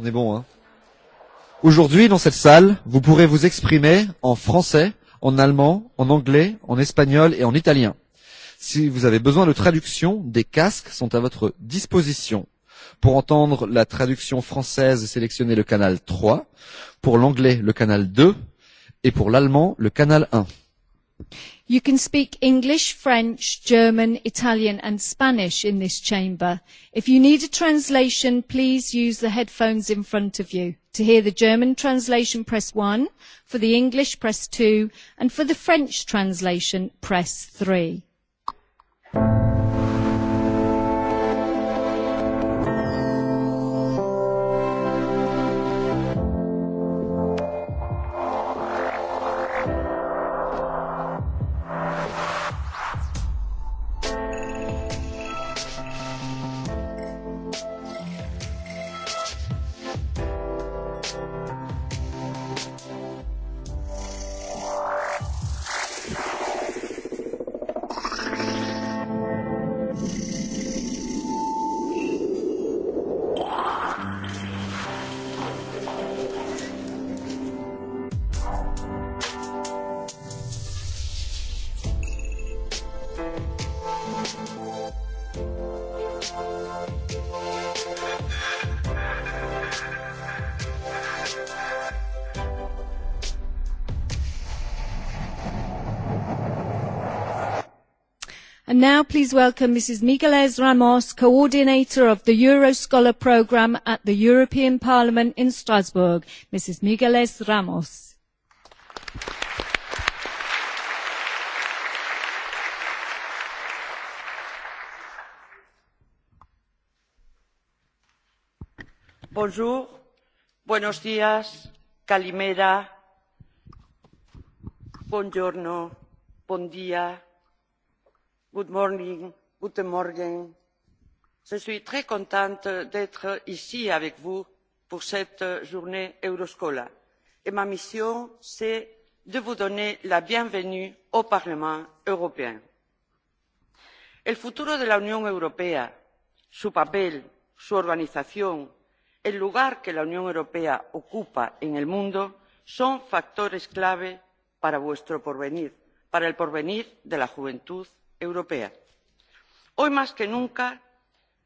On est bon, hein Aujourd'hui, dans cette salle, vous pourrez vous exprimer en français, en allemand, en anglais, en espagnol et en italien. Si vous avez besoin de traduction, des casques sont à votre disposition. Pour entendre la traduction française, sélectionnez le canal 3, pour l'anglais le canal 2 et pour l'allemand le canal 1. You can speak English, French, German, Italian and Spanish in this chamber. If you need a translation, please use the headphones in front of you. To hear the German translation, press one. For the English, press two. And for the French translation, press three. please welcome Mrs. Migueles Ramos, coordinator of the Euroscholar programme at the European Parliament in Strasbourg. Mrs. Migueles Ramos. Bonjour, buenos días, calimera, buongiorno, bon dia Good morning, guten Morgen. Je suis très contente d'être ici avec vous pour cette journée Euroscola. Et ma mission, c'est de vous donner la bienvenue au Parlement européen. El futuro de la Unión Europea, su papel, su organización, el lugar que la Unión Europea ocupa en el mundo son factores clave para vuestro porvenir, para el porvenir de la juventud europea. hoy más que nunca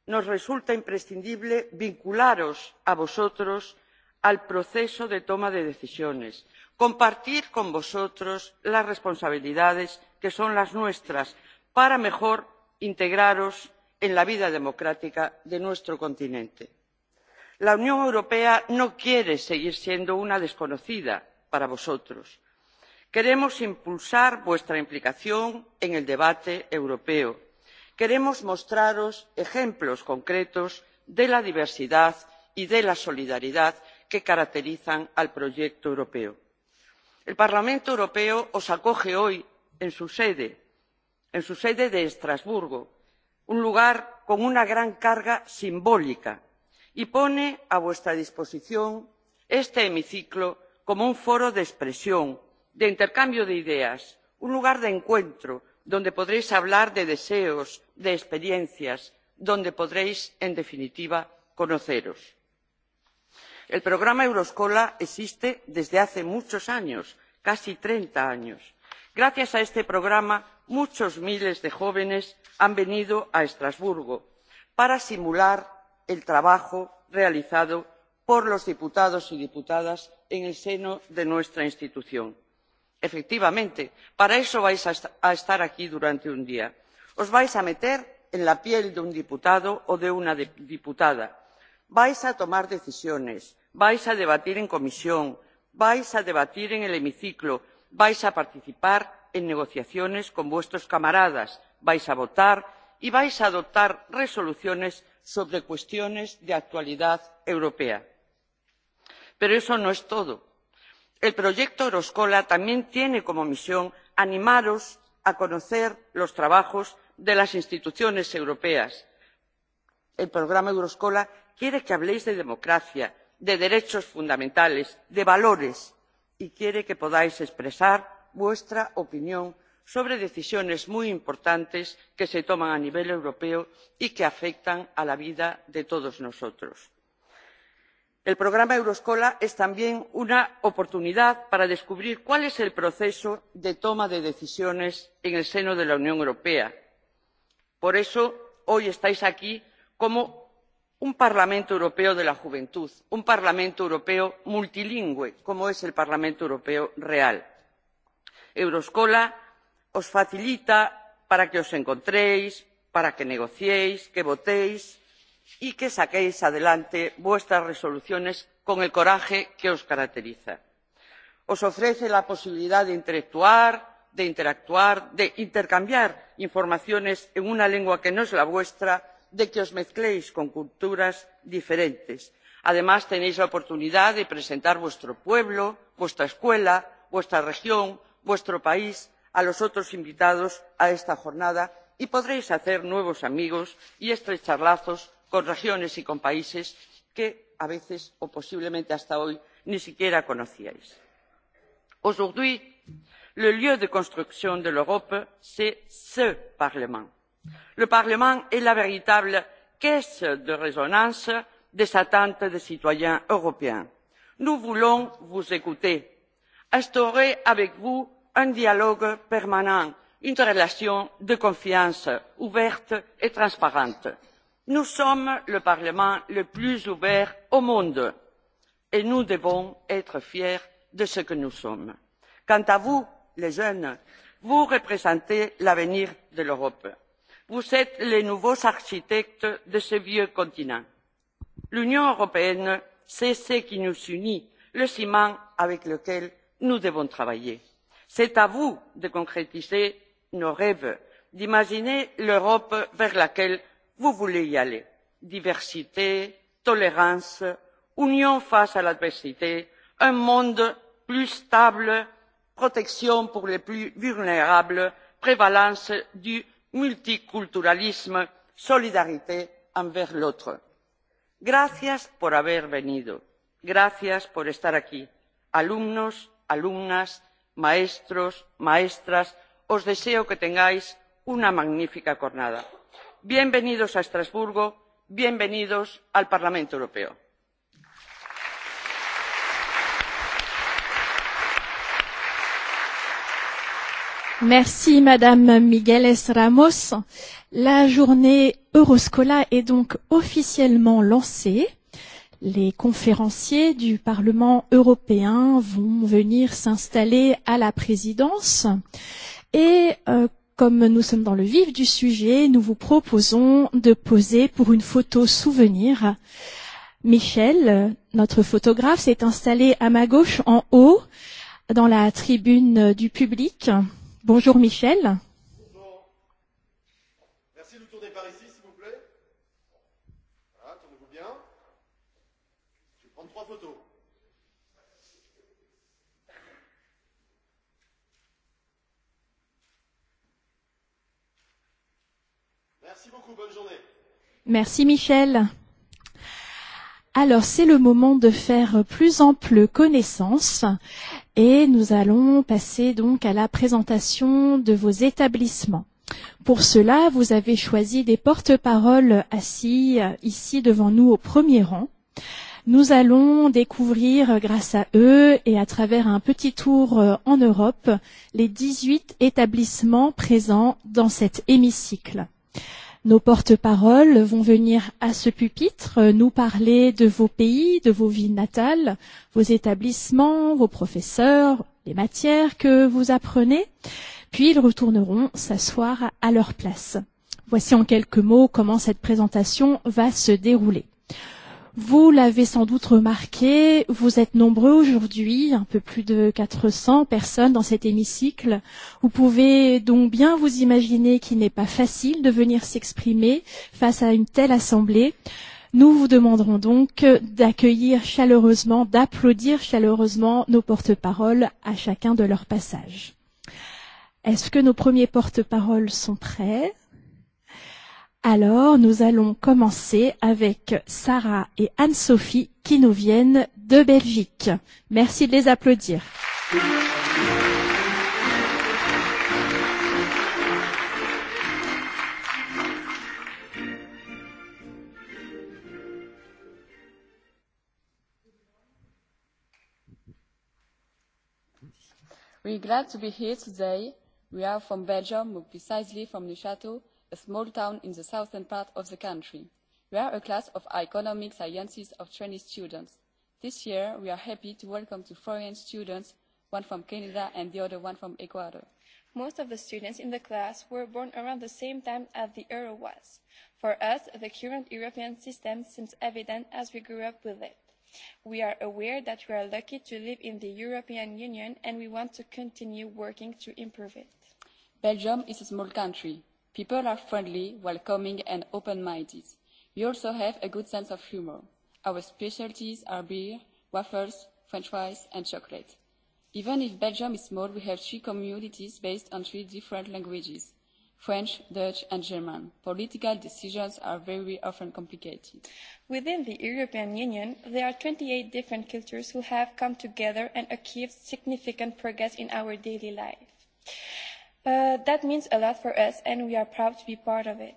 nos resulta imprescindible vincularos a vosotros al proceso de toma de decisiones compartir con vosotros las responsabilidades que son las nuestras para mejor integraros en la vida democrática de nuestro continente. la unión europea no quiere seguir siendo una desconocida para vosotros Queremos impulsar vuestra implicación en el debate europeo. Queremos mostraros ejemplos concretos de la diversidad y de la solidaridad que caracterizan al proyecto europeo. El Parlamento Europeo os acoge hoy en su sede, en su sede de Estrasburgo, un lugar con una gran carga simbólica y pone a vuestra disposición este hemiciclo como un foro de expresión de intercambio de ideas, un lugar de encuentro donde podréis hablar de deseos, de experiencias, donde podréis, en definitiva, conoceros. El programa Euroscola existe desde hace muchos años, casi 30 años. Gracias a este programa, muchos miles de jóvenes han venido a Estrasburgo para simular el trabajo realizado por los diputados y diputadas en el seno de nuestra institución efectivamente para eso vais a estar aquí durante un día. os vais a meter en la piel de un diputado o de una diputada vais a tomar decisiones vais a debatir en comisión vais a debatir en el hemiciclo vais a participar en negociaciones con vuestros camaradas vais a votar y vais a adoptar resoluciones sobre cuestiones de actualidad europea. pero eso no es todo el proyecto euroscola también tiene como misión animaros a conocer los trabajos de las instituciones europeas. el programa euroscola quiere que habléis de democracia de derechos fundamentales de valores y quiere que podáis expresar vuestra opinión sobre decisiones muy importantes que se toman a nivel europeo y que afectan a la vida de todos nosotros el programa euroescola es también una oportunidad para descubrir cuál es el proceso de toma de decisiones en el seno de la unión europea. por eso hoy estáis aquí como un parlamento europeo de la juventud un parlamento europeo multilingüe como es el parlamento europeo real. euroescola os facilita para que os encontréis para que negociéis que votéis y que saquéis adelante vuestras resoluciones con el coraje que os caracteriza. Os ofrece la posibilidad de interactuar, de interactuar, de intercambiar informaciones en una lengua que no es la vuestra, de que os mezcléis con culturas diferentes. Además, tenéis la oportunidad de presentar vuestro pueblo, vuestra escuela, vuestra región, vuestro país a los otros invitados a esta jornada y podréis hacer nuevos amigos y estrechar lazos con regiones y con países que a veces o posiblemente hasta hoy ni siquiera conocíais. aujourd'hui le lieu de construction de l'europe c'est ce parlement. le parlement est la véritable caisse de résonance des attentes des citoyens européens. nous voulons vous écouter instaurer avec vous un dialogue permanent une relation de confiance ouverte et transparente nous sommes le parlement le plus ouvert au monde et nous devons être fiers de ce que nous sommes. quant à vous les jeunes vous représentez l'avenir de l'europe. vous êtes les nouveaux architectes de ce vieux continent. l'union européenne c'est ce qui nous unit le ciment avec lequel nous devons travailler. c'est à vous de concrétiser nos rêves d'imaginer l'europe vers laquelle vous voulez y aller diversité tolérance union face à l'adversité un monde plus stable protection pour les plus vulnérables prévalence du multiculturalisme solidarité envers l'autre. gracias por haber venido gracias por estar aquí alumnos alumnas maestros maestras os deseo que tengáis una magnífica jornada bienvenidos a estrasburgo bienvenidos al parlamento europeo. Merci Madame Migueles Ramos. La journée Euroscola est donc officiellement lancée. Les conférenciers du Parlement européen vont venir s'installer à la présidence et euh, Comme nous sommes dans le vif du sujet, nous vous proposons de poser pour une photo souvenir. Michel, notre photographe, s'est installé à ma gauche en haut dans la tribune du public. Bonjour Michel. Merci Michel. Alors c'est le moment de faire plus ample connaissance et nous allons passer donc à la présentation de vos établissements. Pour cela, vous avez choisi des porte-paroles assis euh, ici devant nous au premier rang. Nous allons découvrir grâce à eux et à travers un petit tour euh, en Europe les 18 établissements présents dans cet hémicycle. Euh, Nos porte-paroles vont venir à ce pupitre euh, nous parler de vos pays, de vos villes natales, vos établissements, vos professeurs, les matières que vous apprenez, puis ils retourneront s'asseoir à leur place. Voici en quelques mots comment cette présentation va se dérouler. Vous l'avez sans doute remarqué, vous êtes nombreux aujourd'hui, un peu plus de 400 personnes dans cet hémicycle. Vous pouvez donc bien vous imaginer qu'il n'est pas facile de venir s'exprimer face à une telle assemblée. Nous vous demanderons donc d'accueillir chaleureusement, d'applaudir chaleureusement nos porte-paroles à chacun de leur passage. Est-ce que nos premiers porte-paroles sont prêts Alors, nous allons commencer avec Sarah et Anne-Sophie qui nous viennent de Belgique. Merci de les applaudir. We're glad to be here today. We are from Belgium, precisely from Neuchâtel, a small town in the southern part of the country. We are a class of economic sciences of Chinese students. This year, we are happy to welcome two foreign students, one from Canada and the other one from Ecuador. Most of the students in the class were born around the same time as the euro was. For us, the current European system seems evident as we grew up with it. We are aware that we are lucky to live in the European Union and we want to continue working to improve it. Belgium is a small country People are friendly, welcoming and open-minded. We also have a good sense of humour. Our specialties are beer, waffles, french fries and chocolate. Even if Belgium is small, we have three communities based on three different languages, French, Dutch and German. Political decisions are very often complicated. Within the European Union, there are 28 different cultures who have come together and achieved significant progress in our daily life. Uh, that means a lot for us and we are proud to be part of it.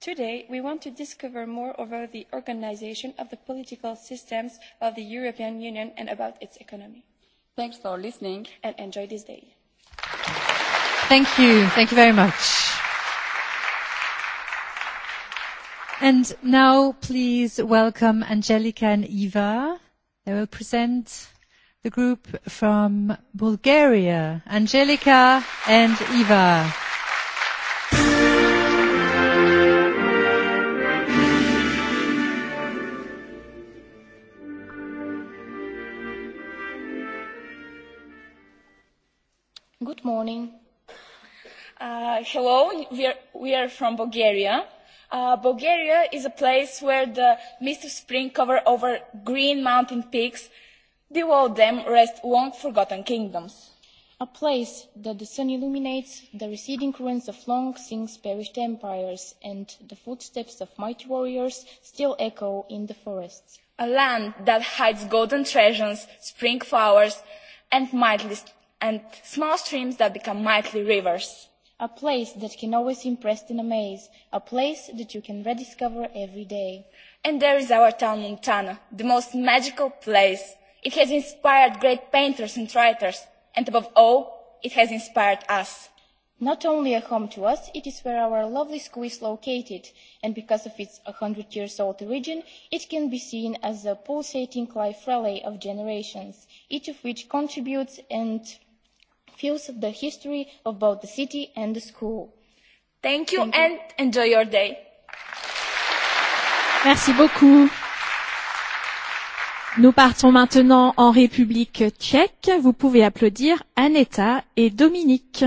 Today, we want to discover more about the organisation of the political systems of the European Union and about its economy. Thanks for listening and enjoy this day. Thank you. Thank you very much. And now please welcome Angelica and Eva. They will present the group from Bulgaria, Angelica and Iva. Good morning. Uh, hello, we are, we are from Bulgaria. Uh, Bulgaria is a place where the mist of spring cover over green mountain peaks Below them rest long forgotten kingdoms. A place that the sun illuminates the receding ruins of long since perished empires and the footsteps of mighty warriors still echo in the forests. A land that hides golden treasures, spring flowers, and and small streams that become mighty rivers. A place that can always impress and amaze, a place that you can rediscover every day. And there is our town Montana, the most magical place It has inspired great painters and writers, and above all, it has inspired us. Not only a home to us, it is where our lovely school is located, and because of its one hundred years old origin, it can be seen as a pulsating life relay of generations, each of which contributes and fuels the history of both the city and the school. Thank you Thank and you. enjoy your day. Merci beaucoup. Nous partons maintenant en République tchèque. Vous pouvez applaudir Aneta et Dominique.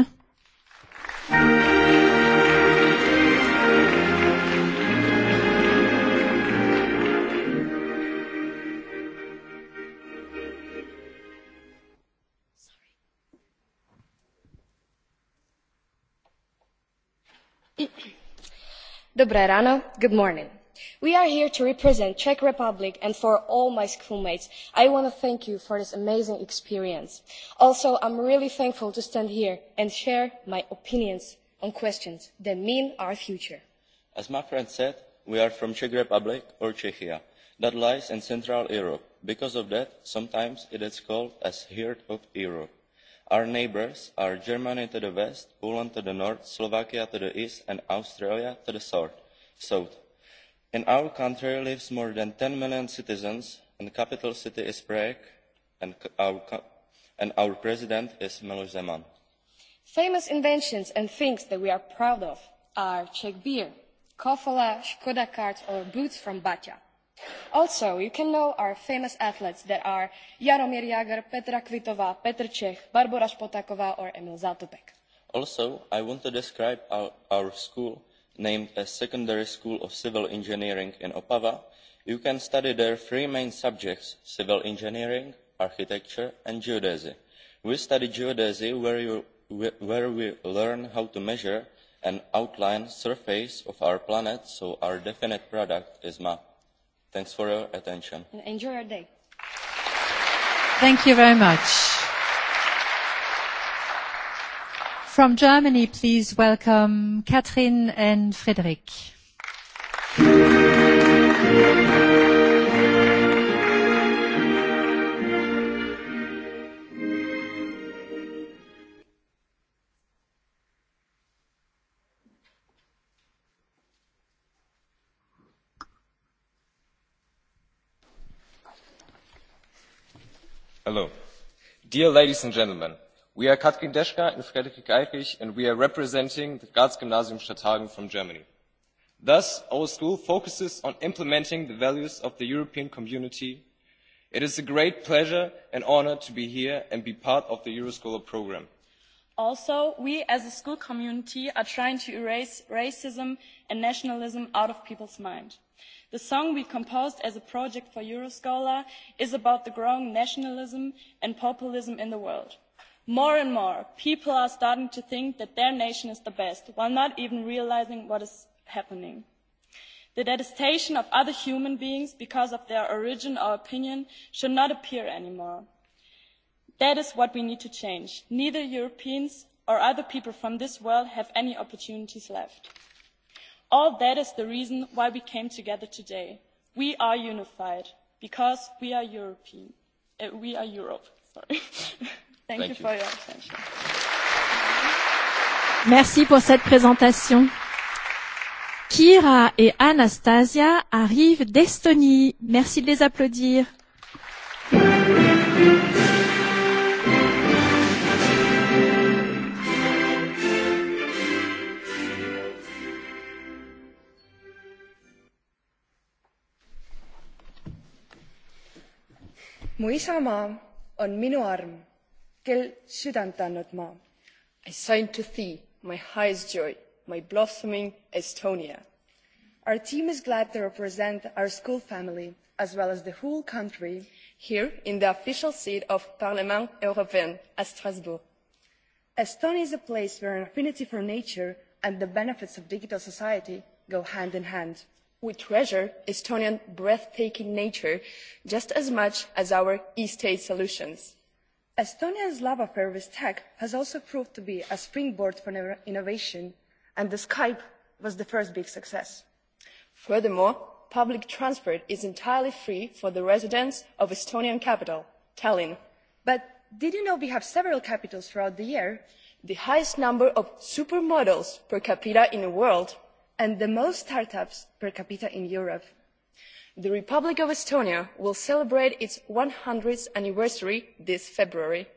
Dobré ráno, good morning we are here to represent the czech republic and for all my schoolmates i want to thank you for this amazing experience. also i'm really thankful to stand here and share my opinions on questions that mean our future. as my friend said we are from the czech republic or czechia that lies in central europe. because of that sometimes it is called as heart of europe. our neighbours are germany to the west poland to the north slovakia to the east and australia to the south in our country live more than ten million citizens and the capital city is prague and our, and our president is milos zeman. famous inventions and things that we are proud of are czech beer kofola skoda cars or boots from batya. also you can know our famous athletes that are jaromir jagr petra kvitova petr cech barbora spotakova or emil Zátopek. also i want to describe our, our school named a secondary school of civil engineering in opava you can study their three main subjects civil engineering architecture and geodesy. we study geodesy where, you, where we learn how to measure and outline surface of our planet so our definite product is map. thanks for your attention. enjoy your day. thank you very much. From Germany, please welcome Catherine and Frédéric. Hello. Dear ladies and gentlemen, We are Katrin Deschka and Frederik Eichrich, and we are representing the Graz Gymnasium Stadthagen from Germany. Thus, our school focuses on implementing the values of the European community. It is a great pleasure and honor to be here and be part of the Euroscholar program. Also, we as a school community are trying to erase racism and nationalism out of people's mind. The song we composed as a project for Euroscholar is about the growing nationalism and populism in the world more and more people are starting to think that their nation is the best while not even realising what is happening. the detestation of other human beings because of their origin or opinion should not appear anymore. that is what we need to change. neither europeans or other people from this world have any opportunities left. all that is the reason why we came together today. we are unified because we are european. Uh, we are europe. Sorry. Thank, Thank you, you for your attention. Merci pour cette présentation. Kira et Anastasia arrivent d'Estonie. Merci de les applaudir. mu isamaa on minu arm quel sydäntä nyt maa. I sign to thee, my highest joy, my blossoming Estonia. Our team is glad to represent our school family as well as the whole country here in the official seat of Parlement Européen at Strasbourg. Estonia is a place where an affinity for nature and the benefits of digital society go hand in hand. We treasure Estonian breathtaking nature just as much as our e-state solutions estonia's love affair with tech has also proved to be a springboard for innovation and skype was the first big success. furthermore public transport is entirely free for the residents of the estonian capital tallinn. but did you know we have several capitals throughout the year the highest number of supermodels per capita in the world and the most start ups per capita in europe? the republic of estonia will celebrate its one hundredth anniversary this february.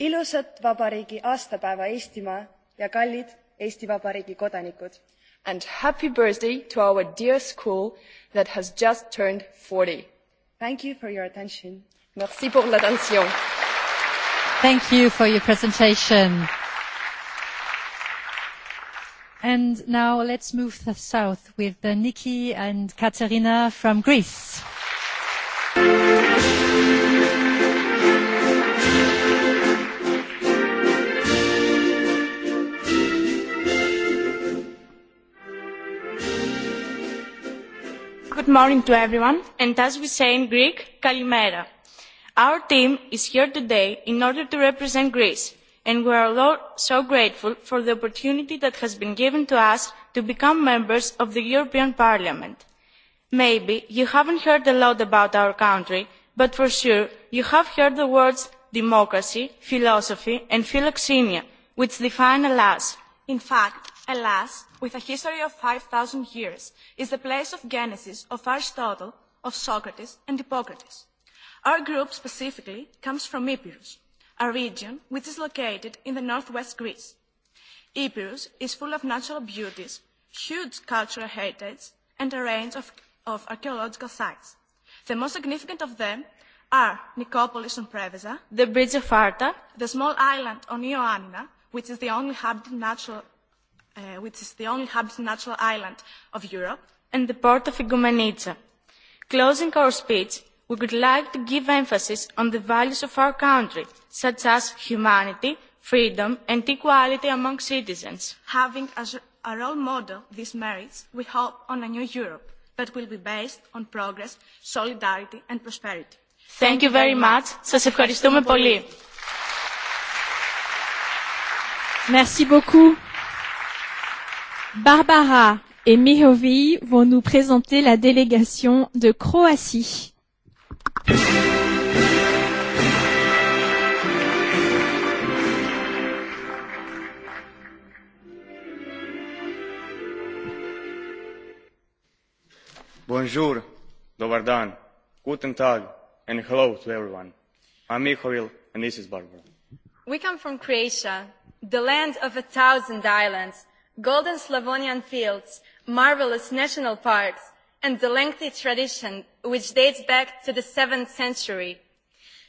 ilusat vabariigi aastapäeva eestimaa ja kallid eesti vabariigi kodanikud and happy birthday to our dear school that has just turned 40. Thank you for your attention. Merci pour l'attention. Thank you for your presentation. And now let's move south with uh, Nikki and Katerina from Greece. Good morning to everyone, and as we say in Greek, kalimera. Our team is here today in order to represent Greece and we are all so grateful for the opportunity that has been given to us to become members of the European Parliament. Maybe you haven't heard a lot about our country, but for sure you have heard the words democracy, philosophy and philoxenia, which define Alas. In fact, Alas, with a history of 5,000 years, is the place of genesis of Aristotle, of Socrates and Hippocrates. Our group specifically comes from Epirus, a region which is located in the northwest Greece. Epirus is full of natural beauties, huge cultural heritage, and a range of, of archaeological sites. The most significant of them are Nicopolis on Preveza, the Bridge of Arta, the small island on Ioannina, which is the only habited natural, uh, which is the only habited natural island of Europe, and the port of Igoumenitsa. Closing our speech, we would like to give emphasis on the values of our country – such as humanity, freedom and equality among citizens. Having as a role model these merits, we hope on a new Europe that will be based on progress, solidarity and prosperity. Thank Thank you very much. Σας ευχαριστούμε πολύ. Merci beaucoup. Barbara et Mihovi vont nous présenter la délégation de Croatie. Bonjour, dobar dan, guten tag, and hello to everyone. I'm Mihovil, and this is Barbara. We come from Croatia, the land of a thousand islands, golden Slavonian fields, marvelous national parks, and the lengthy tradition which dates back to the 7th century.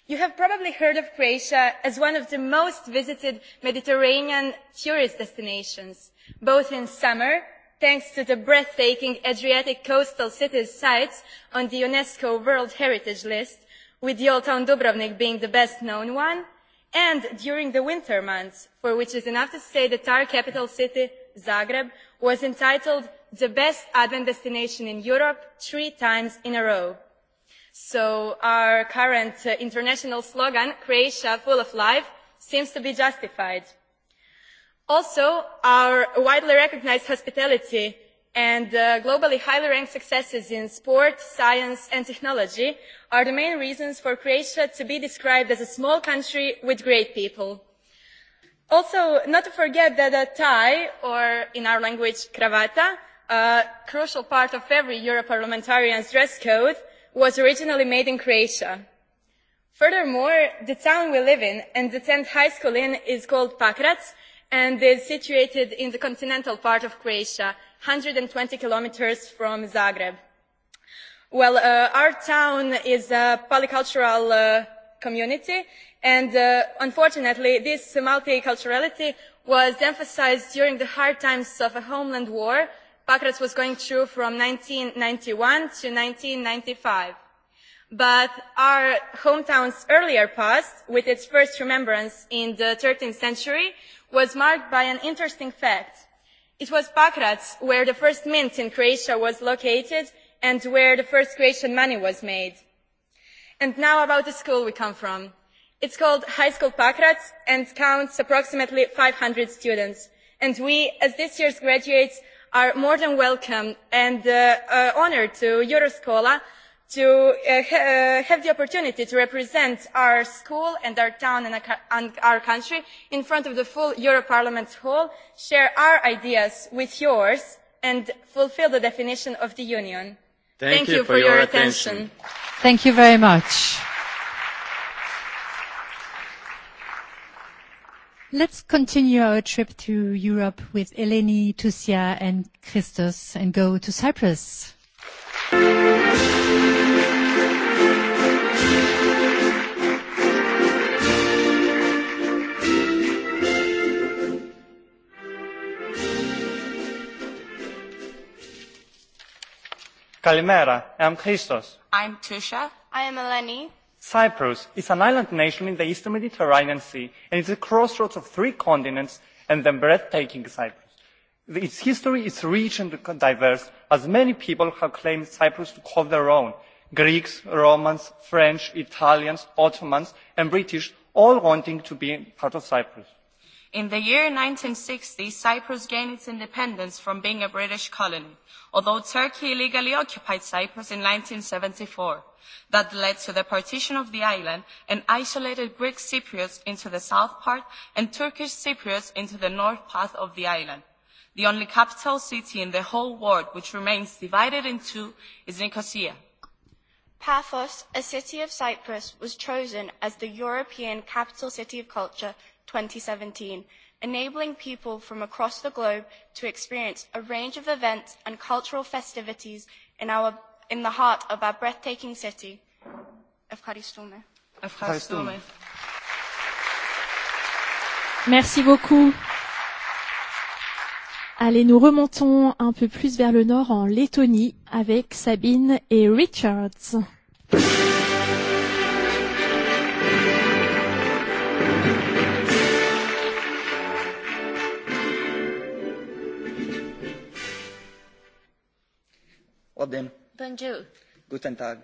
You have probably heard of Croatia as one of the most visited Mediterranean tourist destinations, both in summer thanks to the breathtaking Adriatic coastal cities sites on the UNESCO World Heritage List, with the Old Town Dubrovnik being the best known one, and during the winter months, for which is enough to say that our capital city, Zagreb, was entitled the best Advent destination in Europe three times in a row. So our current uh, international slogan, Croatia full of life, seems to be justified also our widely recognised hospitality and uh, globally highly ranked successes in sport science and technology are the main reasons for croatia to be described as a small country with great people. also not to forget that a tie or in our language cravata a crucial part of every europarlamentarian's dress code was originally made in croatia. furthermore the town we live in and attend high school in is called pakrac and is situated in the continental part of Croatia, 120 kilometers from Zagreb. Well, uh, our town is a polycultural uh, community, and uh, unfortunately, this multiculturality was emphasized during the hard times of a homeland war Pakrac was going through from 1991 to 1995 but our hometown's earlier past, with its first remembrance in the 13th century, was marked by an interesting fact. It was Pakrac where the first mint in Croatia was located and where the first Croatian money was made. And now about the school we come from. It's called High School Pakrac and counts approximately 500 students. And we, as this year's graduates, are more than welcome and uh, uh, honored to Euroscola to uh, ha uh, have the opportunity to represent our school and our town and our, and our country in front of the full Euro Parliament hall, share our ideas with yours, and fulfill the definition of the Union. Thank, Thank you, you for, for your, your attention. attention. Thank you very much. Let's continue our trip to Europe with Eleni, Tusia, and Christos and go to Cyprus. Kalimera, I'm Christos. I'm Tusha. I am Eleni. Cyprus is an island nation in the eastern Mediterranean Sea and it's a crossroads of three continents and the breathtaking Cyprus. Its history is rich and diverse, as many people have claimed cyprus to call their own greeks romans french italians ottomans and british all wanting to be part of cyprus. in the year one thousand nine hundred and sixty cyprus gained its independence from being a british colony although turkey illegally occupied cyprus in one thousand nine hundred and seventy four that led to the partition of the island and isolated greek cypriots into the south part and turkish cypriots into the north part of the island. The only capital city in the whole world which remains divided in two is Nicosia. Paphos, a city of Cyprus, was chosen as the European Capital City of Culture 2017, enabling people from across the globe to experience a range of events and cultural festivities in, our, in the heart of our breathtaking city. Ευχαριστούμε. Ευχαριστούμε. Merci beaucoup. Allez, nous remontons un peu plus vers le nord en Lettonie avec Sabine et Richards. Odem. Bonjour. Guten Tag.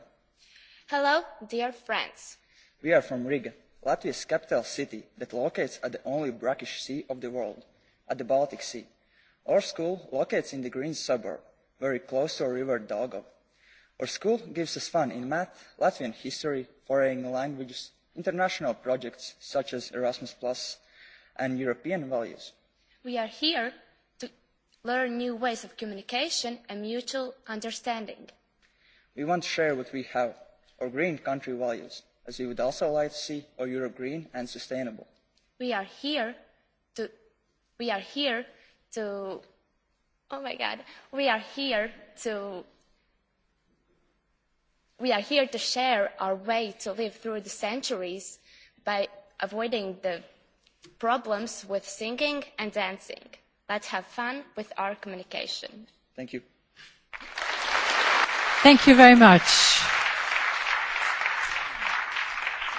Hello, dear friends. We are from Riga, Latvia's capital city that locates at the only brackish sea of the world, at the Baltic Sea Our school locates in the green suburb, very close to our river Daugava. Our school gives us fun in math, Latvian history, foreign languages, international projects such as Erasmus Plus, and European values. We are here to learn new ways of communication and mutual understanding. We want to share what we have, our green country values, as we would also like to see our Europe green and sustainable. We are here to, we are here to, oh my God, we are here to, we are here to share our way to live through the centuries by avoiding the problems with singing and dancing. Let's have fun with our communication. Thank you. Thank you very much.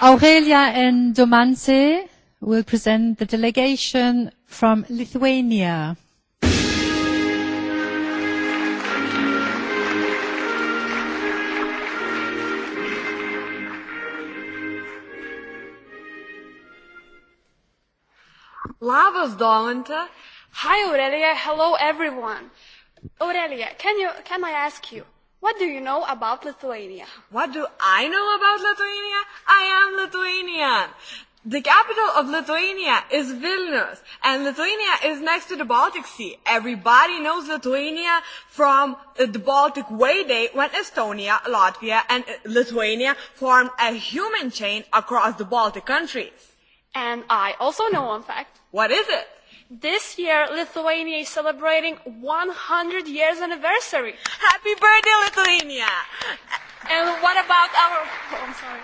Aurelia and Domance will present the delegation from Lithuania. Labas, Dominta. Hi, Aurelia. Hello, everyone. Aurelia, can, you, can I ask you, what do you know about Lithuania? What do I know about Lithuania? I am Lithuanian. The capital of Lithuania is Vilnius, and Lithuania is next to the Baltic Sea. Everybody knows Lithuania from the Baltic Way Day when Estonia, Latvia, and Lithuania formed a human chain across the Baltic countries. And I also know one fact. What is it? This year, Lithuania is celebrating 100 years anniversary. Happy birthday, Lithuania! And what about our... Oh, I'm sorry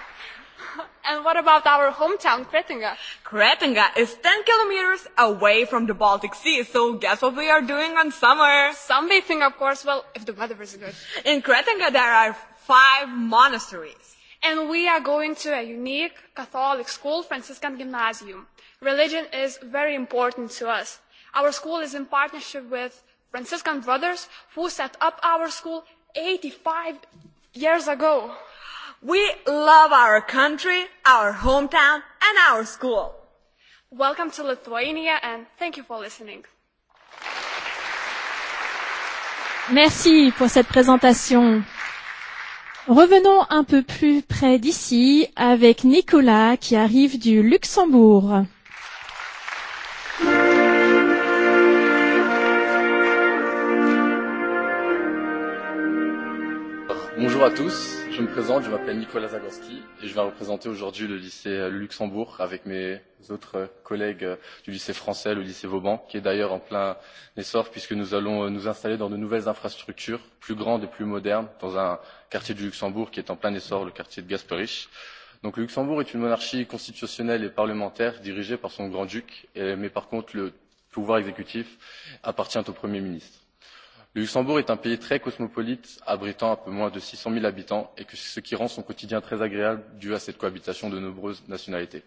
and what about our hometown, Kretinga? Kretinga is 10 kilometers away from the Baltic Sea, so guess what we are doing on summer? Sunbathing, of course, well, if the weather is good. In Kretinga, there are five monasteries. And we are going to a unique Catholic school, Franciscan Gymnasium. Religion is very important to us. Our school is in partnership with Franciscan brothers who set up our school 85 years ago. We love our country, our hometown, and our school. Welcome to Lithuania and thank you for listening. Merci pour cette présentation. Revenons un peu plus près d'ici avec Nicolas qui arrive du Luxembourg. Bonjour à tous je me présente, je m'appelle Nicolas Zagorski et je vais représenter aujourd'hui le lycée euh, Luxembourg avec mes autres euh, collègues euh, du lycée français, le lycée Vauban, qui est d'ailleurs en plein essor puisque nous allons nous installer dans de nouvelles infrastructures plus grandes et plus modernes dans un quartier du Luxembourg qui est en plein essor, le quartier de Gasperich. Donc le Luxembourg est une monarchie constitutionnelle et parlementaire dirigée par son grand-duc, mais par contre le pouvoir exécutif appartient au Premier ministre le luxembourg est un pays très cosmopolite abritant un peu moins de six cents zéro habitants ce qui rend son quotidien très agréable dû à cette cohabitation de nombreuses nationalités.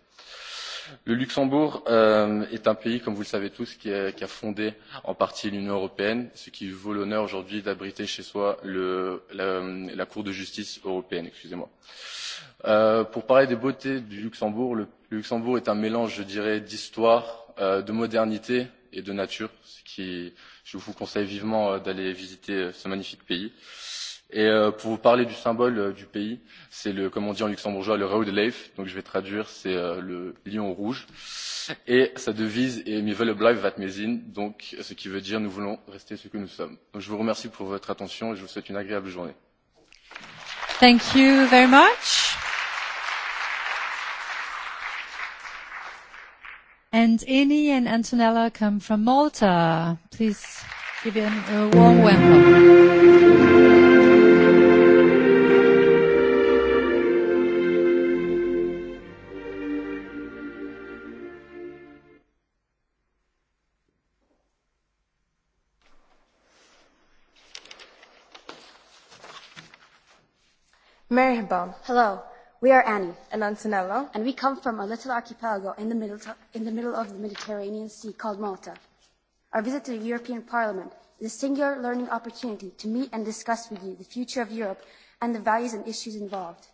le luxembourg euh, est un pays comme vous le savez tous qui a fondé en partie l'union européenne ce qui lui vaut l'honneur aujourd'hui d'abriter chez soi la cour de justice européenne. Euh, pour parler des beautés du luxembourg le luxembourg est un mélange je dirais d'histoire euh, de modernité et de nature ce qui je vous conseille vivement euh, d'aller visiter euh, ce magnifique pays. Et euh, pour vous parler du symbole du pays, c'est le, comme on dit en luxembourgeois, le Road Leif. Donc je vais traduire, c'est le lion rouge. Et sa devise est Mi willen blijven wat we donc ce qui veut dire nous voulons rester ce que nous sommes. Donc je vous remercie pour votre attention et je vous souhaite une agréable journée. Thank you very much. And Annie and Antonella come from Malta. Please give them a warm welcome. Merhaba. Hello. We are Annie and Antonella, and we come from a little archipelago in the middle, to- in the middle of the Mediterranean Sea called Malta. Our visit to the European Parliament is a singular learning opportunity to meet and discuss with you the future of Europe and the values and issues involved.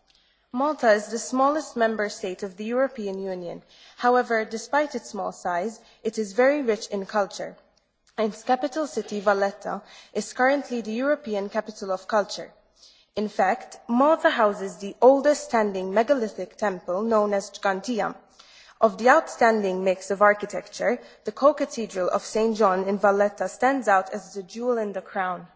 Malta is the smallest member state of the European Union. However, despite its small size, it is very rich in culture. Its capital city, Valletta, is currently the European Capital of Culture in fact Malta houses the oldest standing megalithic temple known as Gigantia. of the outstanding mix of architecture the co-cathedral of st john in valletta stands out as the jewel in the crown.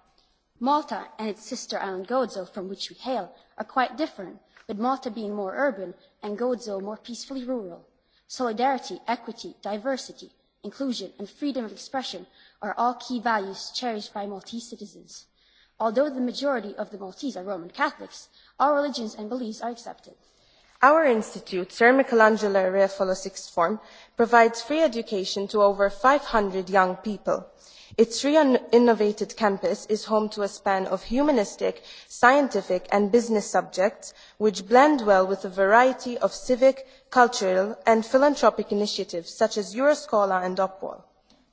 malta and its sister island gozo from which we hail are quite different with malta being more urban and gozo more peacefully rural. solidarity equity diversity inclusion and freedom of expression are all key values cherished by maltese citizens although the majority of the Maltese are Roman Catholics, all religions and beliefs are accepted. Our institute, Sir Michelangelo Refolo Sixth Form, provides free education to over 500 young people. Its re-innovated campus is home to a span of humanistic, scientific and business subjects which blend well with a variety of civic, cultural and philanthropic initiatives such as Euroscola and Opwall.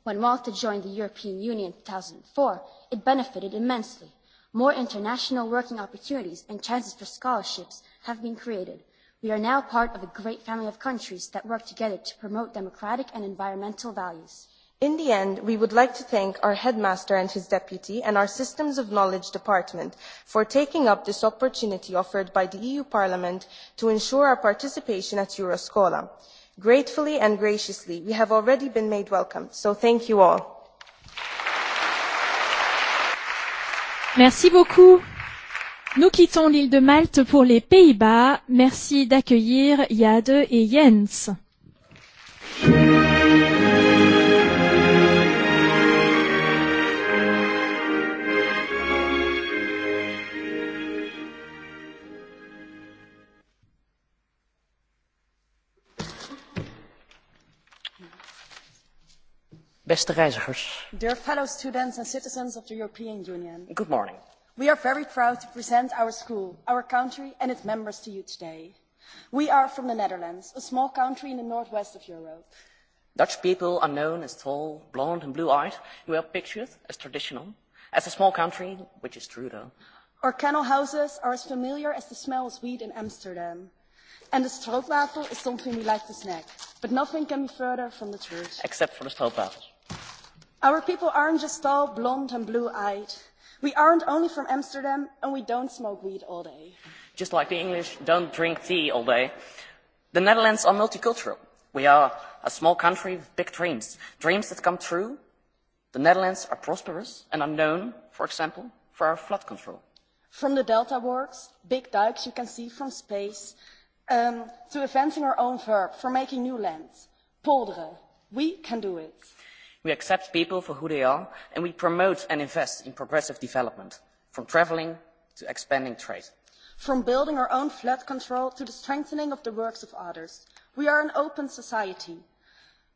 When Malta joined the European Union in 2004, it benefited immensely More international working opportunities and chances for scholarships have been created. We are now part of a great family of countries that work together to promote democratic and environmental values. In the end, we would like to thank our headmaster and his deputy and our Systems of Knowledge department for taking up this opportunity offered by the EU Parliament to ensure our participation at Euroscola. Gratefully and graciously, we have already been made welcome, so thank you all. Merci beaucoup. Nous quittons l'île de Malte pour les Pays-Bas. Merci d'accueillir Yade et Jens. Thank you. beste reizigers. Dear fellow students and citizens of the European Union. Good morning. We are very proud to present our school, our country and its members to you today. We are from the Netherlands, a small country in the northwest of Europe. Dutch people are known as tall, blonde and blue-eyed. We are pictured as traditional, as a small country, which is true though. Our kennel houses are as familiar as the smell of weed in Amsterdam. And the stroopwafel is something we like to snack. But nothing can be further from the truth. Except for the stroopwafels our people are not just tall blond and blue eyed we are not only from amsterdam and we do not smoke weed all day. just like the english do not drink tea all day the netherlands are multicultural. we are a small country with big dreams dreams that come true. the netherlands are prosperous and are known for example for our flood control. from the delta works big dikes you can see from space um, to inventing our own verb for making new lands polderen we can do it we accept people for who they are and we promote and invest in progressive development from travelling to expanding trade. from building our own flood control to the strengthening of the works of others we are an open society.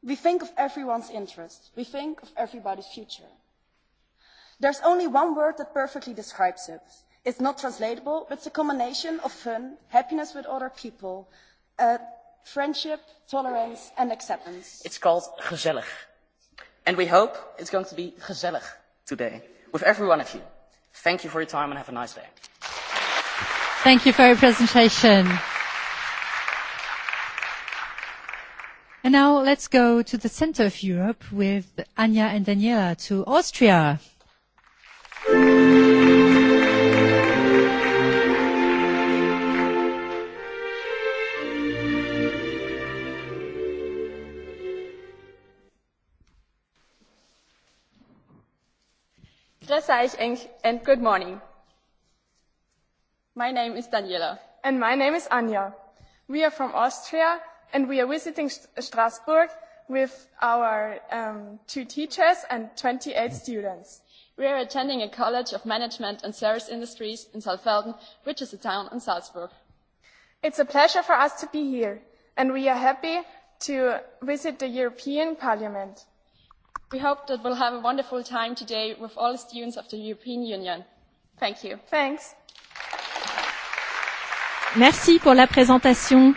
we think of everyone's interests we think of everybody's future. there's only one word that perfectly describes it. it's not translatable but it's a combination of fun happiness with other people uh, friendship tolerance and acceptance. it's called gezellig and we hope it's going to be gezellig today with every one of you. Thank you for your time and have a nice day. Thank you for your presentation. And now let's go to the center of Europe with Anja and Daniela to Austria. Dressage and good morning. My name is Daniela. And my name is Anja. We are from Austria and we are visiting Strasbourg with our um, two teachers and 28 students. We are attending a college of management and service industries in Salfelden, which is a town in Salzburg. It's a pleasure for us to be here and we are happy to visit the European Parliament. We hope that we'll have a wonderful time today with all students of the European Union. Thank you. Thanks. Merci pour la présentation.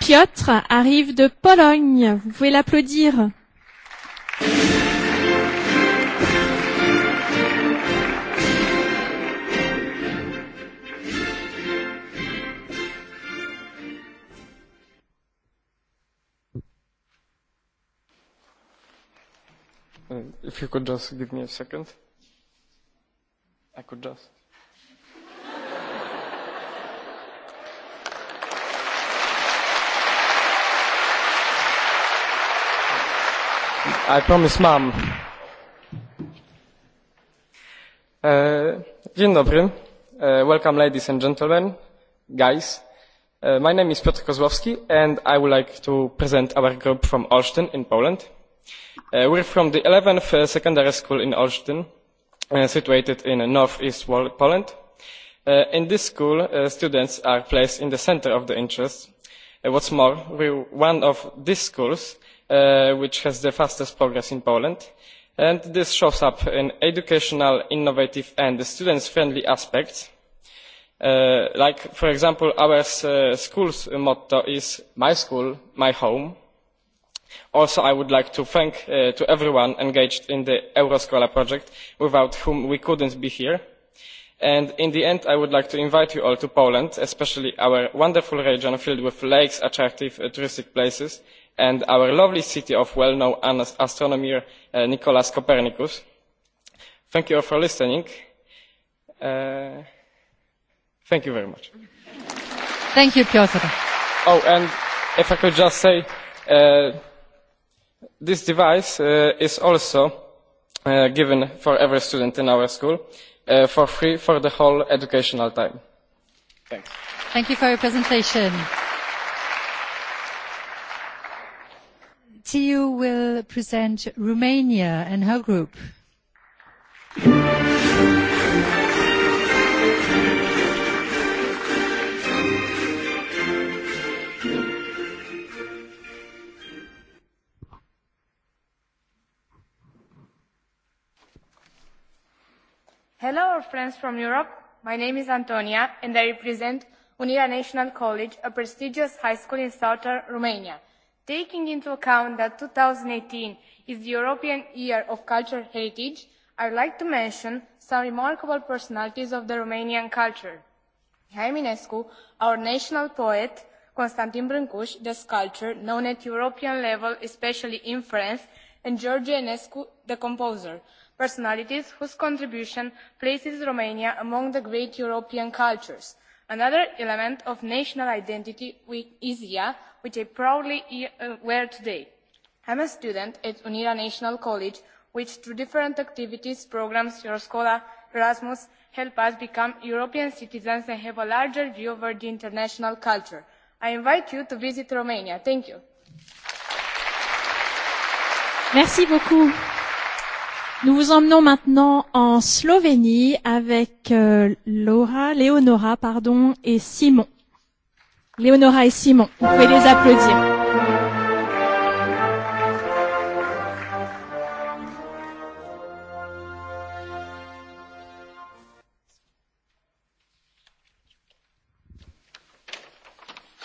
Piotr arrive de Pologne. Vous pouvez l'applaudir. If you could just give me a second. I could just. I promise mom. Uh, dzień dobry. Uh, welcome ladies and gentlemen, guys. Uh, my name is Piotr Kozłowski and I would like to present our group from Olsztyn in Poland. Uh, we're from the 11th uh, secondary school in Olsztyn, uh, situated in uh, northeast Poland. Uh, in this school, uh, students are placed in the center of the interest. Uh, what's more, we're one of these schools uh, which has the fastest progress in Poland. And this shows up in educational, innovative and students-friendly aspects. Uh, like, for example, our uh, school's motto is My School, My Home also i would like to thank uh, to everyone engaged in the euroscola project without whom we couldn't be here and in the end i would like to invite you all to poland especially our wonderful region filled with lakes attractive uh, touristic places and our lovely city of well known astronomer uh, nicolas copernicus thank you all for listening uh, thank you very much thank you piotr oh and if i could just say uh, This device uh, is also uh, given for every student in our school uh, for free for the whole educational time. Thanks. Thank you for your presentation. TU will present Romania and her group. Hello, our friends from Europe. My name is Antonia, and I represent Unirea National College, a prestigious high school in southern Romania. Taking into account that 2018 is the European Year of Cultural Heritage, I would like to mention some remarkable personalities of the Romanian culture. Mihai Minescu, our national poet, Constantin Brâncuș, the sculptor, known at European level, especially in France, and George Enescu, the composer personalities whose contribution places Romania among the great European cultures. Another element of national identity is IA, which I proudly e-, uh, wear today. I am a student at unirea National College, which through different activities, programmes, Euroscola, Erasmus, help us become European citizens and have a larger view over the international culture. I invite you to visit Romania. Thank you. Merci beaucoup. Nous vous emmenons maintenant en Slovénie avec euh, Laura, Léonora pardon, et Simon. Léonora et Simon, vous pouvez les applaudir.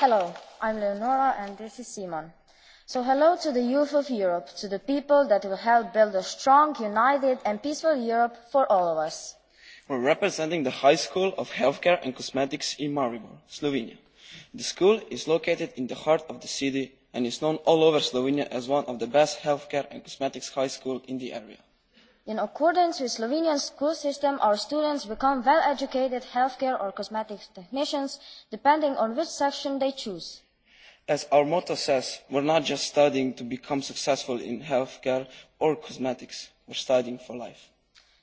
Hello, I'm Leonora and this is Simon so hello to the youth of europe to the people that will help build a strong united and peaceful europe for all of us. we are representing the high school of healthcare and cosmetics in maribor slovenia. the school is located in the heart of the city and is known all over slovenia as one of the best healthcare and cosmetics high schools in the area. in accordance with the slovenian school system our students become well educated healthcare or cosmetics technicians depending on which section they choose as our motto says we are not just studying to become successful in healthcare or cosmetics we are studying for life.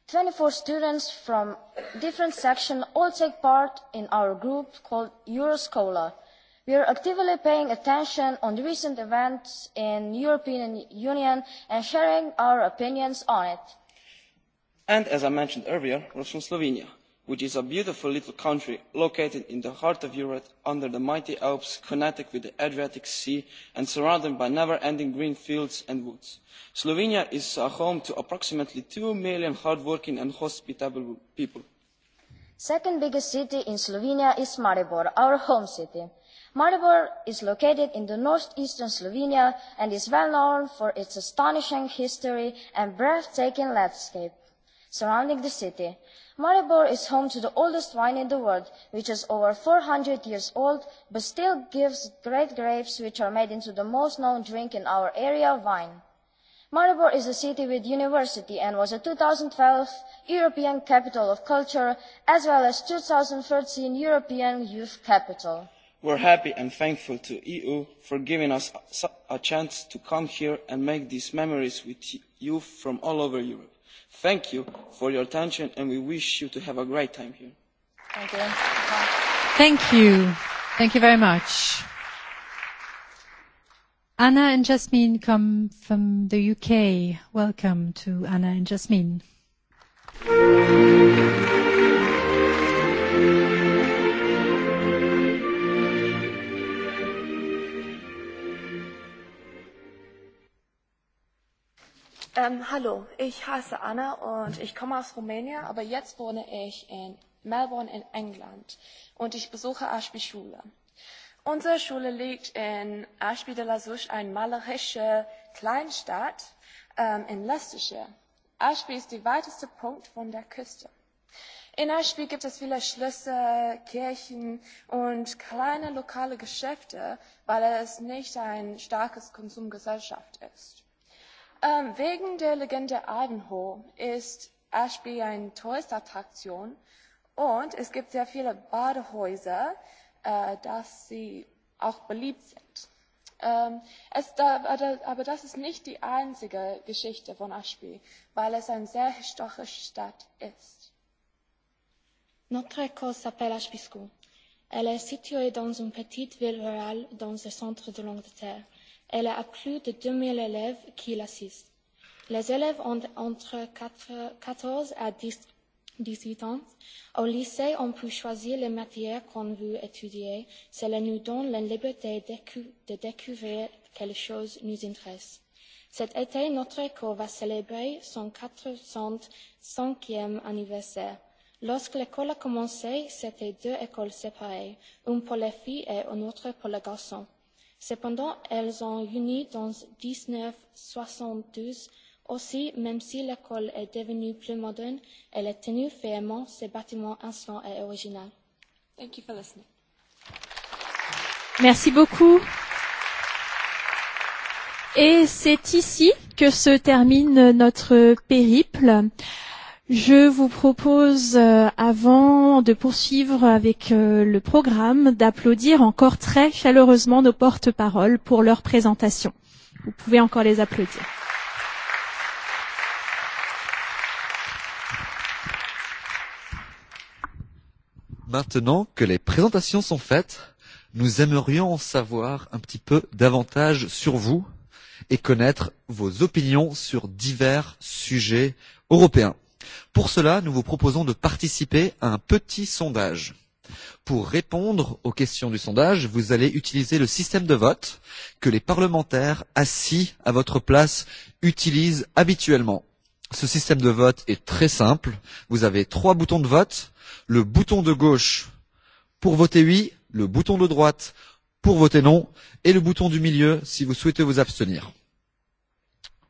twenty four students from different sections all take part in our group called euroscola. we are actively paying attention on the recent events in the european union and sharing our opinions on it. and as i mentioned earlier we are from slovenia which is a beautiful little country located in the heart of europe under the mighty alps connected with the adriatic sea and surrounded by never ending green fields and woods. slovenia is home to approximately two million hard working and hospitable people. the second biggest city in slovenia is maribor our home city. maribor is located in north eastern slovenia and is well known for its astonishing history and breathtaking landscape surrounding the city. Maribor is home to the oldest wine in the world, which is over 400 years old, but still gives great grapes which are made into the most known drink in our area, wine. Maribor is a city with university and was a 2012 European Capital of Culture as well as 2013 European Youth Capital. We're happy and thankful to EU for giving us a chance to come here and make these memories with youth from all over Europe thank you for your attention and we wish you to have a great time here. Thank you. Thank you. Thank you very much. Anna and Jasmine come from the UK. Welcome to Anna and Jasmine. Ähm, hallo, ich heiße Anna und ich komme aus Rumänien, aber jetzt wohne ich in Melbourne in England und ich besuche Ashby Schule. Unsere Schule liegt in Ashby de la Suche, eine malerische Kleinstadt ähm, in Leicestershire. Ashby ist der weiteste Punkt von der Küste. In Ashby gibt es viele Schlösser, Kirchen und kleine lokale Geschäfte, weil es nicht ein starkes Konsumgesellschaft ist. Ähm, wegen der Legende Ivanhoe ist Ashby eine Touristattraktion und es gibt sehr viele Badehäuser, äh, dass sie auch beliebt sind. Ähm, es, aber das ist nicht die einzige Geschichte von Ashby, weil es eine sehr historische Stadt ist. Notre école s'appelle Ashby School. Elle est située dans une petite ville rurale dans le centre de l'Angleterre Elle a plus de 2000 élèves qui l'assistent. Les élèves ont entre 14 à 18 ans. Au lycée, on peut choisir les matières qu'on veut étudier. Cela nous donne la liberté de découvrir quelles chose nous intéresse. Cet été, notre école va célébrer son 405e anniversaire. Lorsque l'école a commencé, c'était deux écoles séparées, une pour les filles et une autre pour les garçons cependant elles ont uni dans dix neuf soixante douze aussi même si l'école est devenue plus moderne elle a tenu fermement ses bâtiments anciens et originaux. Thank you for listening. Merci beaucoup. Et c'est ici que se termine notre périple. Je vous propose, euh, avant de poursuivre avec euh, le programme, d'applaudir encore très chaleureusement nos porte-paroles pour leur présentation. Vous pouvez encore les applaudir. Maintenant que les présentations sont faites, nous aimerions en savoir un petit peu davantage sur vous et connaître vos opinions sur divers sujets européens. Pour cela, nous vous proposons de participer à un petit sondage. Pour répondre aux questions du sondage, vous allez utiliser le système de vote que les parlementaires assis à votre place utilisent habituellement. Ce système de vote est très simple. Vous avez trois boutons de vote. Le bouton de gauche pour voter oui, le bouton de droite pour voter non et le bouton du milieu si vous souhaitez vous abstenir.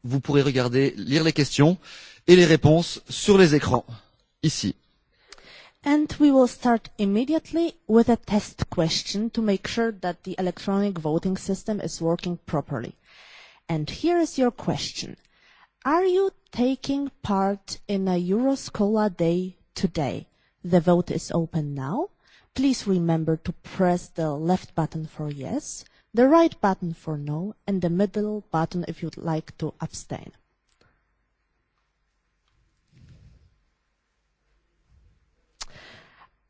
Vous pourrez regarder, lire les questions et les réponses sur les écrans, ici. And we will start immediately with a test question to make sure that the electronic voting system is working properly. And here is your question. Are you taking part in a Euroscola day today? The vote is open now. Please remember to press the left button for yes, the right button for no, and the middle button if you'd like to abstain.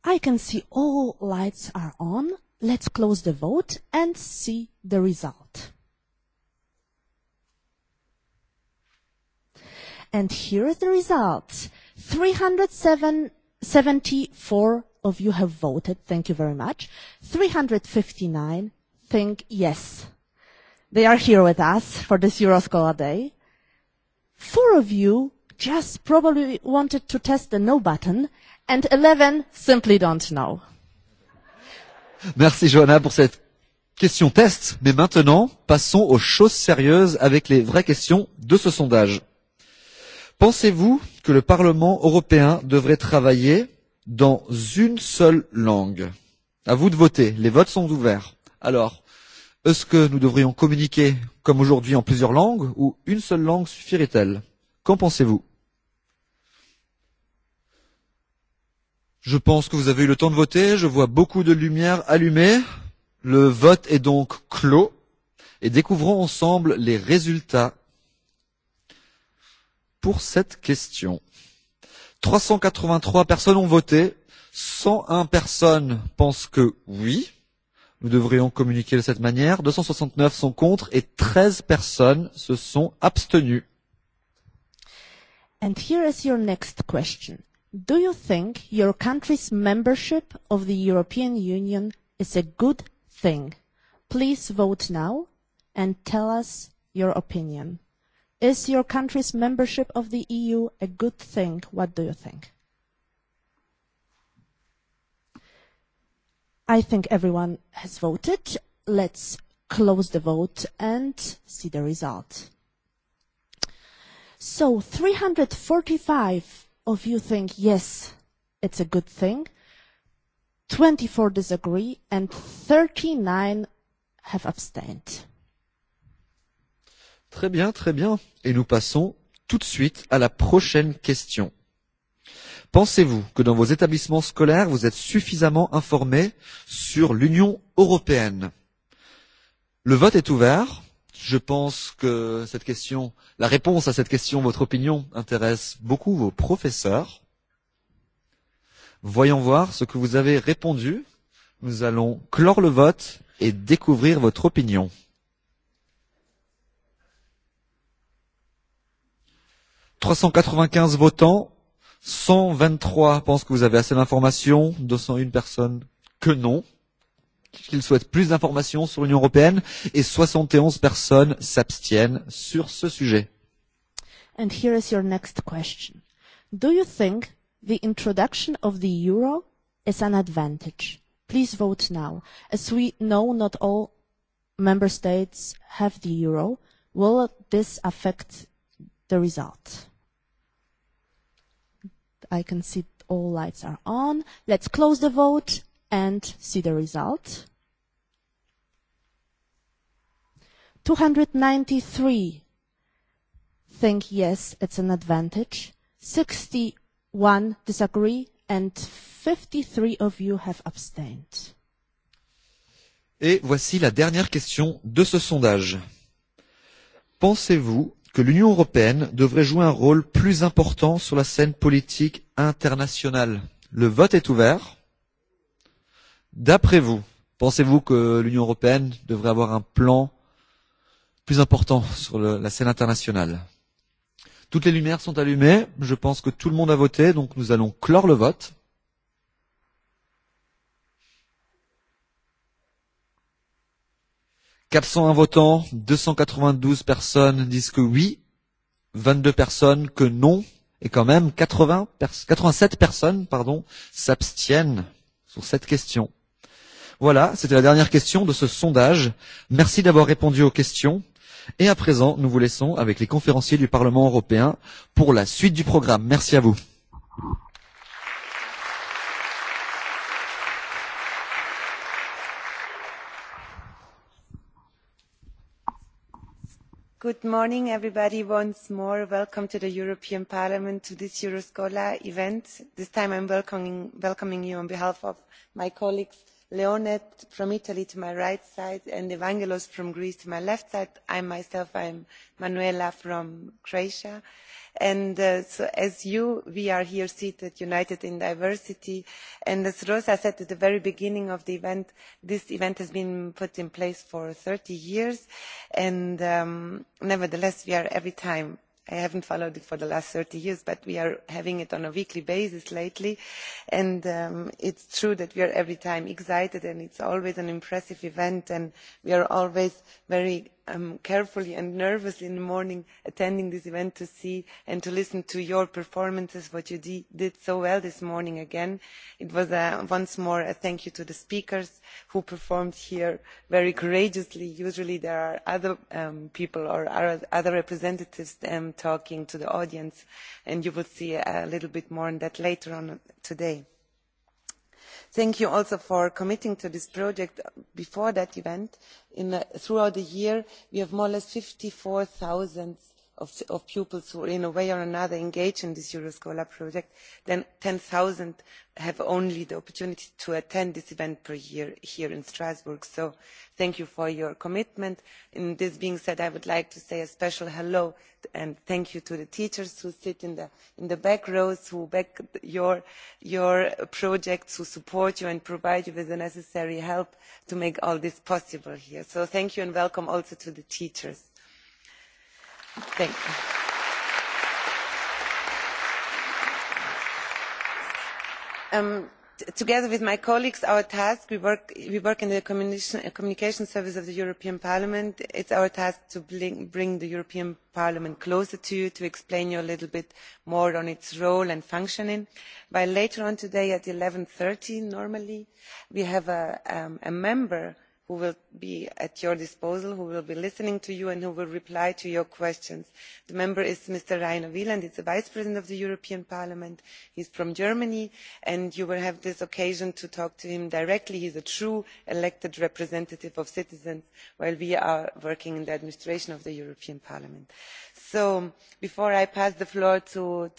I can see all lights are on. Let's close the vote and see the result. And here is the result. 374 of you have voted. Thank you very much. 359 think yes. They are here with us for this Euroscola day. Four of you just probably wanted to test the no button and 11 simply don't know. Merci Johanna pour cette question test, mais maintenant passons aux choses sérieuses avec les vraies questions de ce sondage. Pensez-vous que le Parlement européen devrait travailler dans une seule langue À vous de voter, les votes sont ouverts. Alors, est-ce que nous devrions communiquer comme aujourd'hui en plusieurs langues ou une seule langue suffirait-elle Qu'en pensez-vous Je pense que vous avez eu le temps de voter. Je vois beaucoup de lumière allumée. Le vote est donc clos. Et découvrons ensemble les résultats pour cette question. 383 personnes ont voté. 101 personnes pensent que oui. Nous devrions communiquer de cette manière. 269 sont contre et 13 personnes se sont abstenues. And here is your next question. Do you think your country's membership of the European Union is a good thing? Please vote now and tell us your opinion. Is your country's membership of the EU a good thing? What do you think? I think everyone has voted. Let's close the vote and see the result. So 345 of you think, yes, it's a good thing, 24 disagree, and 39 have abstained. Très bien, très bien. Et nous passons tout de suite à la prochaine question. Pensez-vous que dans vos établissements scolaires, vous êtes suffisamment informés sur l'Union européenne Le vote est ouvert. Je pense que cette question, la réponse à cette question, votre opinion, intéresse beaucoup vos professeurs. Voyons voir ce que vous avez répondu. Nous allons clore le vote et découvrir votre opinion. Trois cent quatre-vingt-quinze votants, cent vingt-trois pensent que vous avez assez d'informations, deux cent une personnes que non qu'ils souhaitent plus d'informations sur l'Union européenne et 71 personnes s'abstiennent sur ce sujet. And here is your next question. Do you think the introduction of the euro is an advantage? Please vote now. As we know not all member states have the euro, will this affect the result? I can see all lights are on. Let's close the vote and see the result. 293 think yes, it's an advantage. 61 disagree, and 53 of you have abstained. Et voici la dernière question de ce sondage. Pensez-vous que l'Union européenne devrait jouer un rôle plus important sur la scène politique internationale Le vote est ouvert. D'après vous, pensez-vous que l'Union européenne devrait avoir un plan plus important sur le, la scène internationale Toutes les lumières sont allumées. Je pense que tout le monde a voté, donc nous allons clore le vote. Quatre cent un votants, deux cent quatre-vingt-douze personnes disent que oui, vingt-deux personnes que non, et quand même quatre-vingt-sept personnes pardon, s'abstiennent sur cette question. Voilà, c'était la dernière question de ce sondage. Merci d'avoir répondu aux questions. Et à présent, nous vous laissons avec les conférenciers du Parlement européen pour la suite du programme. Merci à vous. Good morning, everybody. Once more, welcome to the European Parliament to this Euroscola event. This time I'm welcoming, welcoming you on behalf of my colleagues leonet from italy to my right side and evangelos from greece to my left side. i myself am manuela from croatia and uh, so as you we are here seated united in diversity and as rosa said at the very beginning of the event this event has been put in place for thirty years and um, nevertheless we are every time i haven't followed it for the last 30 years, but we are having it on a weekly basis lately. And um, it's true that we are every time excited, and it's always an impressive event, and we are always very am carefully and nervously in the morning attending this event to see and to listen to your performances what you did so well this morning again. it was a, uh, once more a thank you to the speakers who performed here very courageously. usually there are other um, people or other representatives um, talking to the audience and you will see a little bit more on that later on today thank you also for committing to this project before that event. In, uh, throughout the year we have more or less fifty four thousand of, pupils who in a way or another engage in this Euroscola project, then thousand have only the opportunity to attend this event per year here in Strasbourg. So thank you for your commitment. In this being said, I would like to say a special hello and thank you to the teachers who sit in the, in the back rows, who back your, your projects, who support you and provide you with the necessary help to make all this possible here. So thank you and welcome also to the teachers. Thank you. Um, together with my colleagues our task we work, we work in the communication, uh, communication service of the european parliament It's our task to bring, bring the european parliament closer to you to explain you a little bit more on its role and functioning By later on today at eleven thirty normally we have a, um, a member who will be at your disposal who will be listening to you and who will reply to your questions. the member is mr rainer wieland he is the vice president of the european parliament he is from germany and you will have this occasion to talk to him directly. he is a true elected representative of citizens while we are working in the administration of the european parliament. so before i pass the floor to,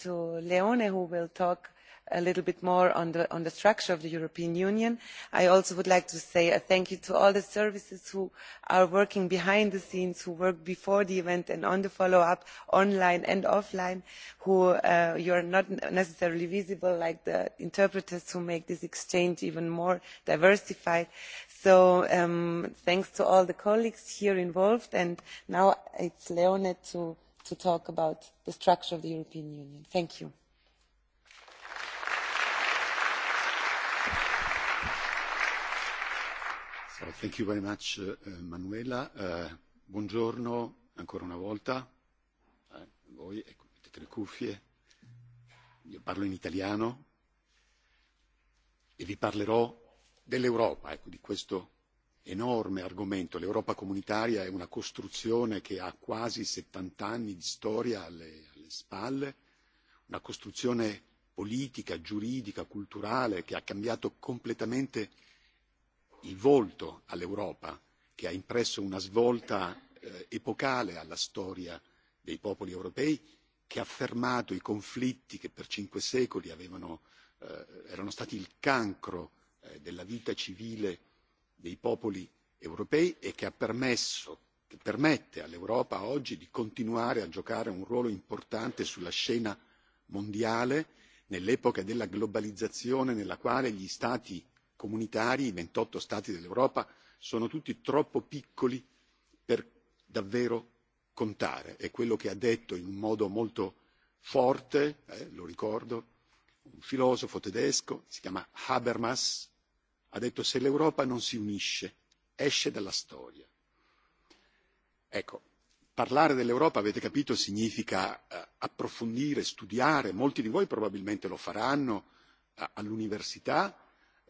leone who will talk a little bit more on the, structure of the european union. i also would like to say a thank you to all the services who are working behind the scenes who work before the event and on the follow up online and offline who uh, you are not necessarily visible like the interpreters who make this exchange even more diversified. so um, thanks to all the colleagues here involved and now it's leone to, to talk about the structure of the european union. thank you. Uh, thank you very much, uh, uh, Manuela. buongiorno ancora una volta a voi, ecco, mettete le cuffie. Io parlo in italiano e vi parlerò dell'Europa, ecco, di questo enorme argomento. L'Europa comunitaria è una costruzione che ha quasi 70 anni di storia alle, alle spalle, una costruzione politica, giuridica, culturale che ha cambiato completamente il volto all'Europa che ha impresso una svolta eh, epocale alla storia dei popoli europei, che ha fermato i conflitti che per cinque secoli avevano, eh, erano stati il cancro eh, della vita civile dei popoli europei e che ha permesso, che permette all'Europa oggi di continuare a giocare un ruolo importante sulla scena mondiale nell'epoca della globalizzazione nella quale gli Stati comunitari, i 28 Stati dell'Europa, sono tutti troppo piccoli per davvero contare. È quello che ha detto in un modo molto forte, eh, lo ricordo, un filosofo tedesco, si chiama Habermas, ha detto se l'Europa non si unisce, esce dalla storia. Ecco, parlare dell'Europa, avete capito, significa eh, approfondire, studiare, molti di voi probabilmente lo faranno eh, all'università,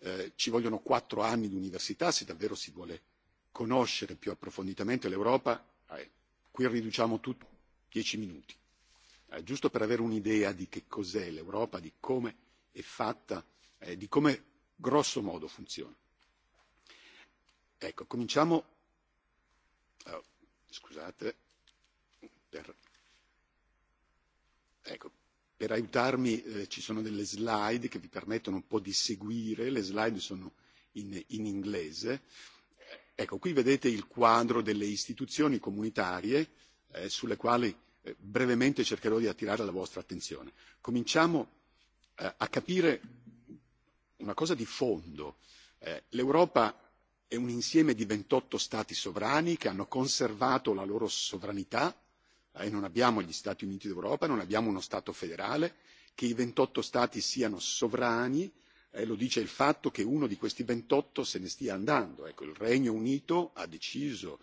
Eh, ci vogliono quattro anni di università se davvero si vuole conoscere più approfonditamente l'Europa. Eh, qui riduciamo tutto, dieci minuti, eh, giusto per avere un'idea di che cos'è l'Europa, di come è fatta, eh, di come grosso modo funziona. Ecco, cominciamo. Oh, scusate. Per... Ecco, Per aiutarmi eh, ci sono delle slide che vi permettono un po' di seguire, le slide sono in, in inglese. Ecco, qui vedete il quadro delle istituzioni comunitarie eh, sulle quali eh, brevemente cercherò di attirare la vostra attenzione. Cominciamo eh, a capire una cosa di fondo. Eh, L'Europa è un insieme di 28 stati sovrani che hanno conservato la loro sovranità Eh, non abbiamo gli Stati Uniti d'Europa, non abbiamo uno Stato federale, che i 28 Stati siano sovrani, eh, lo dice il fatto che uno di questi 28 se ne stia andando. Ecco, il Regno Unito ha deciso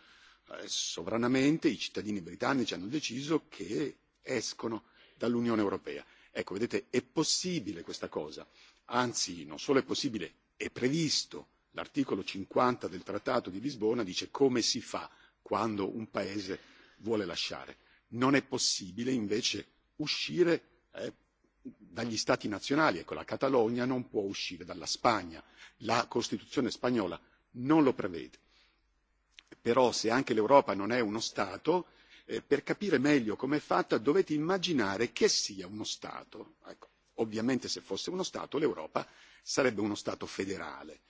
eh, sovranamente, i cittadini britannici hanno deciso che escono dall'Unione Europea. Ecco, vedete, è possibile questa cosa, anzi non solo è possibile, è previsto. L'articolo 50 del Trattato di Lisbona dice come si fa quando un paese vuole lasciare non è possibile invece uscire eh, dagli stati nazionali. Ecco, la Catalogna non può uscire dalla Spagna, la Costituzione spagnola non lo prevede. Però se anche l'Europa non è uno Stato, eh, per capire meglio come è fatta dovete immaginare che sia uno Stato. Ecco, ovviamente se fosse uno Stato l'Europa sarebbe uno Stato federale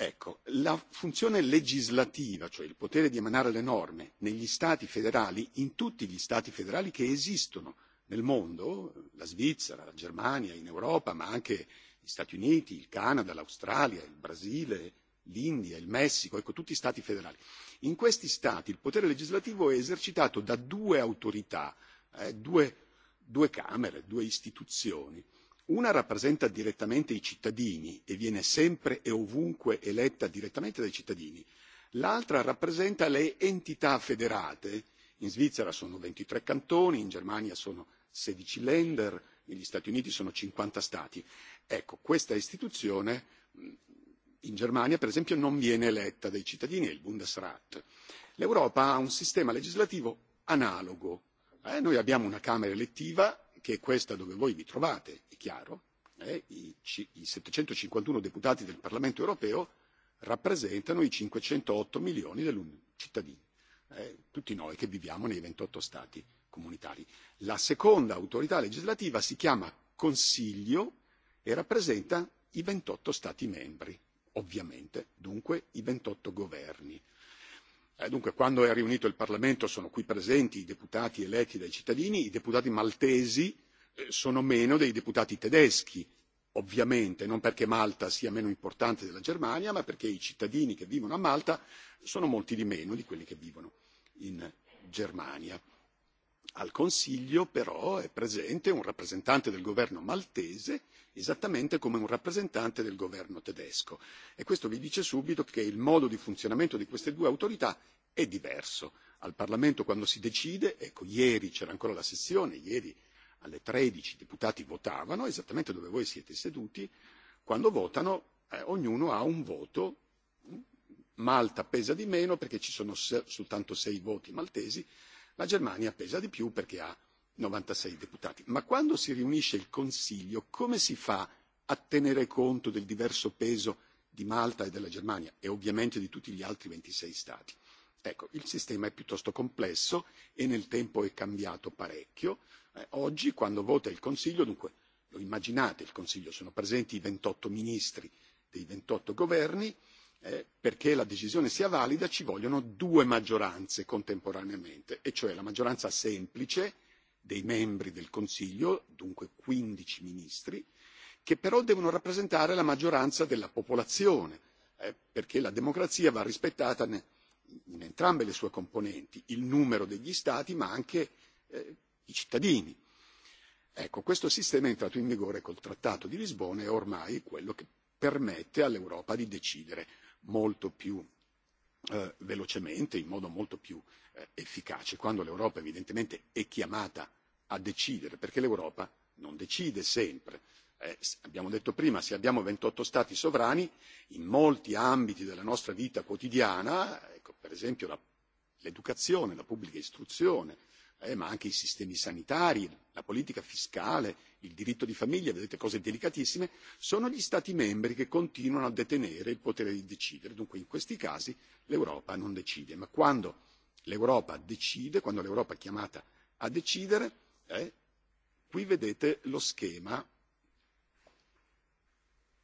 Ecco, la funzione legislativa, cioè il potere di emanare le norme negli Stati federali, in tutti gli Stati federali che esistono nel mondo, la Svizzera, la Germania, in Europa, ma anche gli Stati Uniti, il Canada, l'Australia, il Brasile, l'India, il Messico, ecco tutti gli Stati federali. In questi Stati il potere legislativo è esercitato da due autorità, eh, due, due camere, due istituzioni una rappresenta direttamente i cittadini e viene sempre e ovunque eletta direttamente dai cittadini l'altra rappresenta le entità federate in svizzera sono ventitré cantoni in germania sono sedici länder negli stati uniti sono cinquanta stati. ecco questa istituzione in germania per esempio non viene eletta dai cittadini è il bundesrat. l'europa ha un sistema legislativo analogo eh, noi abbiamo una camera elettiva che è questa dove voi vi trovate, è chiaro, eh, i, i 751 deputati del Parlamento europeo rappresentano i 508 milioni dei cittadini, eh, tutti noi che viviamo nei 28 Stati comunitari. La seconda autorità legislativa si chiama Consiglio e rappresenta i 28 Stati membri, ovviamente, dunque i 28 governi. Eh, dunque quando è riunito il parlamento sono qui presenti i deputati eletti dai cittadini i deputati maltesi eh, sono meno dei deputati tedeschi ovviamente non perché malta sia meno importante della germania ma perché i cittadini che vivono a malta sono molti di meno di quelli che vivono in germania. Al Consiglio però è presente un rappresentante del governo maltese, esattamente come un rappresentante del governo tedesco e questo vi dice subito che il modo di funzionamento di queste due autorità è diverso. Al Parlamento quando si decide, ecco ieri c'era ancora la sessione, ieri alle 13 i deputati votavano esattamente dove voi siete seduti, quando votano eh, ognuno ha un voto Malta pesa di meno perché ci sono soltanto sei voti maltesi La Germania pesa di più perché ha novantasei deputati. Ma quando si riunisce il Consiglio, come si fa a tenere conto del diverso peso di Malta e della Germania e ovviamente di tutti gli altri ventisei Stati? Ecco, il sistema è piuttosto complesso e nel tempo è cambiato parecchio. Eh, oggi, quando vota il Consiglio, dunque lo immaginate, il Consiglio sono presenti i ventotto ministri dei ventotto governi, Eh, perché la decisione sia valida ci vogliono due maggioranze contemporaneamente, e cioè la maggioranza semplice dei membri del Consiglio, dunque 15 ministri, che però devono rappresentare la maggioranza della popolazione, eh, perché la democrazia va rispettata ne, in entrambe le sue componenti, il numero degli Stati ma anche eh, i cittadini. Ecco, questo sistema è entrato in vigore col Trattato di Lisbona e ormai è quello che permette all'Europa di decidere molto più eh, velocemente, in modo molto più eh, efficace, quando l'Europa evidentemente è chiamata a decidere, perché l'Europa non decide sempre. Eh, abbiamo detto prima, se abbiamo 28 Stati sovrani, in molti ambiti della nostra vita quotidiana, ecco, per esempio la, l'educazione, la pubblica istruzione, Eh, ma anche i sistemi sanitari, la politica fiscale, il diritto di famiglia, vedete cose delicatissime, sono gli Stati membri che continuano a detenere il potere di decidere. Dunque in questi casi l'Europa non decide, ma quando l'Europa decide, quando l'Europa è chiamata a decidere, eh, qui vedete lo schema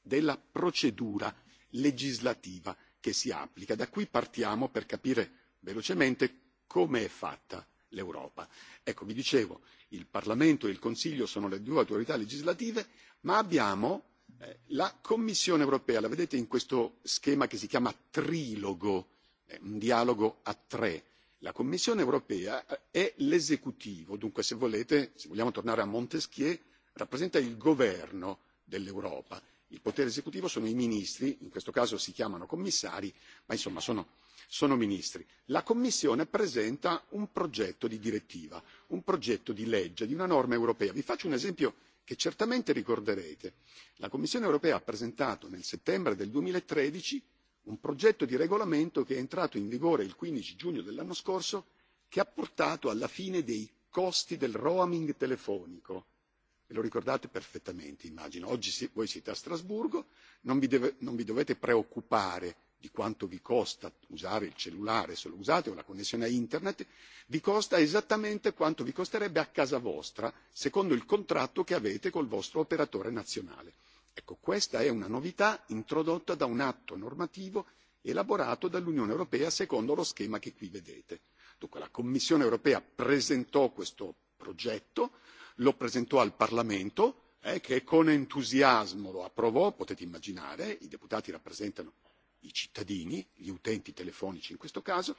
della procedura legislativa che si applica. Da qui partiamo per capire velocemente come è fatta l'Europa. Ecco, vi dicevo, il Parlamento e il Consiglio sono le due autorità legislative, ma abbiamo eh, la Commissione europea, la vedete in questo schema che si chiama trilogo, eh, un dialogo a tre. La Commissione europea eh, è l'esecutivo, dunque se volete, se vogliamo tornare a Montesquieu, rappresenta il governo dell'Europa. Il potere esecutivo sono i ministri, in questo caso si chiamano commissari, ma insomma sono sono ministri la commissione presenta un progetto di direttiva un progetto di legge di una norma europea. vi faccio un esempio che certamente ricorderete la commissione europea ha presentato nel settembre del duemilatredici un progetto di regolamento che è entrato in vigore il quindici giugno dell'anno scorso che ha portato alla fine dei costi del roaming telefonico e lo ricordate perfettamente immagino oggi voi siete a strasburgo non vi dovete preoccupare di quanto vi costa usare il cellulare se lo usate o la connessione a internet, vi costa esattamente quanto vi costerebbe a casa vostra secondo il contratto che avete col vostro operatore nazionale. Ecco, questa è una novità introdotta da un atto normativo elaborato dall'Unione Europea secondo lo schema che qui vedete. Dunque la Commissione Europea presentò questo progetto, lo presentò al Parlamento, eh, che con entusiasmo lo approvò, potete immaginare, i deputati rappresentano i cittadini, gli utenti telefonici in questo caso,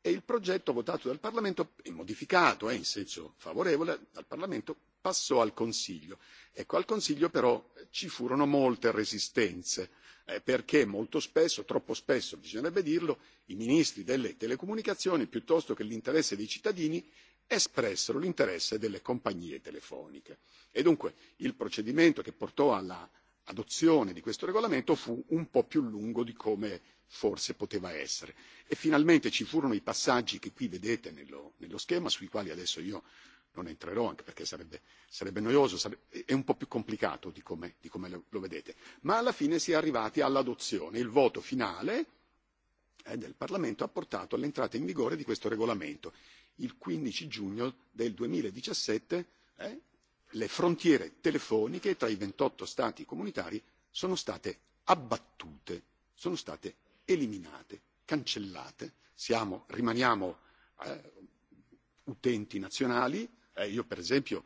e il progetto votato dal Parlamento e modificato eh, in senso favorevole dal Parlamento passò al Consiglio. Ecco, al Consiglio però ci furono molte resistenze, eh, perché molto spesso, troppo spesso bisognerebbe dirlo, i ministri delle telecomunicazioni, piuttosto che l'interesse dei cittadini, espressero l'interesse delle compagnie telefoniche. E dunque il procedimento che portò alla adozione di questo regolamento fu un po' più lungo di come forse poteva essere e finalmente ci furono i passaggi che qui vedete nello, nello schema sui quali adesso io non entrerò anche perché sarebbe, sarebbe noioso, sarebbe, è un po' più complicato di come, di come lo, lo vedete, ma alla fine si è arrivati all'adozione. Il voto finale eh, del Parlamento ha portato all'entrata in vigore di questo regolamento il 15 giugno del 2017 eh, le frontiere telefoniche tra i ventotto stati comunitari sono state abbattute sono state eliminate cancellate Siamo, rimaniamo eh, utenti nazionali eh, io per esempio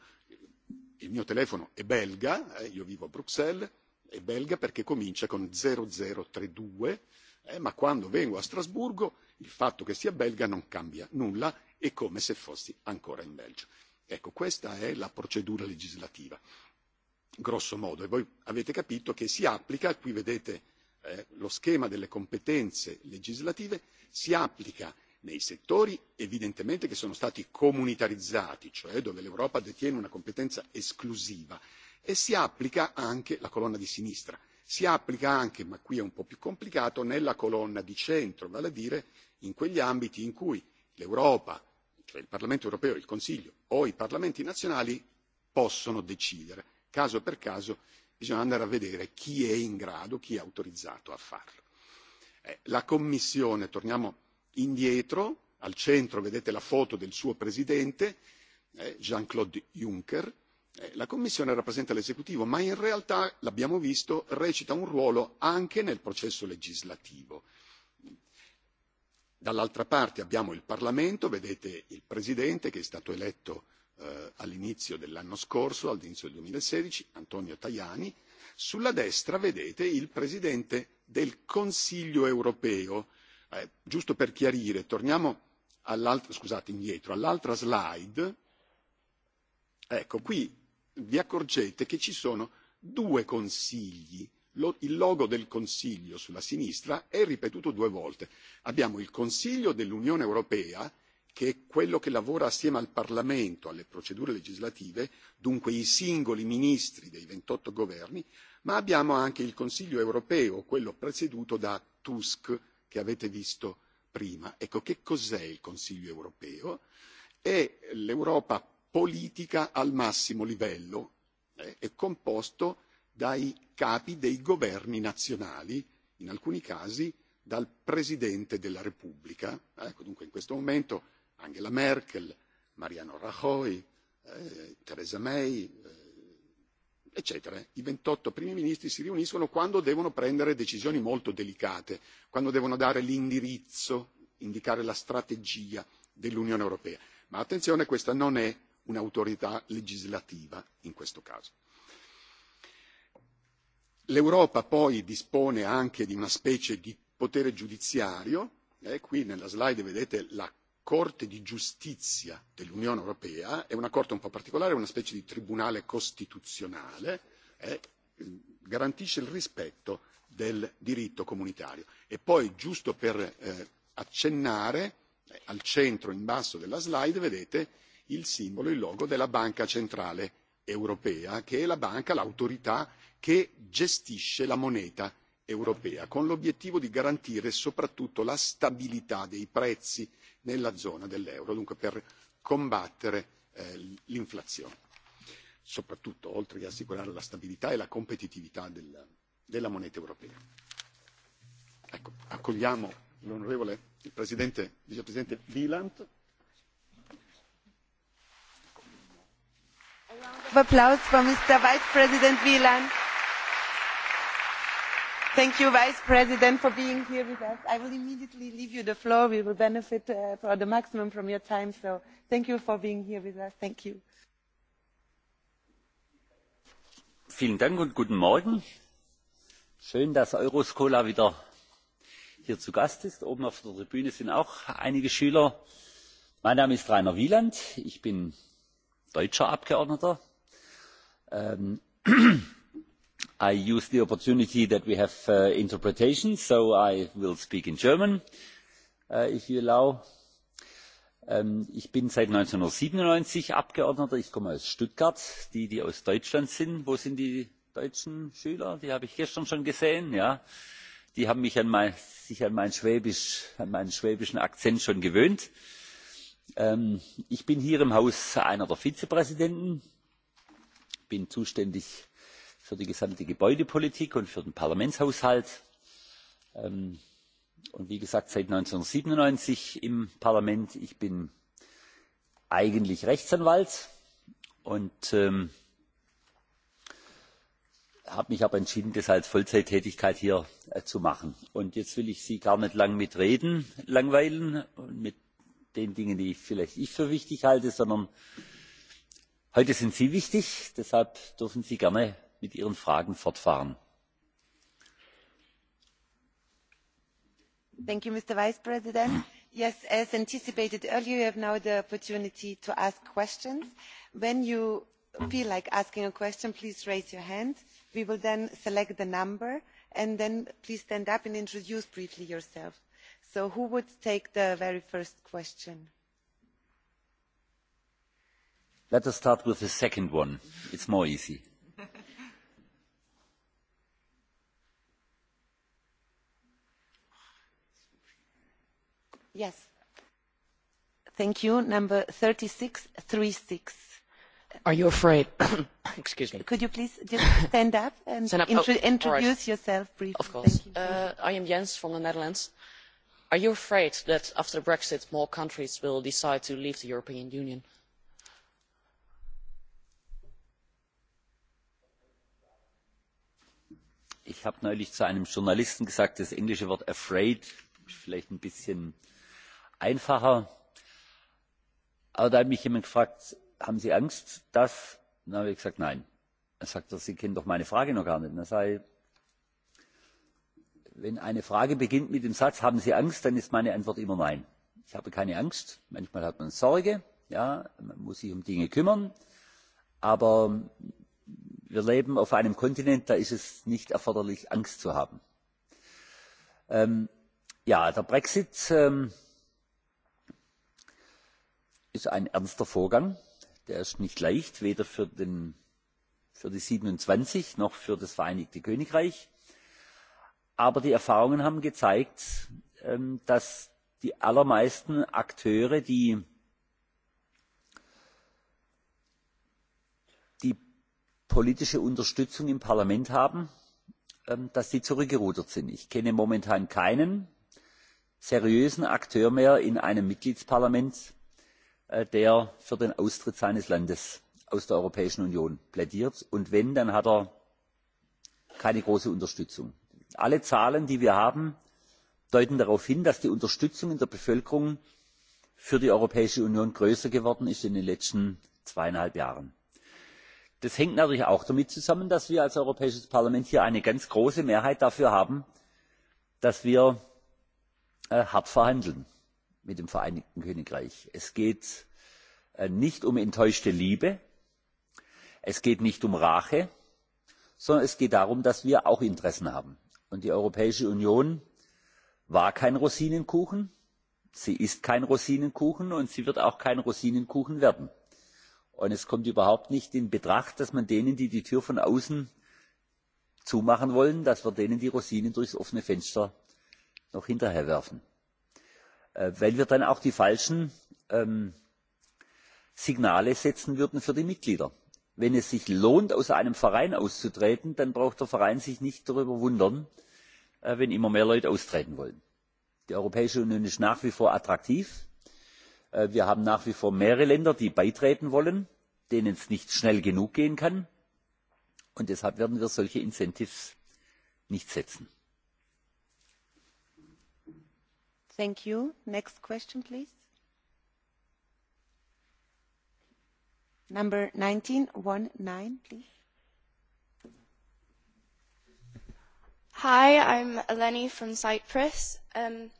il mio telefono è belga eh, io vivo a Bruxelles è belga perché comincia con 0032 eh, ma quando vengo a Strasburgo il fatto che sia belga non cambia nulla è come se fossi ancora in Belgio. Ecco, questa è la procedura legislativa, grosso modo, e voi avete capito che si applica, qui vedete eh, lo schema delle competenze legislative, si applica nei settori evidentemente che sono stati comunitarizzati, cioè dove l'Europa detiene una competenza esclusiva, e si applica anche la colonna di sinistra, si applica anche, ma qui è un po' più complicato, nella colonna di centro, vale a dire in quegli ambiti in cui l'Europa cioè il Parlamento europeo, il Consiglio o i Parlamenti nazionali possono decidere. Caso per caso bisogna andare a vedere chi è in grado, chi è autorizzato a farlo. Eh, la Commissione, torniamo indietro, al centro vedete la foto del suo presidente, eh, Jean-Claude Juncker, eh, la Commissione rappresenta l'esecutivo, ma in realtà, l'abbiamo visto, recita un ruolo anche nel processo legislativo dall'altra parte abbiamo il Parlamento, vedete il Presidente che è stato eletto eh, all'inizio dell'anno scorso, all'inizio del 2016, Antonio Tajani, sulla destra vedete il Presidente del Consiglio europeo. Eh, giusto per chiarire, torniamo all'altra, scusate, indietro, all'altra slide. Ecco, qui vi accorgete che ci sono due consigli il logo del Consiglio sulla sinistra è ripetuto due volte. Abbiamo il Consiglio dell'Unione Europea, che è quello che lavora assieme al Parlamento alle procedure legislative, dunque i singoli ministri dei 28 governi, ma abbiamo anche il Consiglio europeo, quello presieduto da Tusk, che avete visto prima. Ecco, che cos'è il Consiglio europeo? È l'Europa politica al massimo livello, è composto dai capi dei governi nazionali, in alcuni casi dal Presidente della Repubblica. Ecco, dunque in questo momento Angela Merkel, Mariano Rajoy, eh, Theresa May, eh, eccetera. I 28 primi ministri si riuniscono quando devono prendere decisioni molto delicate, quando devono dare l'indirizzo, indicare la strategia dell'Unione Europea. Ma attenzione, questa non è un'autorità legislativa in questo caso l'europa poi dispone anche di una specie di potere giudiziario e qui nella slide vedete la corte di giustizia dell'unione europea è una corte un po' particolare una specie di tribunale costituzionale e garantisce il rispetto del diritto comunitario e poi giusto per eh, accennare al centro in basso della slide vedete il simbolo il logo della banca centrale europea che è la banca l'autorità che gestisce la moneta europea con l'obiettivo di garantire soprattutto la stabilità dei prezzi nella zona dell'euro dunque per combattere eh, l'inflazione soprattutto oltre che assicurare la stabilità e la competitività della, della moneta europea. Ecco, accogliamo l'onorevole il presidente, vicepresidente Wieland. Applaus for Mr. Vice President Wieland thank you vice president for being here with us. i will immediately leave you the floor. we will benefit uh, for the maximum from your time so thank you for being here with us. thank you. vielen dank und guten morgen. schön dass euroscola wieder hier zu gast ist. oben auf der tribüne sind auch einige schüler. mein name ist rainer wieland. ich bin deutscher abgeordneter. Ähm I use the opportunity that we have uh, interpretation, so I will speak in German, uh, if you allow. Ähm, ich bin seit 1997 Abgeordneter. Ich komme aus Stuttgart. Die, die aus Deutschland sind, wo sind die deutschen Schüler? Die habe ich gestern schon gesehen. Ja, die haben mich an an, mein Schwäbisch, an meinen schwäbischen Akzent schon gewöhnt. Ähm, ich bin hier im Haus einer der Vizepräsidenten, bin zuständig für die gesamte gebäudepolitik und für den parlamentshaushalt ähm, und wie gesagt seit eintausendneunhundertsiebenundneunzig im parlament. ich bin eigentlich rechtsanwalt und ähm, habe mich aber entschieden das als vollzeittätigkeit hier äh, zu machen. und jetzt will ich sie gar nicht lange mit reden langweilen und mit den dingen die ich vielleicht ich für wichtig halte sondern heute sind sie wichtig deshalb dürfen sie gerne mit ihren fragen fortfahren. thank you mr vice president. Mm. yes as anticipated earlier you have now the opportunity to ask questions. when you feel like asking a question please raise your hand. we will then select the number and then please stand up and introduce briefly yourself. so who would take the very first question? let us start with the second one. it's more easy. 3636. Are you afraid? Excuse me. Could you please just stand up and oh, introduce yourself briefly? Of course. Uh, I am Jens from the Netherlands. Are you afraid that after Brexit more countries will decide to leave the European Union? Ich habe neulich zu einem Journalisten gesagt, das englische Wort afraid ist vielleicht ein bisschen einfacher. Aber da hat mich jemand gefragt, haben Sie Angst, dass... dann habe ich gesagt, nein. Er sagte, Sie kennen doch meine Frage noch gar nicht. dann sage ich, wenn eine Frage beginnt mit dem Satz, haben Sie Angst, dann ist meine Antwort immer nein. Ich habe keine Angst. Manchmal hat man Sorge. Ja, man muss sich um Dinge kümmern. Aber wir leben auf einem Kontinent, da ist es nicht erforderlich, Angst zu haben. Ähm, ja, der Brexit. Ähm, ist ein ernster vorgang der ist nicht leicht weder für, die siebenundzwanzig noch für das vereinigte königreich aber die erfahrungen haben gezeigt ähm, dass die allermeisten akteure die die politische unterstützung im parlament haben ähm, zurückgerudert sind. ich kenne momentan keinen seriösen akteur mehr in einem mitgliedsparlament Äh, der für den austritt seines landes aus der europäischen union plädiert und wenn dann hat er keine große unterstützung. alle zahlen die wir haben deuten darauf hin dass die unterstützung in der bevölkerung für die europäische union größer geworden ist in den letzten zweieinhalb jahren. das hängt natürlich auch damit zusammen dass wir als europäisches parlament hier eine ganz große mehrheit dafür haben dass wir äh, hart verhandeln mit dem vereinigten königreich. es geht äh, nicht um enttäuschte liebe es geht nicht um rache sondern es geht darum dass wir auch interessen haben. und die europäische union war kein rosinenkuchen sie ist kein rosinenkuchen und sie wird auch kein rosinenkuchen werden. und es kommt überhaupt nicht in betracht dass man denen die die tür von außen zumachen wollen dass wir denen die rosinen durchs offene fenster noch hinterherwerfen. Äh, weil wir dann auch die falschen ähm, signale setzen würden für die mitglieder. wenn es sich lohnt aus einem verein auszutreten dann braucht der verein sich nicht darüber zu wundern äh, wenn immer mehr leute austreten wollen. die europäische union ist nach wie vor attraktiv. Äh, wir haben nach wie vor mehrere länder die beitreten wollen denen es nicht schnell genug gehen kann und deshalb werden wir solche incentives nicht setzen. Thank you. Next question, please. Number 1919, please. Hi, I'm Eleni from Cyprus. Um,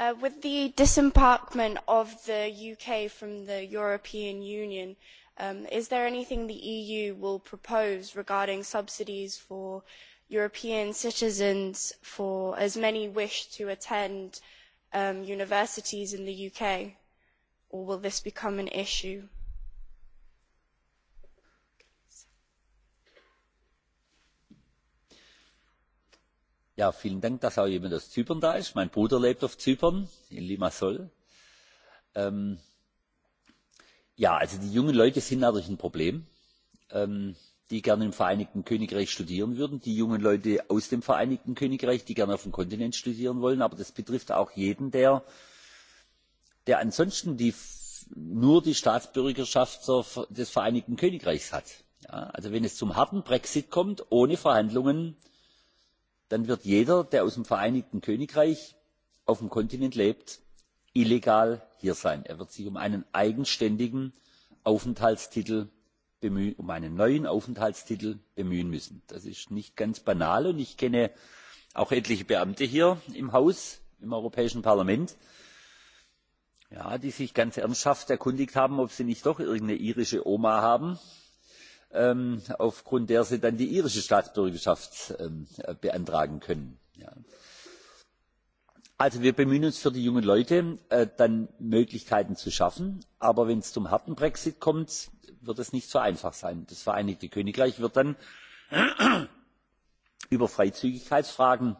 uh, with the disembarkment of the UK from the European Union, um, is there anything the EU will propose regarding subsidies for European citizens for as many wish to attend um, universities in the UK? Or will this become an issue? Ja, vielen Dank, dass auch jemand aus Zypern da ist. Mein Bruder lebt auf Zypern, in Limassol. Ähm, ja, also die jungen Leute sind natürlich ein Problem. Ähm, die gerne im vereinigten königreich studieren würden die jungen leute aus dem vereinigten königreich die gerne auf dem kontinent studieren wollen aber das betrifft auch jeden der ansonsten nur die staatsbürgerschaft des vereinigten königreichs hat. also wenn es zum harten brexit kommt ohne verhandlungen dann wird jeder der aus dem vereinigten königreich auf dem kontinent lebt illegal hier sein. er wird sich um einen eigenständigen aufenthaltstitel bemühen, um einen neuen Aufenthaltstitel bemühen müssen. Das ist nicht ganz banal und ich kenne auch etliche Beamte hier im Haus, im Europäischen Parlament, ja, die sich ganz ernsthaft erkundigt haben, ob sie nicht doch irgendeine irische Oma haben, ähm, aufgrund der sie dann die irische Staatsbürgerschaft ähm, beantragen können. Also wir bemühen uns für die jungen Leute, äh, dann Möglichkeiten zu schaffen. Aber wenn es zum harten Brexit kommt, wird es nicht so einfach sein. das vereinigte königreich wird dann über freizügigkeitsfragen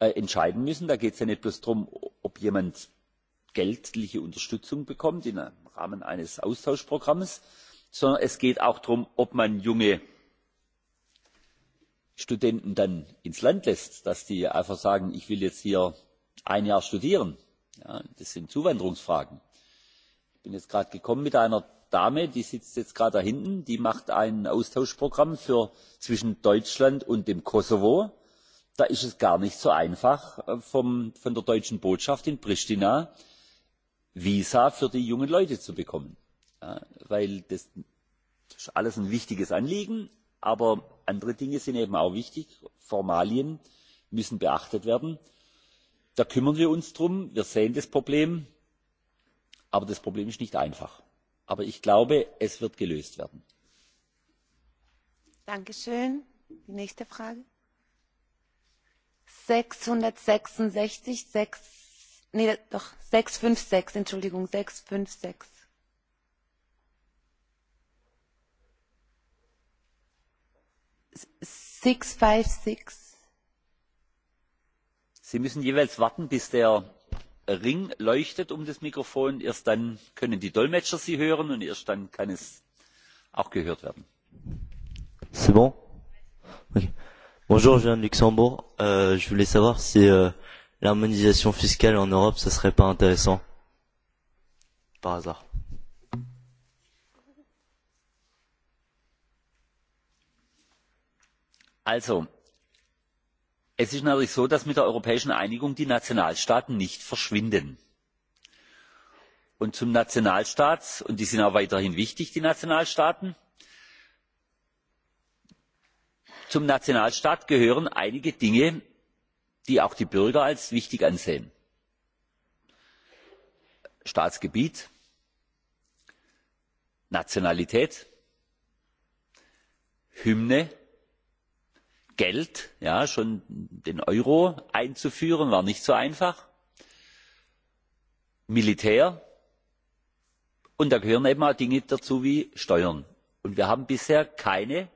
äh, entscheiden müssen. da geht es ja nicht bloß darum ob jemand geldliche unterstützung bekommt im rahmen eines austauschprogramms sondern es geht auch darum ob man junge studenten dann ins land lässt dass die einfach sagen ich will jetzt hier ein jahr studieren. Ja, das sind zuwanderungsfragen. ich bin jetzt gerade gekommen mit einer dame die sitzt jetzt gerade da hinten die macht ein austauschprogramm zwischen deutschland und dem kosovo. da ist es gar nicht so einfach äh, von der deutschen botschaft in pritina visa für die jungen leute zu bekommen. Äh, das ist alles ein wichtiges anliegen aber andere dinge sind eben auch wichtig formalien müssen beachtet werden. da kümmern wir uns darum wir sehen das problem aber das problem ist nicht einfach aber ich glaube es wird gelöst werden. Dankeschön. Die nächste Frage. 666, 6, nee, doch, 656, Entschuldigung, 656. Six, Sie müssen jeweils warten, bis der ring leuchtet um das mikrofon erst dann können die dolmetscher sie hören und erst dann kann es auch gehört werden. C'est bon okay. Bonjour, je viens de Luxembourg. Euh, je voulais savoir si euh, l'harmonisation fiscale en Europe, ça serait pas intéressant, par hasard. Also, es ist natürlich so dass mit der europäischen einigung die nationalstaaten nicht verschwinden. und zum nationalstaat und die sind auch weiterhin wichtig die nationalstaaten zum nationalstaat gehören einige dinge die auch die bürger als wichtig ansehen staatsgebiet nationalität hymne Geld, ja, schon den Euro einzuführen, war nicht so einfach. Militär. Und da gehören eben auch Dinge dazu wie Steuern. Und wir haben bisher keine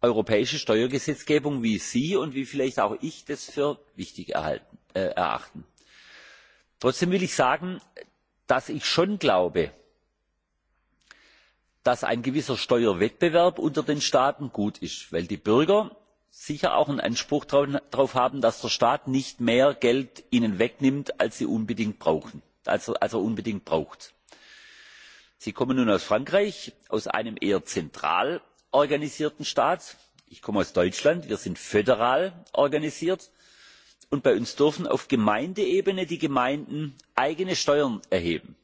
europäische Steuergesetzgebung, wie Sie und wie vielleicht auch ich das für wichtig äh, erachten. Trotzdem will ich sagen, dass ich schon glaube, dass ein gewisser steuerwettbewerb unter den staaten gut ist weil die bürger sicher auch einen anspruch darauf haben dass der staat nicht mehr geld ihnen wegnimmt er, als er unbedingt braucht. sie kommen nun aus frankreich aus einem eher zentral organisierten staat ich komme aus deutschland wir sind föderal organisiert und bei uns dürfen auf gemeindeebene die gemeinden eigene steuern erheben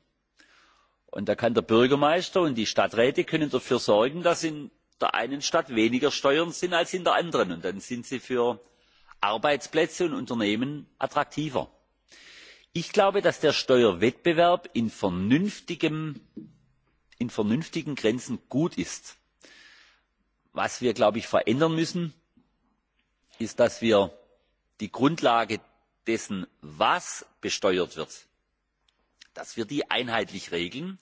und da können der bürgermeister und die stadträte dafür sorgen dass in der einen stadt weniger steuern sind als in der anderen und dann sind sie für arbeitsplätze und unternehmen attraktiver. ich glaube dass der steuerwettbewerb in vernünftigen grenzen gut ist. was wir glaube ich verändern müssen ist dass wir die grundlage dessen was besteuert wird dass wir die einheitlich regeln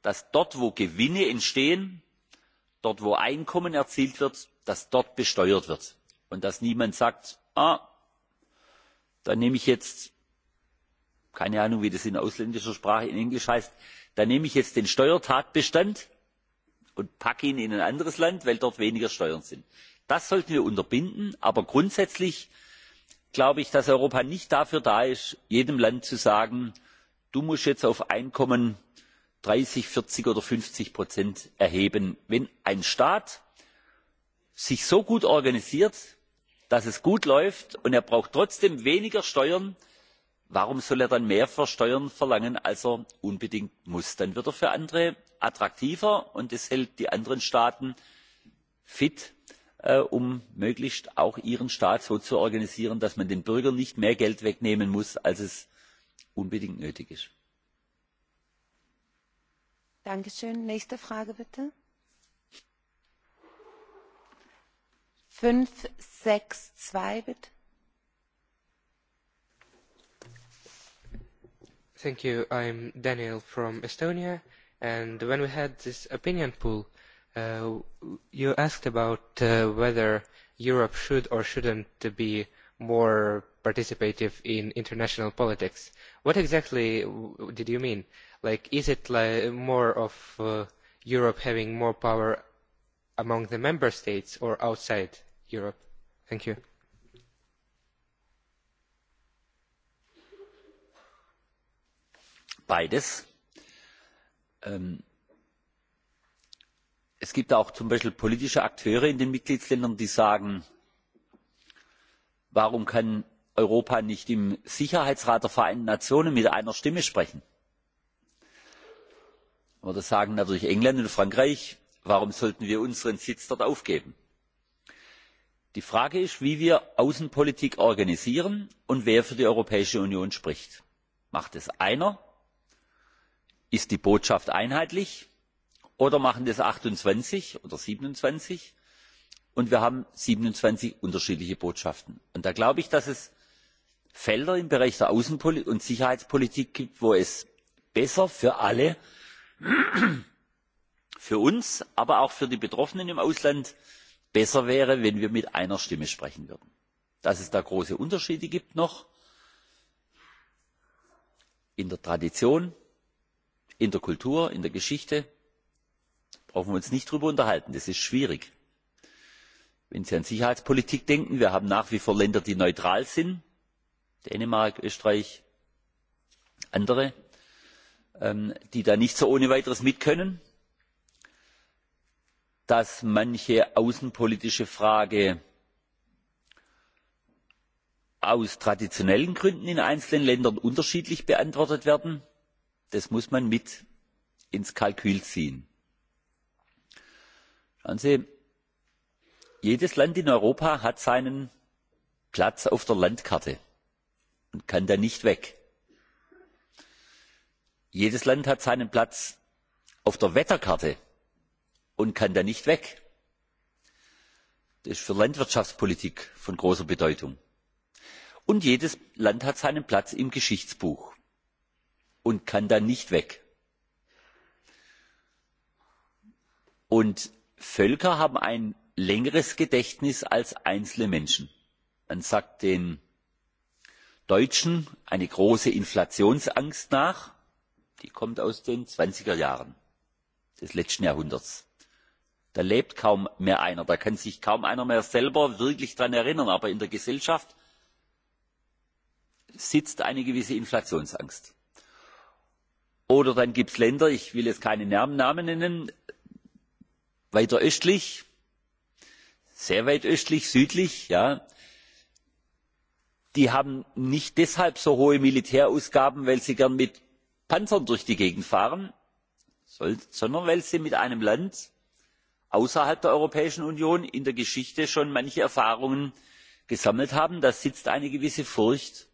dass dort wo gewinne entstehen dort wo einkommen erzielt wird dass dort besteuert wird und dass niemand sagt ah dann nehme ich jetzt keine ahnung wie das in ausländischer sprache in englisch heißt dann nehme ich jetzt den steuertatbestand und packe ihn in ein anderes land weil dort weniger steuern sind. das sollten wir unterbinden aber grundsätzlich glaube ich dass europa nicht dafür da ist jedem land zu sagen du musst jetzt auf einkommen dreißig vierzig oder fünfzig prozent erheben. wenn ein staat sich so gut organisiert dass es gut läuft und er braucht trotzdem weniger steuern warum soll er dann mehr für steuern verlangen als er unbedingt muss? dann wird er für andere attraktiver und das hält die anderen staaten fit äh, um möglichst auch ihren staat so zu organisieren dass man den bürgern nicht mehr geld wegnehmen muss als unbedingt nötig ist. Dankeschön. Nächste Frage bitte. 562 bitte. Thank you. I'm Daniel from Estonia. And when we had this opinion pool, uh, you asked about uh, whether Europe should or shouldn't be more participative in international politics. What exactly did you mean? Like, is it like more of uh, Europe having more power among the member states or outside Europe? Thank you. Beides. Ähm, es gibt auch zum Beispiel politische Akteure in den Mitgliedsländern, die sagen, warum kann europa nicht im sicherheitsrat der vereinten nationen mit einer stimme sprechen? aber sagen natürlich england und frankreich warum sollten wir unseren sitz dort aufgeben? die frage ist wie wir außenpolitik organisieren und wer für die europäische union spricht. macht es einer? ist die botschaft einheitlich? oder machen das achtundzwanzig oder siebenundzwanzig und wir haben siebenundzwanzig unterschiedliche botschaften? da glaube ich dass felder im bereich der außen und sicherheitspolitik gibt wo es besser für alle für uns aber auch für die betroffenen im ausland wäre wenn wir mit einer stimme sprechen würden. dass es da noch große unterschiede gibt in der tradition in der kultur in der geschichte brauchen wir uns nicht darüber zu unterhalten das ist schwierig. wenn sie an sicherheitspolitik denken wir haben nach wie vor länder die neutral dänemark österreich andere ähm, die da nicht so ohne weiteres mitkönnen dass manche außenpolitische frage aus traditionellen gründen in einzelnen ländern unterschiedlich beantwortet wird das muss man mit ins kalkül ziehen. schauen sie jedes land in europa hat seinen platz auf der landkarte und kann da nicht weg. jedes land hat seinen platz auf der wetterkarte und kann da nicht weg. das ist für landwirtschaftspolitik von großer bedeutung. und jedes land hat seinen platz im geschichtsbuch und kann da nicht weg. und völker haben ein längeres gedächtnis als einzelne menschen. man sagt den deutschen eine große inflationsangst nach die kommt aus den zwanziger jahren des letzten jahrhunderts. da lebt kaum mehr einer da kann sich kaum einer mehr selber wirklich daran erinnern aber in der gesellschaft sitzt eine gewisse inflationsangst. oder dann gibt es länder ich will jetzt keine namen nennen weiter östlich sehr weit östlich südlich ja die haben nicht deshalb so hohe militärausgaben weil sie gern mit panzern durch die gegend fahren sondern weil sie mit einem land außerhalb der europäischen union in der geschichte schon manche erfahrungen gesammelt haben. da sitzt eine gewisse furcht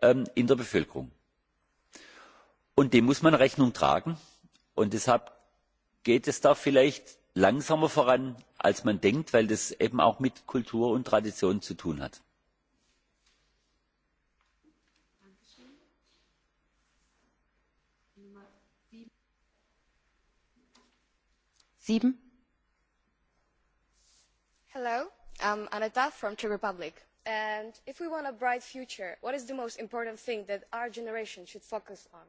ähm, in der bevölkerung. dem muss man rechnung tragen und deshalb geht es da vielleicht langsamer voran als man denkt weil das eben auch mit kultur und tradition zu tun hat. Sieben. Hello, I'm Aneta from Czech Republic. And if we want a bright future, what is the most important thing that our generation should focus on?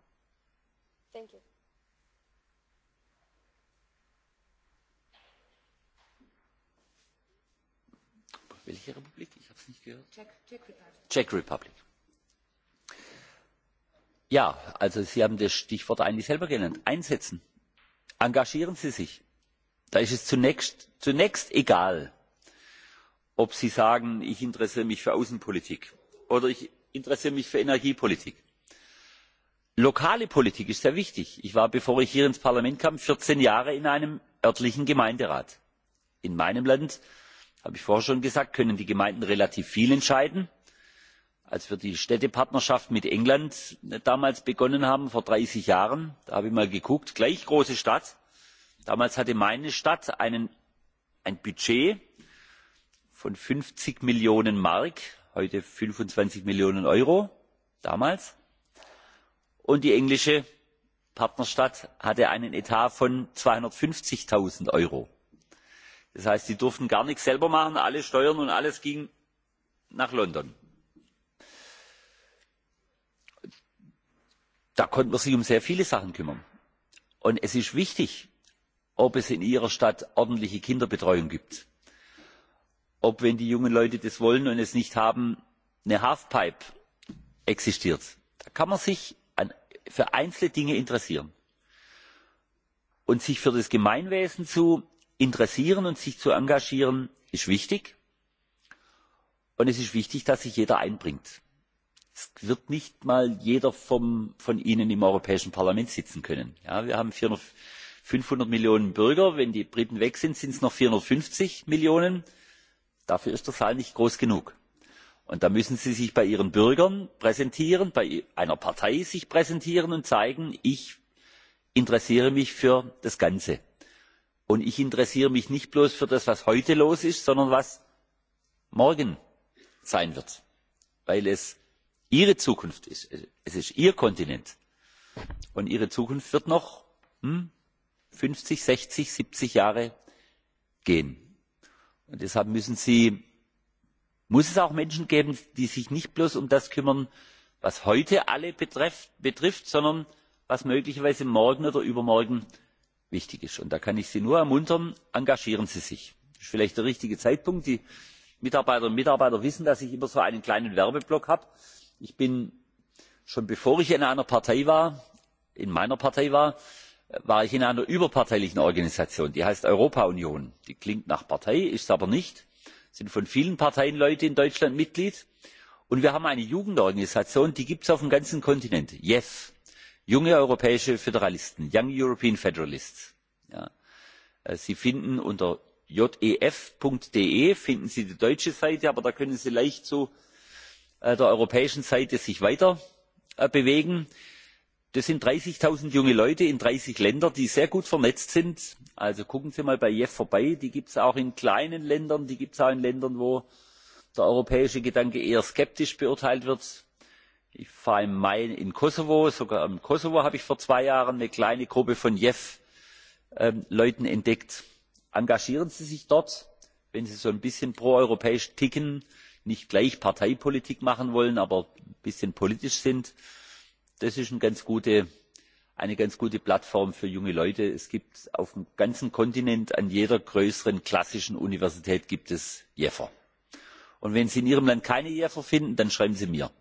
Thank you. Czech, Czech Republic. Czech Republic. Ja, also Sie haben das Stichwort eigentlich selber genannt. Einsetzen. Engagieren Sie sich da ist es zunächst, egal ob sie sagen ich interessiere mich für außenpolitik oder ich interessiere mich für energiepolitik. lokale politik ist sehr wichtig. ich war bevor ich hier ins parlament kam vierzehn jahre in einem örtlichen gemeinderat. in meinem land das habe ich vorher schon gesagt können die gemeinden relativ viel entscheiden. als wir die städtepartnerschaft mit england damals begonnen haben vor dreißig jahren da habe ich mal geguckt gleich große stadt damals hatte meine stadt ein budget von fünfzig millionen mark heute fünfundzwanzig millionen euro damals und die englische partnerstadt hatte einen etat von zweihundertfünfzig null euro. das heißt sie durften gar nichts selber machen alle steuern und alles ging nach london. da konnten wir uns um sehr viele sachen kümmern. und es ist wichtig ob es in ihrer stadt ordentliche kinderbetreuung gibt ob wenn die jungen leute das wollen und es nicht haben eine halfpipe existiert. da kann man sich für einzelne dinge interessieren und sich für das gemeinwesen zu interessieren und sich zu engagieren ist wichtig und es ist wichtig dass sich jeder einbringt. es wird nicht einmal jeder vom, von ihnen im europäischen parlament sitzen können. Ja, wir haben fünfhundert millionen bürger wenn die briten weg sind sind es noch vierhundertfünfzig millionen dafür ist der saal nicht groß genug. und da müssen sie sich bei ihren bürgern präsentieren bei einer partei sich präsentieren und zeigen ich interessiere mich für das ganze. und ich interessiere mich nicht bloß für das was heute los ist sondern was morgen sein wird weil es ihre zukunft ist es ist ihr kontinent und ihre zukunft wird noch hm fünfzig sechzig siebzig jahre gehen. Und deshalb müssen sie muss es auch menschen geben die sich nicht bloß um das kümmern was heute alle betrifft, betrifft sondern was möglicherweise morgen oder übermorgen wichtig ist. Und da kann ich sie nur ermuntern engagieren sie sich. das ist vielleicht der richtige zeitpunkt. die mitarbeiterinnen und mitarbeiter wissen dass ich immer so einen kleinen werbeblock habe. ich bin schon bevor ich in einer partei war in meiner partei war war ich in einer überparteilichen organisation die heißt europa union. die klingt nach partei ist es aber nicht es sind von vielen parteien leute in deutschland mitglied und wir haben eine jugendorganisation die gibt es auf dem ganzen kontinent jef junge europäische föderalisten young european federalists. Äh, sie finden unter jef e, de die deutsche seite aber da können sie sich leicht zu äh, der europäischen seite weiterbewegen. Äh, das sind dreißig null junge leute in dreißig ländern die sehr gut vernetzt sind also schauen sie mal bei jef vorbei die gibt es auch in kleinen ländern die gibt es auch in ländern wo der europäische gedanke eher skeptisch beurteilt wird. ich war im mai im kosovo sogar im kosovo habe ich vor zwei jahren eine kleine gruppe von jef ähm, leuten entdeckt. engagieren sie sich dort wenn sie so ein bisschen proeuropäisch ticken nicht gleich parteipolitik machen wollen aber ein bisschen politisch sind das ist eine ganz gute eine ganz gute plattform für junge leute. es gibt auf dem ganzen kontinent an jeder größeren klassischen universität jeffer. und wenn sie in ihrem land keine jeffer finden dann schreiben sie mir.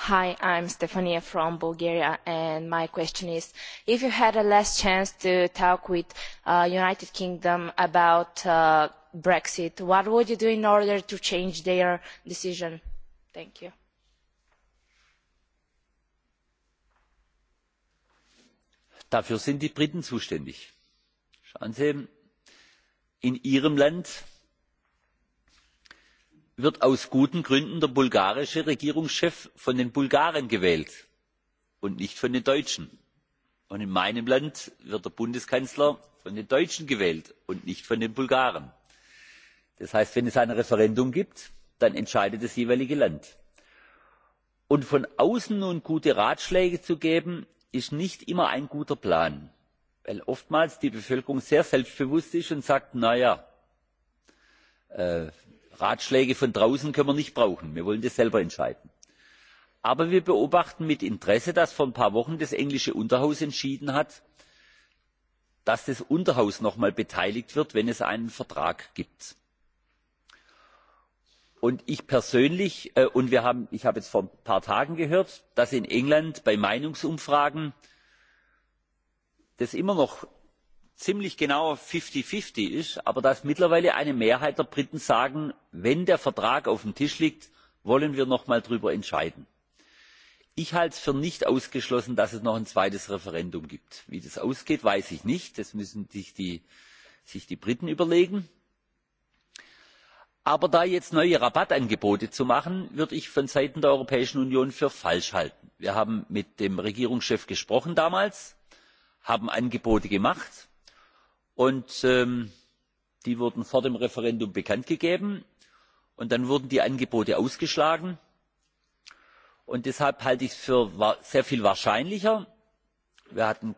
Hi, I'm Stefania from Bulgaria, and my question is, if you had a last chance to talk with uh, United Kingdom about uh, Brexit, what would you do in order to change their decision? Thank you. Dafür sind die Briten zuständig. Schauen Sie, in Ihrem Land wird aus guten gründen der bulgarische regierungschef von den bulgaren gewählt und nicht von den deutschen. und in meinem land wird der bundeskanzler von den deutschen gewählt und nicht von den bulgaren. das heißt wenn es ein referendum gibt dann entscheidet das jeweilige land. und von außen nun gute ratschläge zu geben ist nicht immer ein guter plan weil oftmals die bevölkerung sehr selbstbewusst ist und sagt na ja äh, ratschläge von draußen können wir nicht brauchen wir wollen das selber entscheiden. aber wir beobachten mit interesse dass vor ein paar wochen das englische unterhaus entschieden hat dass das unterhaus noch einmal beteiligt wird wenn es einen vertrag gibt. und ich persönlich äh, und wir haben, ich habe jetzt vor ein paar tagen gehört dass in england bei meinungsumfragen das immer noch ziemlich genau fifty fifty ist aber dass mittlerweile eine mehrheit der briten sagt wenn der vertrag auf dem tisch liegt wollen wir noch einmal darüber entscheiden. ich halte es für nicht ausgeschlossen dass es noch ein zweites referendum gibt. wie das ausgeht weiß ich nicht das müssen sich die, briten überlegen. aber da jetzt neue rabattangebote zu machen würde ich von seiten der europäischen union für falsch halten. wir haben damals mit dem regierungschef gesprochen haben angebote gemacht und ähm, die wurden vor dem referendum bekanntgegeben und dann wurden die angebote ausgeschlagen und deshalb halte ich es für sehr viel wahrscheinlicher wir hatten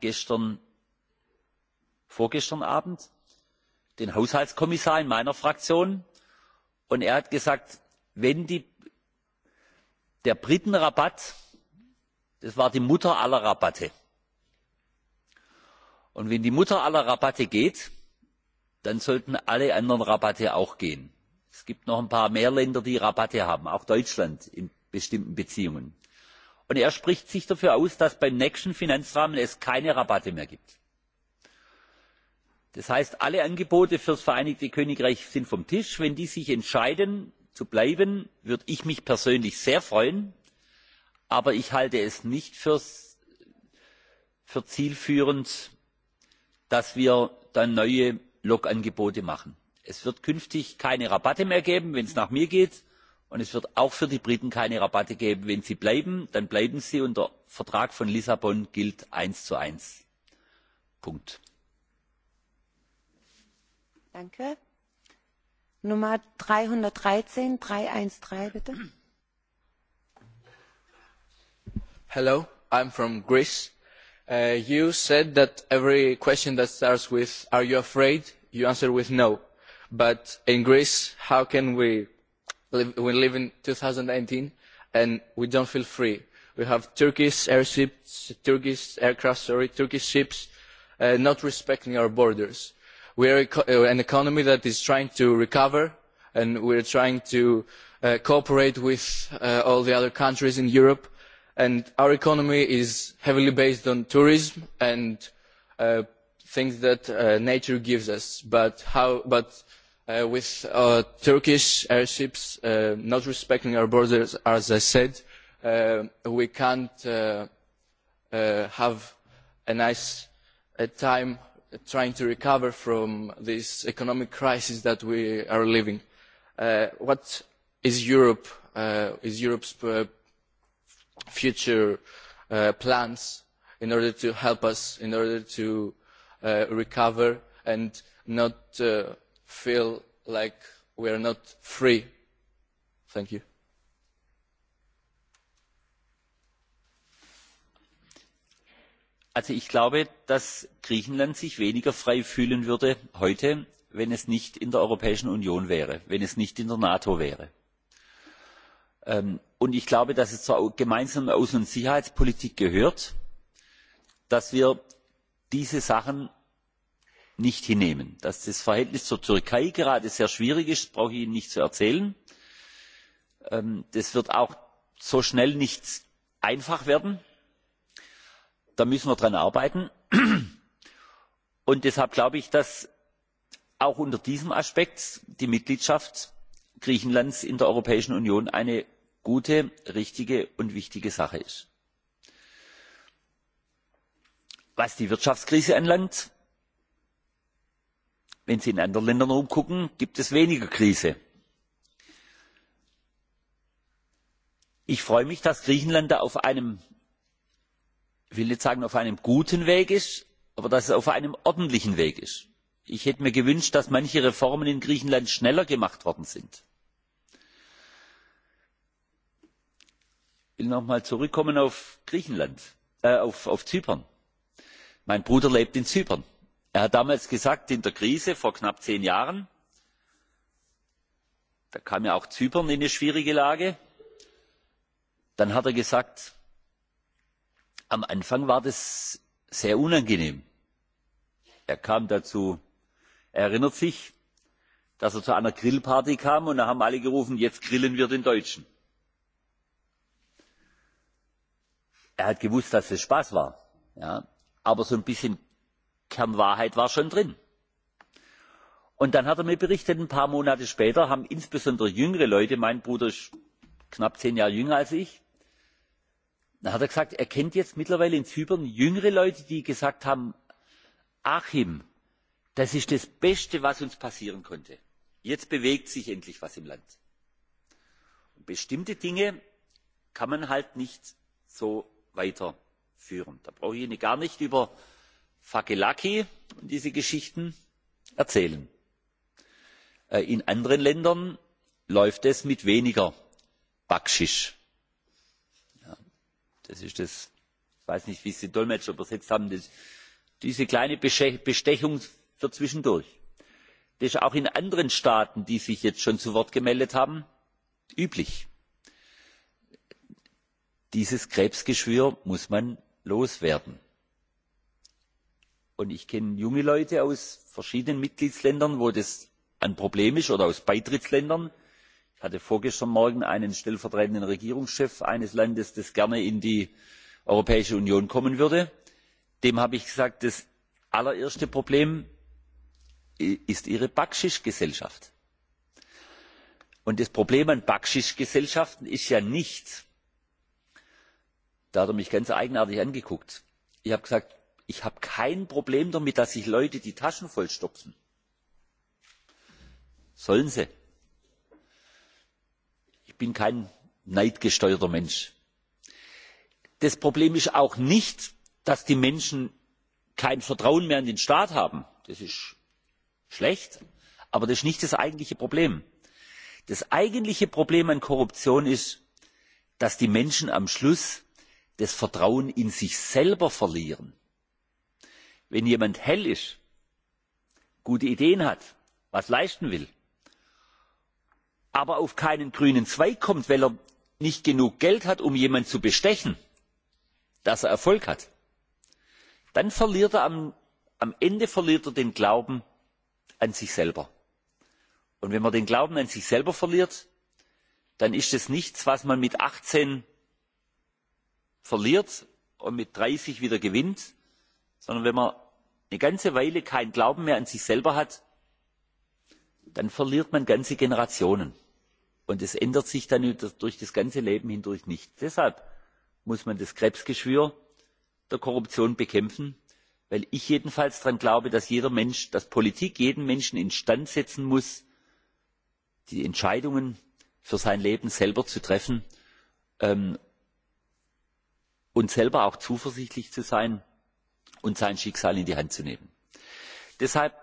vorgestern abend den haushaltskommissar in meiner fraktion und er hat gesagt wenn der britenrabatt das war die mutter aller rabatte und wenn die mutter aller rabatte geht dann sollten alle anderen rabatte auch gehen. es gibt noch ein paar mehr länder die rabatte haben auch deutschland in bestimmten beziehungen. und er spricht sich dafür aus dass es beim nächsten finanzrahmen keine rabatte mehr gibt. das heißt alle angebote für das vereinigte königreich sind vom tisch. wenn die sich entscheiden zu bleiben würde ich mich persönlich sehr freuen aber ich halte es nicht für zielführend dass wir dann neue lokangebote machen. es wird künftig keine rabatte mehr geben wenn es nach mir geht und es wird auch für die briten keine rabatte geben. wenn sie bleiben dann bleiben sie und der vertrag von lissabon gilt eins zu eins. punkt. Danke. Nummer 313, 313, bitte. Hello, I'm from Greece Uh, you said that every question that starts with "Are you afraid?" you answer with "No." But in Greece, how can we live, two thousand in 2019 and we don't feel free? We have Turkish airships, Turkish aircraft, sorry, Turkish ships uh, not respecting our borders. We are uh, an economy that is trying to recover, and we are trying to cooperate with all the other countries in Europe and our economy is heavily based on tourism and the uh, things that uh, nature gives us. But, uh, with Turkish airships not respecting our borders, as I said, we can't have a nice time trying to recover from this economic crisis that we are living. through. what is Europe? is Europe's future uh, plans in order to help us, in order to uh, recover and not uh, feel like we are not free. Thank you. Also ich glaube, dass Griechenland sich weniger frei fühlen würde heute, wenn es nicht in der Europäischen Union wäre, wenn es nicht in der NATO wäre Ähm, und ich glaube dass es zur gemeinsamen außen und sicherheitspolitik gehört dass wir diese sachen nicht hinnehmen. dass das verhältnis zur türkei gerade sehr schwierig ist brauche ich ihnen nicht zu erzählen. Ähm, das wird auch so schnell nicht einfach werden. da müssen wir daran arbeiten. und deshalb glaube ich dass auch unter diesem aspekt die mitgliedschaft griechenlands in der europäischen union eine gute richtige und wichtige sache ist. was die wirtschaftskrise anbelangt wenn sie in anderen ländern herumschauen gibt es weniger krise. ich freue mich dass griechenland da auf einem ich will nicht sagen auf einem guten weg ist aber dass es auf einem ordentlichen weg ist. ich hätte mir gewünscht dass manche reformen in griechenland schneller gemacht worden sind. will noch mal zurückkommen auf griechenland äh, auf, auf zypern. mein bruder lebt in zypern. er hat damals gesagt in der krise vor knapp zehn jahren da kam ja auch zypern in eine schwierige lage dann hat er gesagt am anfang war das sehr unangenehm. er kam dazu er erinnert sich dass er zu einer grillparty kam und da haben alle gerufen jetzt grillen wir den deutschen. er hat gewusst, dass es Spaß war. Ja? Aber so ein bisschen Kernwahrheit war schon drin. Und dann hat er mir berichtet, ein paar Monate später haben insbesondere jüngere Leute, mein Bruder ist knapp zehn Jahre jünger als ich, dann hat er gesagt, er kennt jetzt mittlerweile in Zypern jüngere Leute, die gesagt haben, Achim, das ist das Beste, was uns passieren konnte. Jetzt bewegt sich endlich was im Land. bestimmte Dinge kann man halt nicht so weiterführen. da brauche ich ihnen gar nicht über fakelaki und diese geschichten erzählen. Äh, in anderen ländern läuft es mit weniger backschisch. das ist das ich weiß nicht wie es die dolmetscher übersetzt haben das, diese kleine bestechung für zwischendurch. das ist auch in anderen staaten die sich jetzt schon zu wort gemeldet haben üblich dieses krebsgeschwür muss man loswerden. Und ich kenne junge Leute aus verschiedenen Mitgliedsländern, wo das ein Problem ist, oder aus Beitrittsländern. Ich hatte vorgestern Morgen einen stellvertretenden Regierungschef eines Landes, das gerne in die Europäische Union kommen würde. Dem habe ich gesagt, das allererste Problem ist ihre Backschisch-Gesellschaft. Und das Problem an Backschisch-Gesellschaften ist ja nicht, Da hat er mich ganz eigenartig angeguckt. Ich habe gesagt, ich habe kein Problem damit, dass sich Leute die Taschen vollstopfen. Sollen sie. Ich bin kein neidgesteuerter Mensch. Das Problem ist auch nicht, dass die Menschen kein Vertrauen mehr in den Staat haben. Das ist schlecht, aber das ist nicht das eigentliche Problem. Das eigentliche Problem an Korruption ist, dass die Menschen am Schluss das Vertrauen in sich selber verlieren. Wenn jemand hell ist, gute Ideen hat, was leisten will, aber auf keinen grünen Zweig kommt, weil er nicht genug Geld hat, um jemanden zu bestechen, dass er Erfolg hat, dann verliert er am, am Ende verliert er den Glauben an sich selber. Und wenn man den Glauben an sich selber verliert, dann ist es nichts, was man mit 18 verliert und mit dreißig wieder gewinnt sondern wenn man eine ganze weile keinen glauben mehr an sich selber hat dann verliert man ganze generationen und es ändert sich dann durch das ganze leben hindurch nichts. deshalb muss man das krebsgeschwür der korruption bekämpfen weil ich jedenfalls daran glaube dass politik jeden menschen instand setzen muss die entscheidungen für sein leben selber zu treffen ähm, und selber auch zuversichtlich zu sein und sein Schicksal in die Hand zu nehmen. Deshalb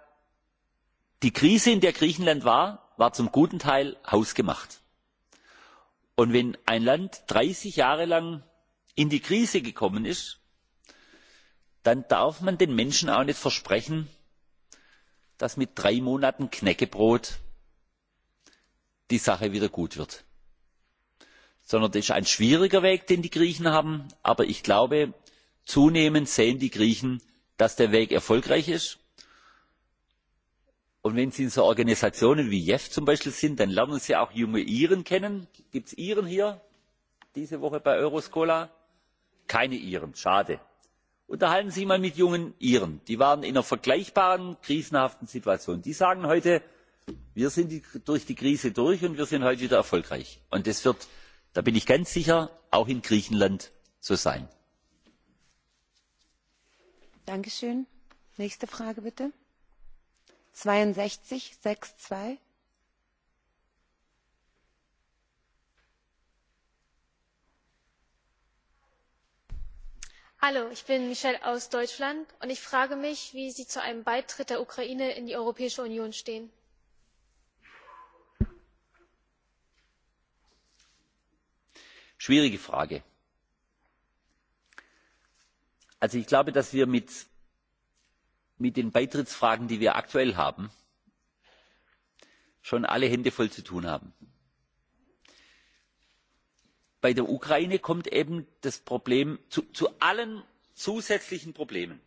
die Krise, in der Griechenland war, war zum guten Teil hausgemacht. Und wenn ein Land 30 Jahre lang in die Krise gekommen ist, dann darf man den Menschen auch nicht versprechen, dass mit drei Monaten Knäckebrot die Sache wieder gut wird sondern das ist ein schwieriger weg den die griechen haben aber ich glaube zunehmend sehen die griechen dass der weg erfolgreich ist. und wenn sie in so organisationen wie jef zum beispiel sind dann lernen sie auch junge iren kennen. gibt es iren hier diese woche bei euroscola? keine iren schade. unterhalten sie sich mal mit jungen iren die waren in einer vergleichbaren krisenhaften situation. die sagen heute wir sind durch die krise durch und wir sind heute wieder erfolgreich. und das wird da bin ich ganz sicher auch in griechenland so sein. hallo ich bin michelle aus deutschland und ich frage mich wie sie zu einem beitritt der ukraine zur europäischen union stehen. schwierige frage. ich glaube dass wir mit, den beitrittsfragen die wir aktuell haben schon alle hände voll zu tun haben. bei der ukraine kommt eben das problem zu allen zusätzlichen problemen.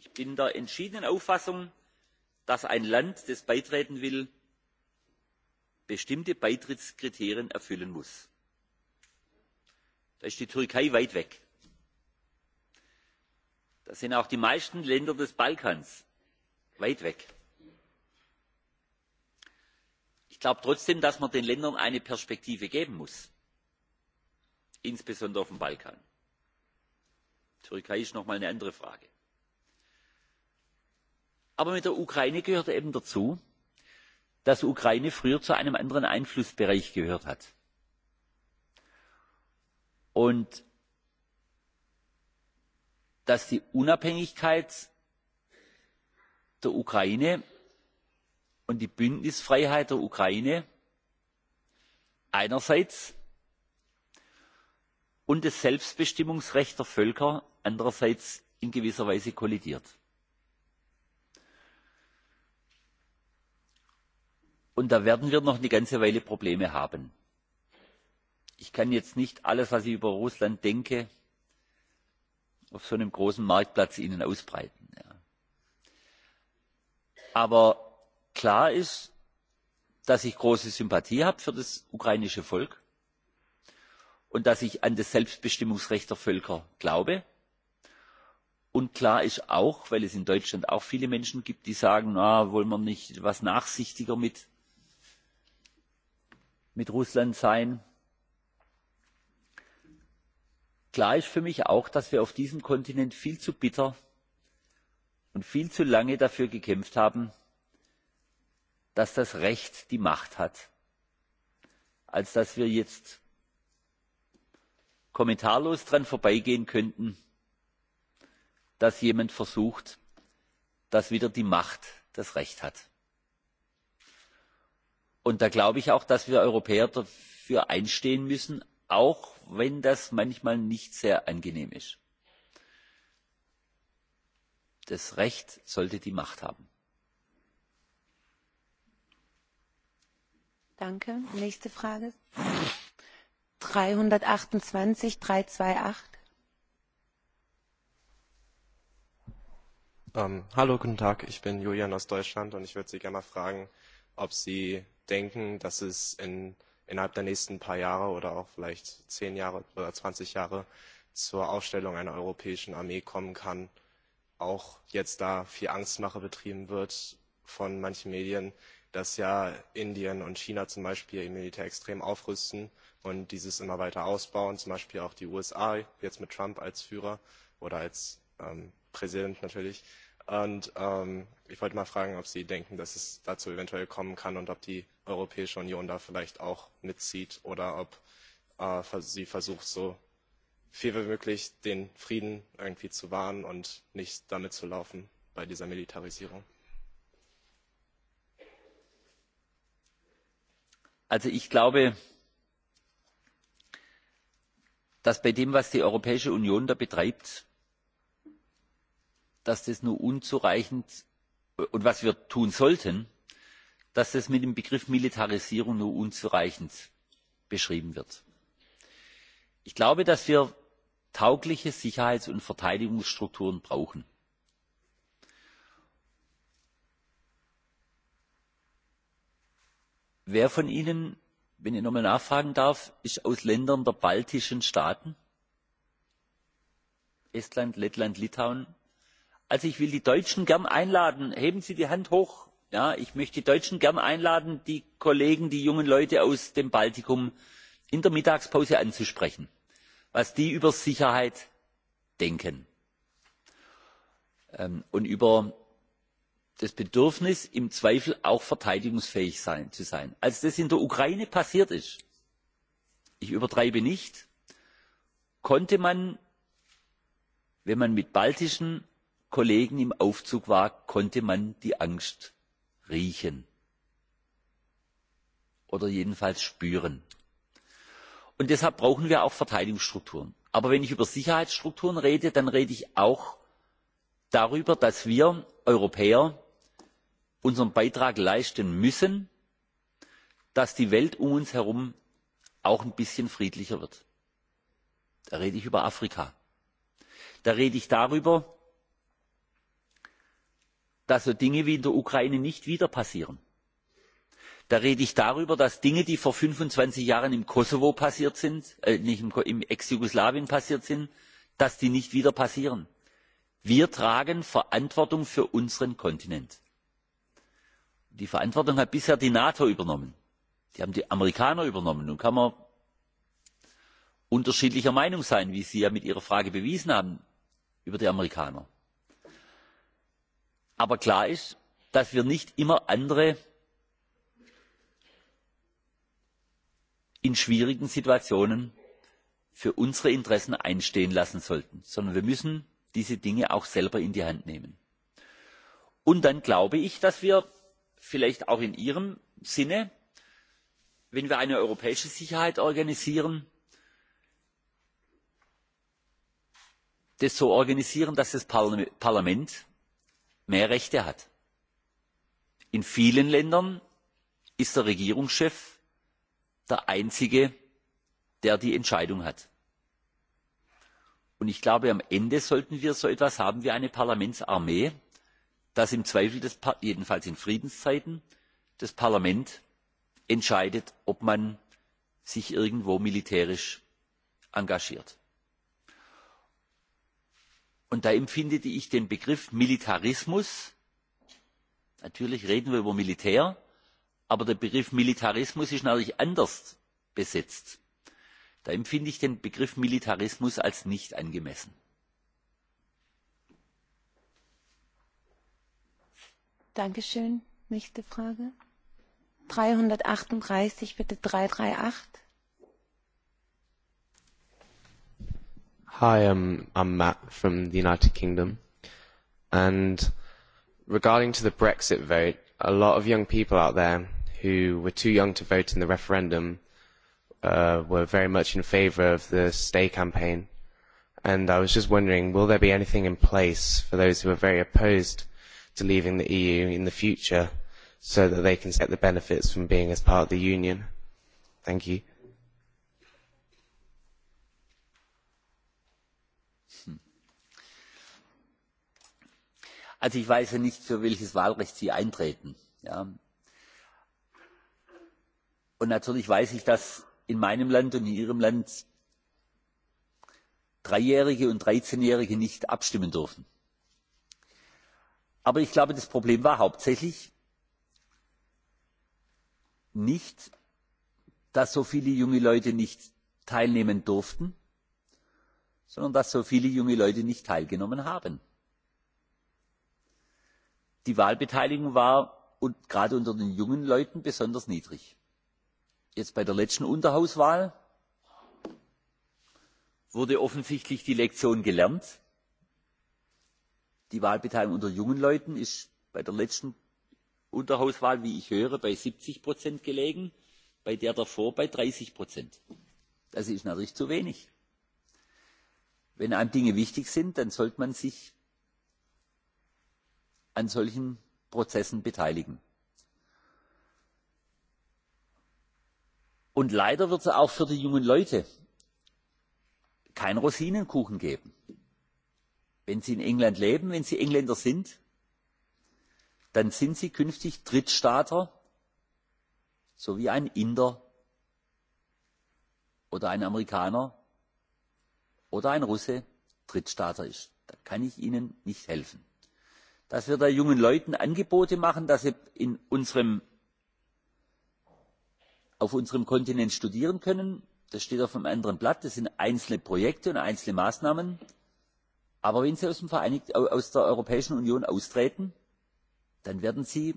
ich bin der entschiedenen auffassung dass ein land das beitreten will bestimmte beitrittskriterien erfüllen muss da ist die türkei weit weg. da sind auch die meisten länder des balkans weit weg. ich glaube trotzdem dass man den ländern eine perspektive geben muss insbesondere auf dem balkan. die türkei ist noch mal eine andere frage. aber mit der ukraine gehört eben dazu dass die ukraine früher zu einem anderen einflussbereich gehört und dass die Unabhängigkeit der Ukraine und die Bündnisfreiheit der Ukraine einerseits und das Selbstbestimmungsrecht der Völker andererseits in gewisser Weise kollidiert. Und da werden wir noch eine ganze Weile Probleme haben ich kann jetzt nicht alles was ich über russland denke auf so einem großen marktplatz ihnen ausbreiten. Ja. aber klar ist dass ich große sympathie habe für das ukrainische volk und dass ich an das selbstbestimmungsrecht der völker glaube. und klar ist auch weil es in deutschland auch viele menschen gibt die sagen na wollen wir nicht etwas nachsichtiger mit, mit russland sein? klar ist für mich auch dass wir auf diesem kontinent viel zu bitter und viel zu lange dafür gekämpft haben dass das recht die macht hat als dass wir jetzt kommentarlos daran vorbeigehen könnten dass jemand versucht dass wieder die macht das recht hat. und da glaube ich auch dass wir europäer dafür einstehen müssen auch wenn das manchmal nicht sehr angenehm ist. Das Recht sollte die Macht haben. Danke. Nächste Frage. 328, 328. Ähm, hallo, guten Tag. Ich bin Julian aus Deutschland und ich würde Sie gerne mal fragen, ob Sie denken, dass es in innerhalb der nächsten paar Jahre oder auch vielleicht zehn Jahre oder 20 Jahre zur Aufstellung einer europäischen Armee kommen kann. Auch jetzt da viel Angstmache betrieben wird von manchen Medien, dass ja Indien und China zum Beispiel ihr Militär extrem aufrüsten und dieses immer weiter ausbauen, zum Beispiel auch die USA jetzt mit Trump als Führer oder als ähm, Präsident natürlich. Und ähm, ich wollte mal fragen, ob Sie denken, dass es dazu eventuell kommen kann und ob die Europäische Union da vielleicht auch mitzieht oder ob äh, sie versucht, so viel wie möglich den Frieden irgendwie zu wahren und nicht damit zu laufen bei dieser Militarisierung. Also ich glaube, dass bei dem, was die Europäische Union da betreibt, dass das nur unzureichend äh, und was wir tun sollten dass das mit dem begriff militarisierung nur unzureichend beschrieben wird. ich glaube dass wir taugliche sicherheits und verteidigungsstrukturen brauchen. wer von ihnen wenn ich nochmal nachfragen darf ist aus ländern der baltischen staaten estland lettland litauen? also ich will die deutschen gern einladen heben sie die hand hoch! ja ich möchte die deutschen gern einladen die kollegen die jungen leute aus dem baltikum in der mittagspause anzusprechen was die über sicherheit denken ähm, und über das bedürfnis im zweifel auch verteidigungsfähig zu sein. als das in der ukraine passiert ist ich übertreibe nicht konnte man wenn man mit baltischen Kollegen im Aufzug war, konnte man die Angst riechen oder jedenfalls spüren. Und deshalb brauchen wir auch Verteidigungsstrukturen. Aber wenn ich über Sicherheitsstrukturen rede, dann rede ich auch darüber, dass wir Europäer unseren Beitrag leisten müssen, dass die Welt um uns herum auch ein bisschen friedlicher wird. Da rede ich über Afrika. Da rede ich darüber, dass so dinge wie in der ukraine nicht wieder passieren. da rede ich darüber dass dinge die vor fünfundzwanzig jahren im kosovo passiert sind äh, nicht im, ex jugoslawien passiert sind dass die nicht wieder passieren. wir tragen verantwortung für unseren kontinent. die verantwortung hat bisher die nato übernommen die haben die amerikaner übernommen. nun kann man unterschiedlicher meinung sein wie sie ja mit ihrer frage bewiesen haben über die amerikaner aber klar ist dass wir nicht immer andere in schwierigen situationen für unsere interessen einstehen lassen sollten sondern wir müssen diese dinge auch selber in die hand nehmen. und dann glaube ich dass wir vielleicht auch in ihrem sinne wenn wir eine europäische sicherheit organisieren das so organisieren dass das parlament mehr Rechte hat. In vielen Ländern ist der Regierungschef der Einzige, der die Entscheidung hat. Und ich glaube, am Ende sollten wir so etwas haben wie eine Parlamentsarmee, dass im Zweifel, des, jedenfalls in Friedenszeiten, das Parlament entscheidet, ob man sich irgendwo militärisch engagiert. Und da empfinde ich den Begriff Militarismus, natürlich reden wir über Militär, aber der Begriff Militarismus ist natürlich anders besetzt. Da empfinde ich den Begriff Militarismus als nicht angemessen. Dankeschön. Nächste Frage. 338, bitte 338. Hi, um, I'm Matt from the United Kingdom. And regarding to the Brexit vote, a lot of young people out there who were too young to vote in the referendum uh, were very much in favour of the Stay campaign. And I was just wondering, will there be anything in place for those who are very opposed to leaving the EU in the future so that they can get the benefits from being as part of the Union? Thank you. Also ich weiß ja nicht, für welches Wahlrecht Sie eintreten. Ja. Und natürlich weiß ich, dass in meinem Land und in Ihrem Land Dreijährige und Dreizehnjährige nicht abstimmen dürfen. Aber ich glaube, das Problem war hauptsächlich nicht, dass so viele junge Leute nicht teilnehmen durften, sondern dass so viele junge Leute nicht teilgenommen haben die wahlbeteiligung war gerade unter den jungen leuten besonders niedrig. jetzt bei der letzten unterhauswahl wurde offensichtlich die lektion gelernt die wahlbeteiligung unter jungen leuten ist bei der letzten unterhauswahl wie ich höre bei siebzig gelegen bei der davor bei. dreißig das ist natürlich zu wenig. wenn einem dinge wichtig sind dann sollte man sich an solchen prozessen beteiligen. und leider wird es auch für die jungen leute keinen rosinenkuchen geben. wenn sie in england leben wenn sie engländer sind dann sind sie künftig drittstaater so wie ein inder oder ein amerikaner oder ein russe drittstaater ist. da kann ich ihnen nicht helfen dass wir da jungen leuten angebote machen dass sie auf unserem kontinent studieren können das steht auf einem anderen blatt das sind einzelne projekte und einzelne maßnahmen aber wenn sie aus, aus der europäischen union austreten dann werden sie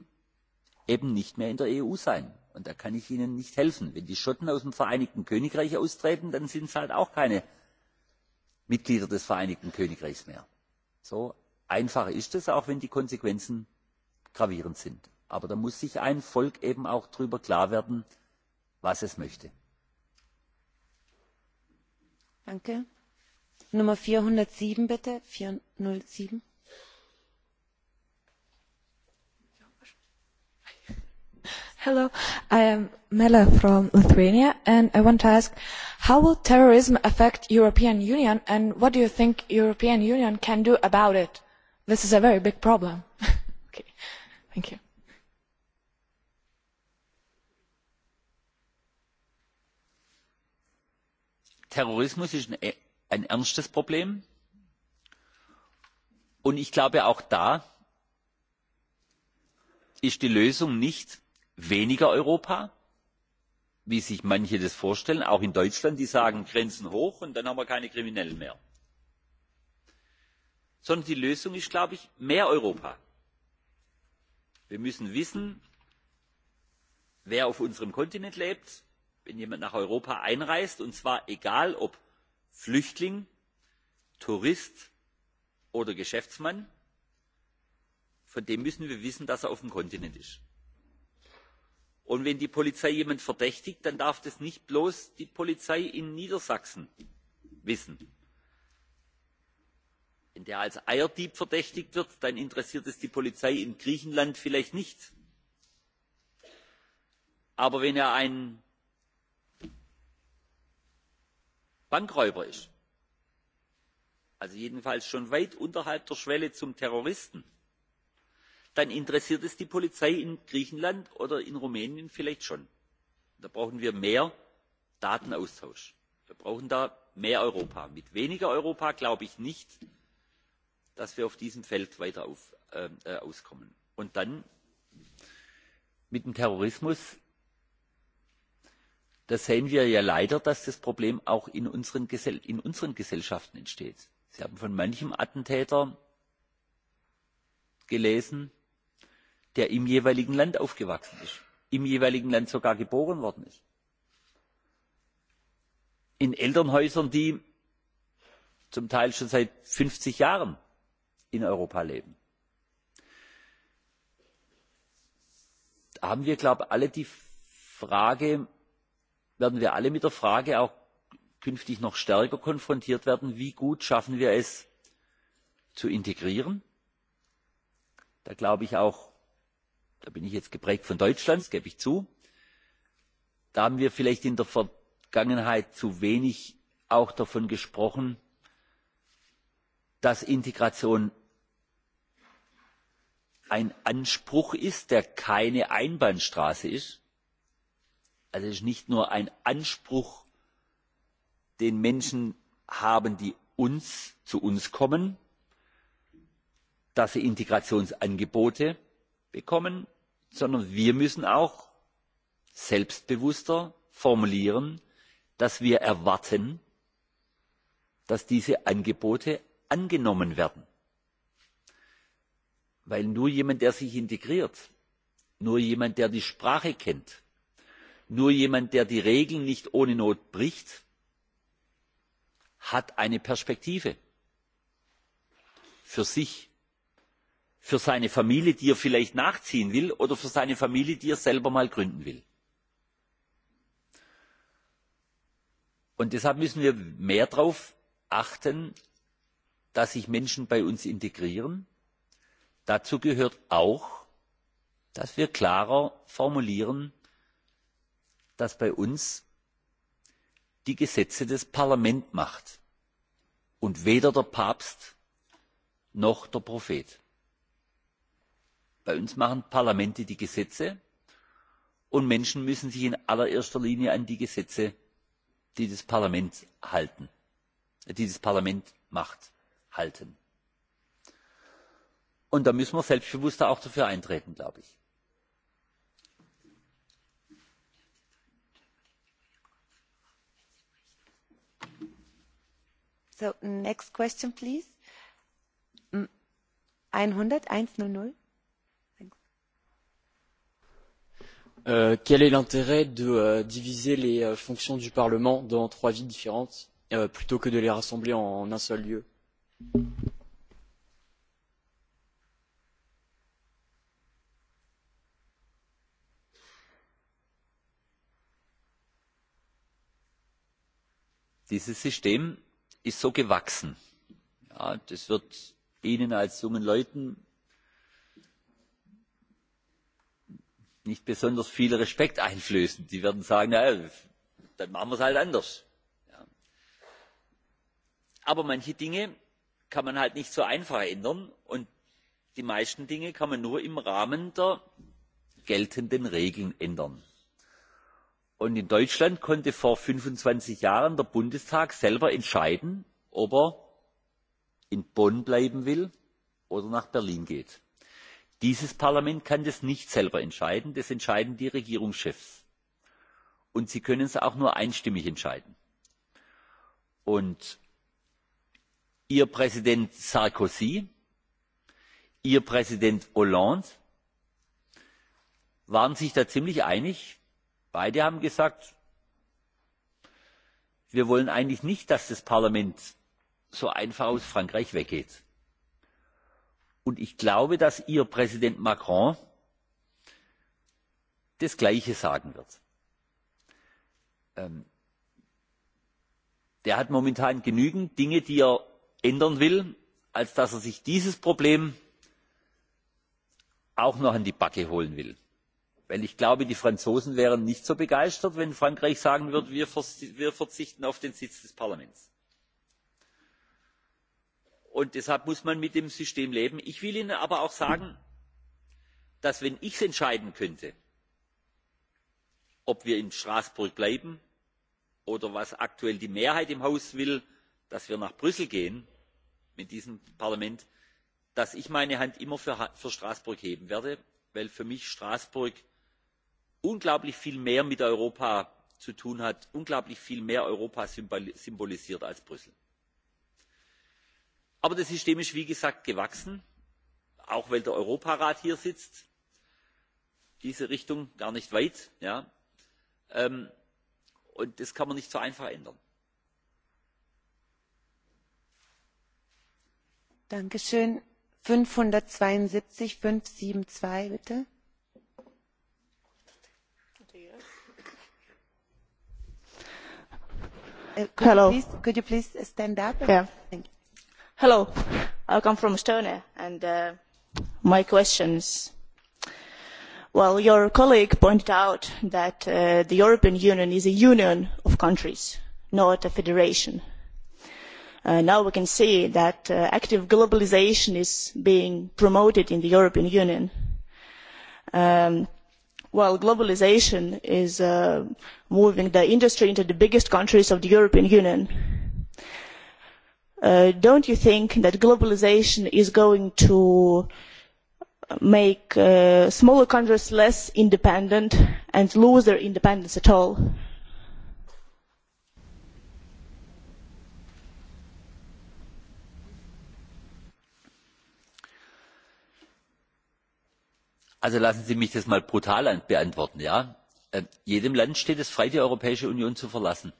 eben nicht mehr in der eu sein und da kann ich ihnen nicht helfen. wenn die schotten aus dem vereinigten königreich austreten dann sind sie halt auch keine mitglieder des vereinigten königreichs mehr. So, einfacher ist es auch wenn die konsequenzen gravierend sind. aber da muss sich ein volk eben auch darüber klar werden was es möchte. Hello, I am Mela from Lithuania, and I want to ask, how will terrorism affect European Union, and what do you think European Union can do about it? this is a very big problem. okay, thank you. Terrorismus ist ein, äh, ein ernstes Problem. Und ich glaube, auch da ist die Lösung nicht weniger Europa, wie sich manche das vorstellen, auch in Deutschland, die sagen Grenzen hoch und dann haben wir keine Kriminellen mehr sondern die Lösung ist, glaube ich, mehr Europa. Wir müssen wissen, wer auf unserem Kontinent lebt, wenn jemand nach Europa einreist, und zwar egal ob Flüchtling, Tourist oder Geschäftsmann, von dem müssen wir wissen, dass er auf dem Kontinent ist. Und wenn die Polizei jemanden verdächtigt, dann darf das nicht bloß die Polizei in Niedersachsen wissen wenn der als eierdieb verdächtigt wird dann interessiert es die polizei in griechenland vielleicht nicht aber wenn er ein bankräuber ist also jedenfalls schon weit unterhalb der schwelle zum terroristen dann interessiert es die polizei in griechenland oder in rumänien vielleicht schon. da brauchen wir mehr datenaustausch. wir brauchen da mehr europa. mit weniger europa glaube ich nicht dass wir auf diesem Feld weiter ähm, äh, auskommen. Und dann mit dem Terrorismus, da sehen wir ja leider, dass das Problem auch in unseren, Gesell in unseren Gesellschaften entsteht. Sie haben von manchem Attentäter gelesen, der im jeweiligen Land aufgewachsen ist, im jeweiligen Land sogar geboren worden ist. In Elternhäusern, die zum Teil schon seit fünfzig Jahren in Europa leben. Da haben wir, glaube ich, alle die Frage, werden wir alle mit der Frage auch künftig noch stärker konfrontiert werden, wie gut schaffen wir es zu integrieren. Da glaube ich auch, da bin ich jetzt geprägt von Deutschland, das gebe ich zu, da haben wir vielleicht in der Vergangenheit zu wenig auch davon gesprochen, dass Integration ein Anspruch ist, der keine Einbahnstraße ist. Also es ist nicht nur ein Anspruch, den Menschen haben, die uns zu uns kommen, dass sie Integrationsangebote bekommen, sondern wir müssen auch selbstbewusster formulieren, dass wir erwarten, dass diese Angebote angenommen werden weil nur jemand der sich integriert nur jemand der die sprache kennt nur jemand der die regeln nicht ohne not bricht hat eine perspektive für sich für seine familie die er vielleicht nachziehen will oder für seine familie die er selber mal gründen will. Und deshalb müssen wir mehr darauf achten dass sich menschen bei uns integrieren dazu gehört auch dass wir klarer formulieren dass bei uns die gesetze das parlament macht und weder der papst noch der prophet. bei uns machen parlamente die gesetze und menschen müssen sich in allererster linie an die gesetze die das parlament macht halten und da müssen wir selbstbewusster auch dafür eintreten glaube ich. So, next question, please. 100, 100. Euh, quel est l'intérêt de euh, diviser les euh, fonctions du Parlement dans trois villes différentes euh, plutôt que de les rassembler en, en un seul lieu dieses system ist so gewachsen. Ja, das wird ihnen als jungen leuten nicht besonders viel respekt einflößen. sie werden sagen na ja, dann machen wir es halt anders. aber manche dinge kann man halt nicht so einfach ändern und die meisten dinge kann man nur im rahmen der geltenden regeln ändern und in deutschland konnte vor fünfundzwanzig jahren der bundestag selber entscheiden ob er in bonn bleiben will oder nach berlin geht. dieses parlament kann das nicht selber entscheiden das entscheiden die regierungschefs und sie können es auch nur einstimmig entscheiden. und ihr präsident sarkozy ihr präsident hollande waren sich da ziemlich einig beide haben gesagt wir wollen eigentlich nicht dass das parlament so einfach aus frankreich weggeht. und ich glaube dass ihr präsident macron das gleiche sagen wird. Ähm, der hat momentan genügend dinge die er ändern will als dass er sich dieses problem auch noch an die backe holen will denn ich glaube die franzosen wären nicht so begeistert wenn frankreich sagen würde wir, verzichten auf den sitz des parlaments. deshalb muss man mit dem system leben. ich will ihnen aber auch sagen dass wenn ich entscheiden könnte ob wir in straßburg bleiben oder was aktuell die mehrheit im haus will dass wir nach brüssel gehen mit diesem parlament dass ich meine hand immer für straßburg heben werde weil für mich straßburg unglaublich viel mehr mit europa zu tun hat unglaublich viel mehr europa symbolisiert als brüssel. aber das system ist wie gesagt gewachsen auch weil der europarat hier sitzt diese richtung gar nicht weit ähm, und das kann man nicht so einfach ändern. Uh, could Hello. You please, could you please stand up? Yeah. Thank you. Hello, I come from Estonia, and uh, my questions. Well, your colleague pointed out that uh, the European Union is a union of countries, not a federation. Uh, now we can see that uh, active globalization is being promoted in the European Union. Um, while globalisation is uh, moving the industry into the biggest countries of the European Union, do uh, don't you think that globalisation is going to make uh, smaller countries less independent and lose their independence at all? also lassen sie mich das mal brutal beantworten ähm, jedem land steht es frei die europäische union zu verlassen.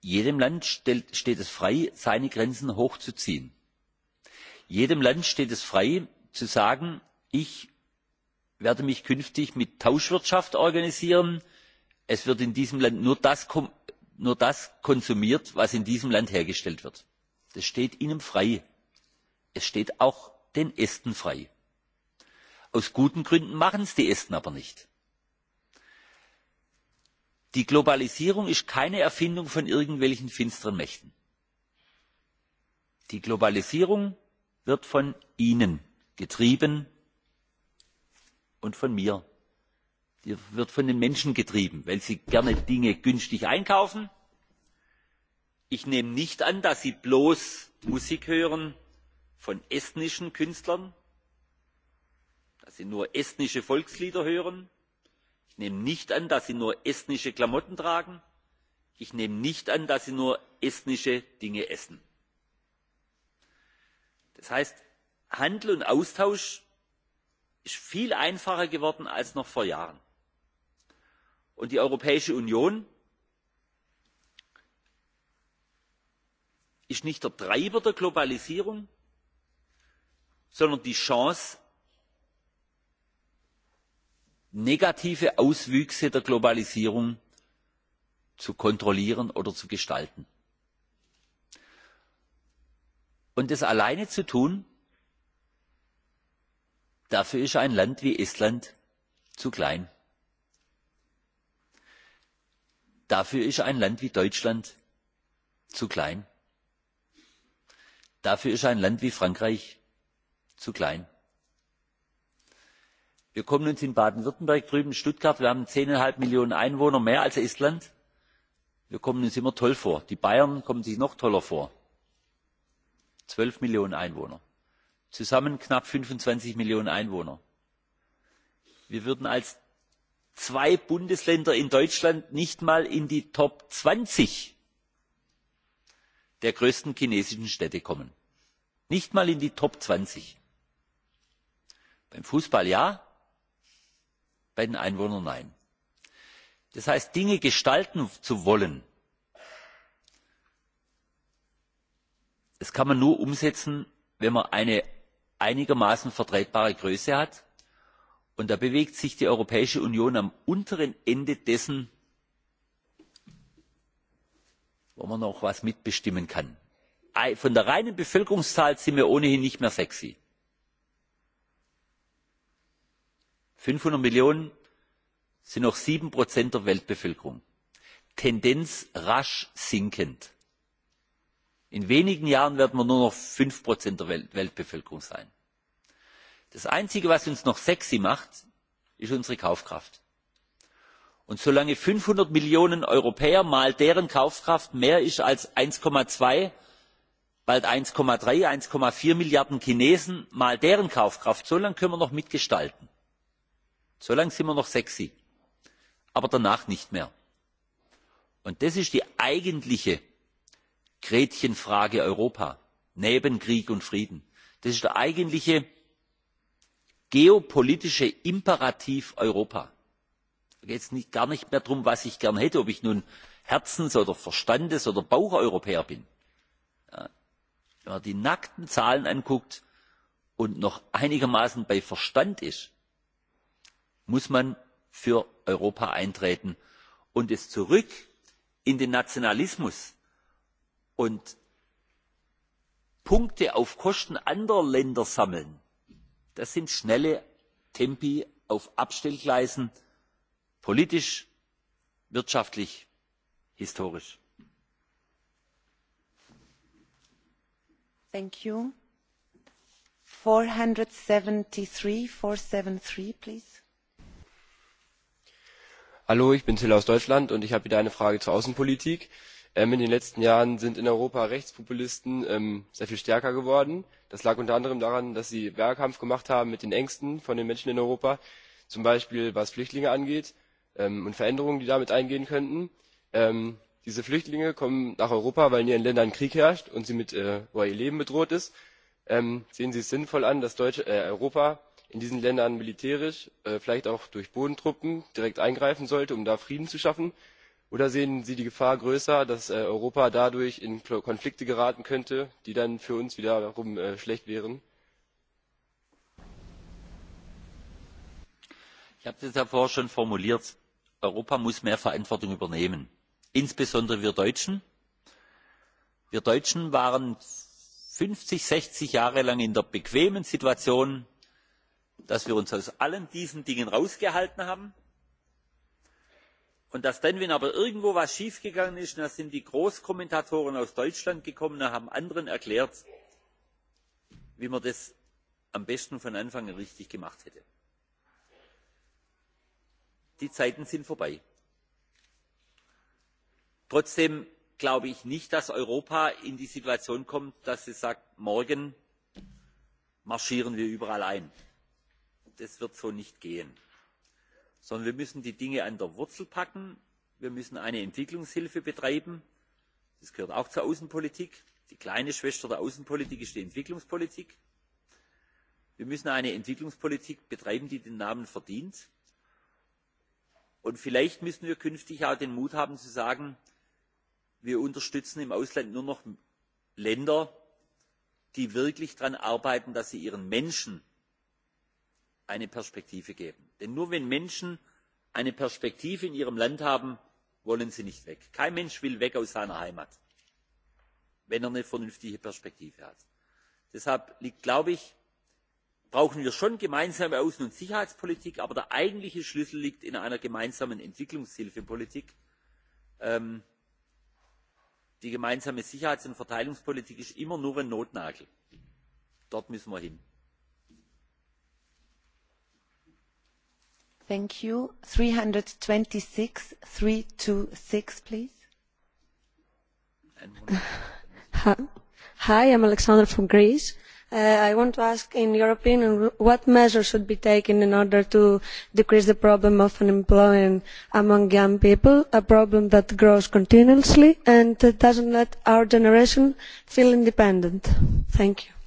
jedem land steht es frei seine grenzen hochzuziehen. jedem land steht es frei zu sagen ich werde mich künftig mit tauschwirtschaft organisieren es wird in diesem land nur das, nur das konsumiert was in diesem land hergestellt wird. das steht ihnen frei. es steht auch den esten frei. Aus guten Gründen machen es die Esten aber nicht. Die Globalisierung ist keine Erfindung von irgendwelchen finsteren Mächten. Die Globalisierung wird von Ihnen getrieben und von mir. Die wird von den Menschen getrieben, weil sie gerne Dinge günstig einkaufen. Ich nehme nicht an, dass Sie bloß Musik hören von estnischen Künstlern, dass sie nur estnische volkslieder hören. Ich nehme nicht an, dass sie nur estnische Klamotten tragen. Ich nehme nicht an, dass sie nur estnische Dinge essen. Das heißt, Handel und Austausch ist viel einfacher geworden als noch vor Jahren. Und die Europäische Union ist nicht der Treiber der Globalisierung, sondern die Chance negative auswüchse der globalisierung zu kontrollieren oder zu gestalten. und das alleine zu tun dafür ist ein land wie estland zu klein. dafür ist ein land wie deutschland zu klein. dafür ist ein land wie frankreich zu klein wir kommen uns in baden württemberg drüben in stuttgart wir haben zehn fünf millionen einwohner mehr als estland immer toll vor. die bayern kommen sich noch toller vor zwölf millionen einwohner zusammen knapp fünfundzwanzig millionen einwohner. wir würden als zwei bundesländer in deutschland nicht einmal in die top zwanzig der größten chinesischen städte kommen nicht einmal in die top. zwanzig beim fußball bei den Einwohnern nein. Das heißt, Dinge gestalten zu wollen, das kann man nur umsetzen, wenn man eine einigermaßen vertretbare Größe hat. Und da bewegt sich die Europäische Union am unteren Ende dessen, wo man noch etwas mitbestimmen kann. Von der reinen Bevölkerungszahl sind wir ohnehin nicht mehr sexy. fünfhundert millionen sind noch sieben prozent der weltbevölkerung tendenz rasch sinkend. in wenigen jahren werden wir nur noch fünf prozent der weltbevölkerung sein. das einzige was uns noch sexy macht ist unsere kaufkraft. und solange fünfhundert millionen europäer mal deren kaufkraft mehr ist als eins zwei bald eins drei eins vier milliarden chinesen mal deren kaufkraft solange können wir noch mitgestalten. Solange sind wir noch sexy, aber danach nicht mehr. Und das ist die eigentliche Gretchenfrage Europa neben Krieg und Frieden. Das ist der eigentliche geopolitische Imperativ Europa. Da geht es gar nicht mehr darum, was ich gern hätte, ob ich nun Herzens- oder Verstandes- oder Baucheuropäer bin. Ja. Wenn man die nackten Zahlen anguckt und noch einigermaßen bei Verstand ist, muss man für europa eintreten und es zurück in den nationalismus und punkte auf kosten anderer länder sammeln das sind schnelle tempi auf abstellgleisen politisch wirtschaftlich historisch. thank you. 473, 473, please. Hallo, ich bin Till aus Deutschland und ich habe wieder eine Frage zur Außenpolitik. Ähm, in den letzten Jahren sind in Europa Rechtspopulisten ähm, sehr viel stärker geworden. Das lag unter anderem daran, dass sie Wahlkampf gemacht haben mit den Ängsten von den Menschen in Europa, zum Beispiel was Flüchtlinge angeht ähm, und Veränderungen, die damit eingehen könnten. Ähm, diese Flüchtlinge kommen nach Europa, weil in ihren Ländern Krieg herrscht und sie mit, äh, wo ihr Leben bedroht ist. Ähm, sehen Sie es sinnvoll an, dass Deutsch, äh, Europa in diesen ländern militärisch äh, vielleicht auch durch bodentruppen direkt eingreifen sollte um da frieden zu schaffen? oder sehen sie die gefahr größer dass äh, europa dadurch in konflikte geraten könnte die dann für uns wiederum äh, schlecht wären? ich habe das ja vorher schon formuliert europa muss mehr verantwortung übernehmen insbesondere wir deutschen. wir deutschen waren fünfzig sechzig jahre lang in der bequemen situation dass wir uns aus all diesen dingen herausgehalten haben und dass dann wenn aber irgendwo etwas schiefgegangen ist dann sind die großkommentatoren aus deutschland gekommen und haben anderen erklärt wie man das am besten von anfang an richtig gemacht hätte. die zeiten sind vorbei. trotzdem glaube ich nicht dass europa in die situation kommt dass es sagt morgen marschieren wir überall ein das wird so nicht gehen. Sondern wir müssen die Dinge an der Wurzel packen. Wir müssen eine Entwicklungshilfe betreiben. Das gehört auch zur Außenpolitik. Die kleine Schwester der Außenpolitik ist die Entwicklungspolitik. Wir müssen eine Entwicklungspolitik betreiben, die den Namen verdient. Und vielleicht müssen wir künftig auch den Mut haben zu sagen, wir unterstützen im Ausland nur noch Länder, die wirklich daran arbeiten, dass sie ihren Menschen eine perspektive geben. denn nur wenn menschen eine perspektive in ihrem land haben wollen sie nicht weg. kein mensch will weg aus seiner heimat wenn er eine vernünftige perspektive hat. deshalb glaube ich brauchen wir schon gemeinsame außen und sicherheitspolitik aber der eigentliche schlüssel liegt in einer gemeinsamen entwicklungshilfepolitik. Ähm, die gemeinsame sicherheits und verteidigungspolitik ist immer nur ein notnagel. dort müssen wir Thank you. 326, 326, please. Hi, I'm Alexandra from Greece. Uh, I want to ask, in your opinion, what measures should be taken in order to decrease the problem of unemployment among young people, a problem that grows continuously and doesn't let our generation feel independent? Thank you.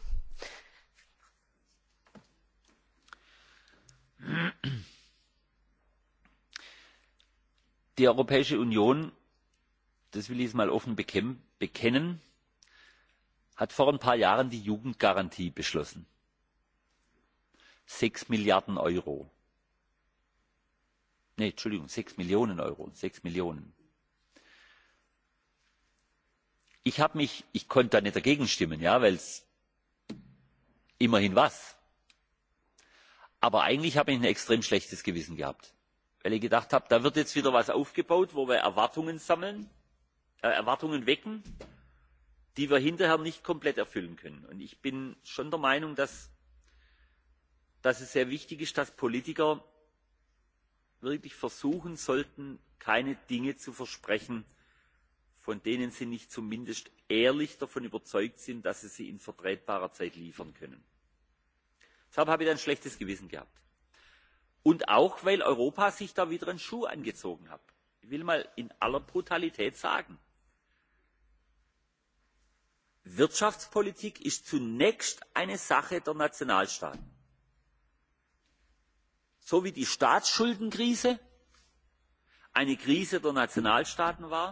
die europäische union das will ich mal offen bekennen hat vor ein paar jahren die jugendgarantie beschlossen sechs milliarden euro nee entschuldigung sechs millionen euro sechs millionen. ich habe mich ich konnte da nicht dagegen stimmen ja weil es immerhin was aber eigentlich habe ich ein extrem schlechtes gewissen gehabt weil ich gedacht habe, da wird jetzt wieder was aufgebaut, wo wir Erwartungen sammeln, äh, Erwartungen wecken, die wir hinterher nicht komplett erfüllen können. Und ich bin schon der Meinung, dass, dass es sehr wichtig ist, dass Politiker wirklich versuchen sollten, keine Dinge zu versprechen, von denen sie nicht zumindest ehrlich davon überzeugt sind, dass sie sie in vertretbarer Zeit liefern können. Deshalb habe ich ein schlechtes Gewissen gehabt und auch weil europa sich da wieder einen schuh angezogen hat. ich will mal in aller brutalität sagen wirtschaftspolitik ist zunächst eine sache der nationalstaaten so wie die staatsschuldenkrise eine krise der nationalstaaten war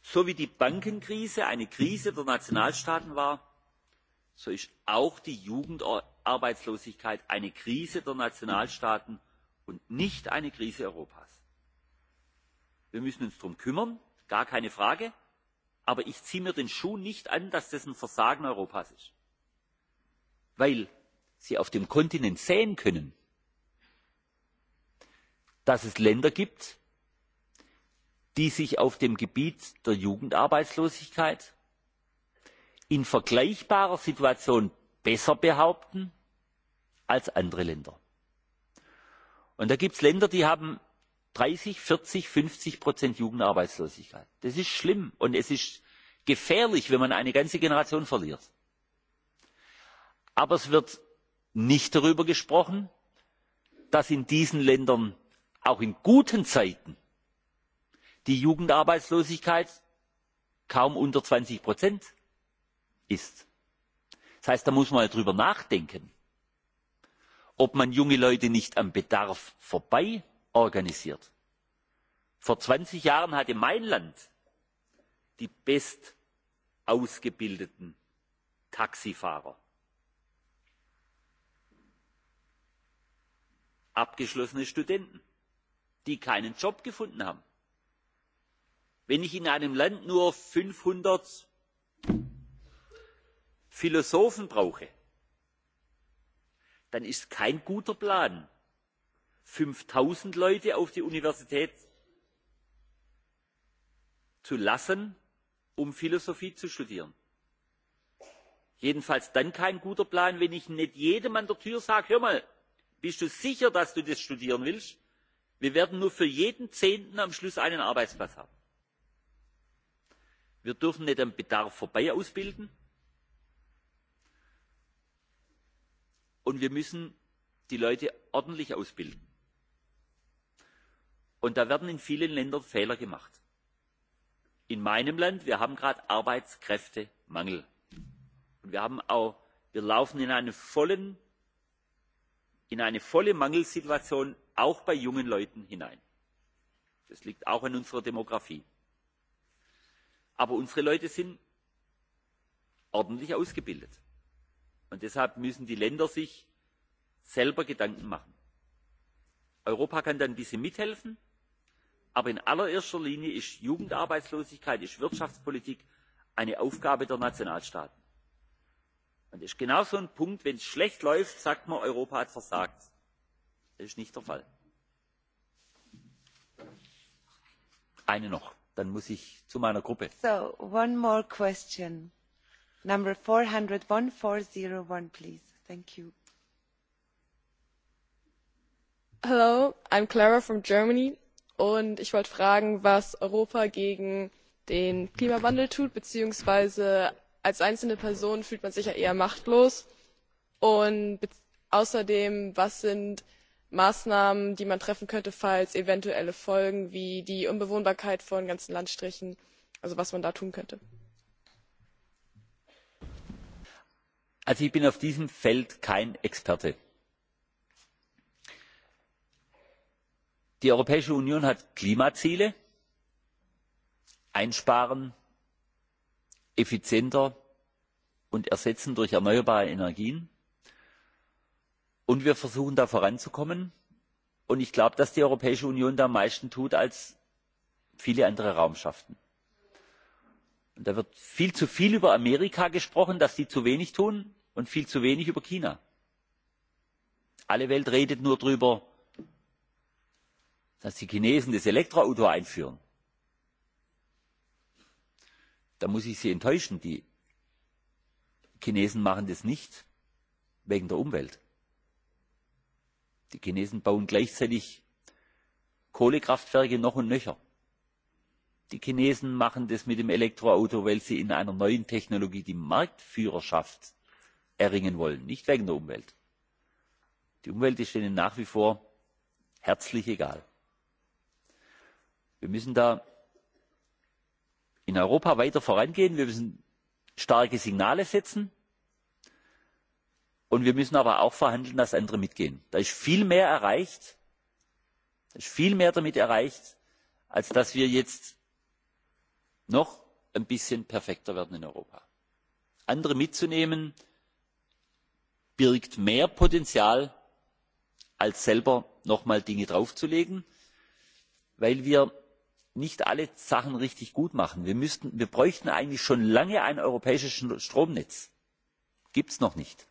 so wie die bankenkrise eine krise der nationalstaaten war so ist auch die Jugendarbeitslosigkeit eine Krise der Nationalstaaten und nicht eine Krise Europas. Wir müssen uns darum kümmern, gar keine Frage, aber ich ziehe mir den Schuh nicht an, dass das ein Versagen Europas ist. Weil Sie auf dem Kontinent sehen können, dass es Länder gibt, die sich auf dem Gebiet der Jugendarbeitslosigkeit in vergleichbarer situation besser behaupten als andere länder. Und da gibt es Länder, die haben 30, 40, 50 Prozent Jugendarbeitslosigkeit. Das ist schlimm und es ist gefährlich, wenn man eine ganze Generation verliert. Aber es wird nicht darüber gesprochen, dass in diesen Ländern auch in guten Zeiten die Jugendarbeitslosigkeit kaum unter 20 Prozent ist. Das heißt, da muss man drüber nachdenken, ob man junge Leute nicht am Bedarf vorbei organisiert. Vor 20 Jahren hatte mein Land die best ausgebildeten Taxifahrer. Abgeschlossene Studenten, die keinen Job gefunden haben. Wenn ich in einem Land nur 500 Philosophen brauche, dann ist kein guter Plan, 5000 Leute auf die Universität zu lassen, um Philosophie zu studieren. Jedenfalls dann kein guter Plan, wenn ich nicht jedem an der Tür sage, hör mal, bist du sicher, dass du das studieren willst? Wir werden nur für jeden Zehnten am Schluss einen Arbeitsplatz haben. Wir dürfen nicht am Bedarf vorbei ausbilden Und wir müssen die Leute ordentlich ausbilden. Und da werden in vielen Ländern Fehler gemacht. In meinem Land, wir haben gerade Arbeitskräftemangel. Und wir haben auch, wir laufen in eine vollen, in eine volle Mangelsituation auch bei jungen Leuten hinein. Das liegt auch an unserer Demografie. Aber unsere Leute sind ordentlich ausgebildet und deshalb müssen die länder sich selber gedanken machen. europa kann da ein bisschen mithelfen aber in allererster linie ist jugendarbeitslosigkeit ist wirtschaftspolitik eine aufgabe der nationalstaaten. und das ist genau so ein punkt wenn es schlecht läuft sagt man europa hat versagt. das ist nicht der fall. eine noch dann muss ich zu meiner gruppe. So, one more question number four hundred one four zero one please thank you hello i'm clara from germany und ich wollte fragen was europa gegen den klimawandel tut beziehungsweise als einzelne person fühlt man sich ja eher machtlos und außerdem was sind maßnahmen die man treffen könnte falls eventuelle folgen wie die unbewohnbarkeit von ganzen landstrichen also was man da tun könnte? also ich bin auf diesem feld kein experte. die europäische union hat klimaziele einsparen effizienter und ersetzen durch erneuerbare energien und wir versuchen da voranzukommen und ich glaube dass die europäische union da am meisten tut als viele andere raumschaften da wird viel zu viel über amerika gesprochen dass sie zu wenig tun und viel zu wenig über china. alle welt redet nur darüber dass die chinesen das elektroauto einführen. da muss ich sie enttäuschen die chinesen machen das nicht wegen der umwelt. die chinesen bauen gleichzeitig kohlekraftwerke noch und nöcher die Chinesen machen das mit dem Elektroauto, weil sie in einer neuen Technologie die Marktführerschaft erringen wollen, nicht wegen der Umwelt. Die Umwelt ist ihnen nach wie vor herzlich egal. Wir müssen da in Europa weiter vorangehen, wir müssen starke Signale setzen und wir müssen aber auch verhandeln, dass andere mitgehen. Da ist viel mehr erreicht, da ist viel mehr damit erreicht, als dass wir jetzt noch ein bisschen perfekter werden in Europa. Andere mitzunehmen birgt mehr Potenzial, als selber noch einmal Dinge draufzulegen, weil wir nicht alle Sachen richtig gut machen. Wir, wir bräuchten eigentlich schon lange ein europäisches Stromnetz. Gibt es noch nicht.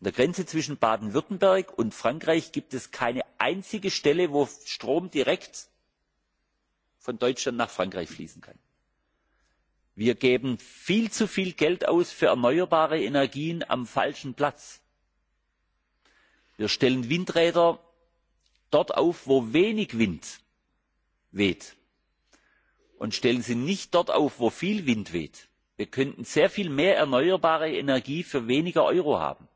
An der Grenze zwischen Baden-Württemberg und Frankreich gibt es keine einzige Stelle, wo Strom direkt von Deutschland nach Frankreich fließen kann wir geben viel zu viel geld aus für erneuerbare energien am falschen platz. wir stellen windräder dort auf wo wenig wind weht und stellen sie nicht dort auf wo viel wind weht. wir könnten sehr viel mehr erneuerbare energie für weniger euro haben.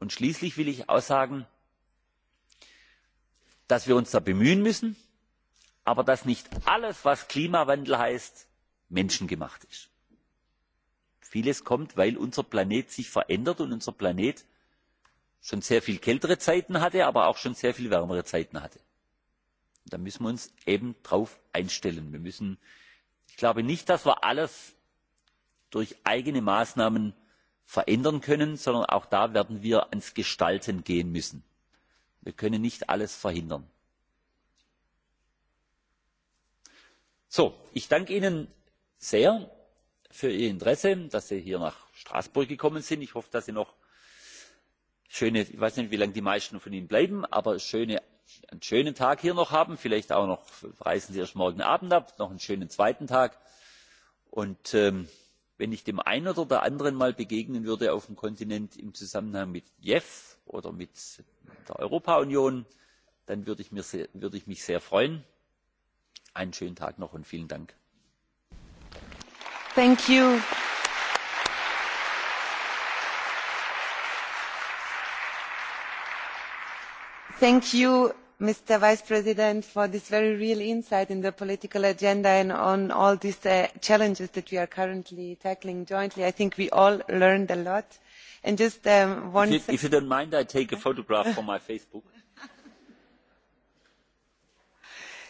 und schließlich will ich auch sagen dass wir uns da bemühen müssen aber dass nicht alles was klimawandel heißt menschengemacht ist. vieles kommt weil unser planet sich verändert und unser planet schon sehr viel kältere zeiten hatte aber auch schon sehr viel wärmere zeiten hatte. da müssen wir uns eben darauf einstellen. Wir müssen, ich glaube nicht dass wir alles durch eigene maßnahmen verändern können sondern auch da werden wir ans gestalten gehen müssen. wir können nicht alles verhindern. So, ich danke Ihnen sehr für Ihr Interesse, dass Sie hier nach Straßburg gekommen sind. Ich hoffe, dass Sie noch schöne, ich weiß nicht, wie lange die meisten von Ihnen bleiben, aber schöne, einen schönen Tag hier noch haben. Vielleicht auch noch, reisen Sie erst morgen Abend ab, noch einen schönen zweiten Tag. Und ähm, wenn ich dem einen oder der anderen mal begegnen würde auf dem Kontinent im Zusammenhang mit JEF oder mit der Europaunion, dann würde ich, mir sehr, würde ich mich sehr freuen Einen schönen Tag noch und vielen Dank. Thank you. Thank you, Mr. Vice President, for this very real insight in the political agenda and on all these uh, challenges that we are currently tackling jointly. I think we all learned a lot. And just um, one. If you, if you don't mind, I take a photograph for my Facebook.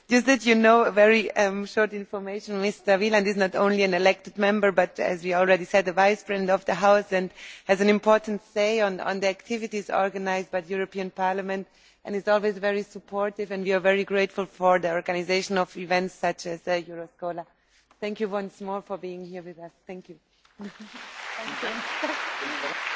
just that you know very um, short information mr wieland is not only an elected member but as we already said the vice president of the house and has an important say on, on the activities organised by the european parliament and is always very supportive and we are very grateful for the organisation of events such as uh, euroscola. thank you once more for being here with us. thank you. Thank you.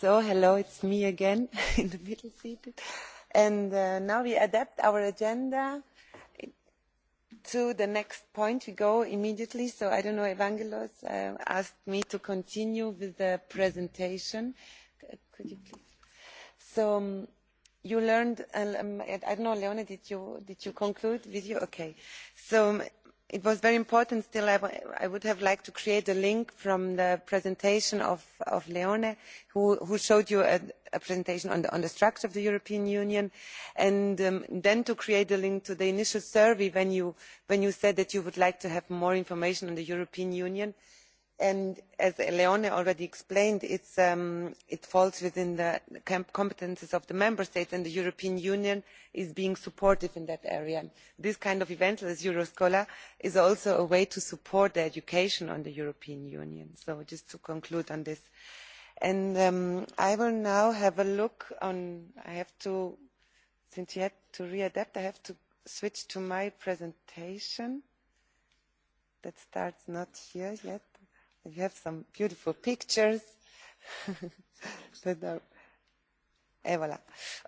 So, hello, it's me again in the middle seat. And uh, now we adapt our agenda to the next point. We go immediately. So I don't know, Evangelos uh, asked me to continue with the presentation. Could you please? So um, you learned, um, I don't know, Leona, did you, did you conclude with you? Okay. So um, it was very important still i, would have liked to create a link from the presentation of, leone who, showed you a, presentation on the, structure of the european union and um, then to create a link to the initial survey when you, said that you would like to have more information on the european union and as leone already explained um, it falls within the competences of the member states and the european union is being supportive in that area. this kind of event as euroscholar is also a way to support the education on the european union. so just to conclude on this um, i will now have a look on i have to since you had to readapt i have to switch to my presentation that starts not here yet we have some beautiful pictures Et uh, eh, voilà.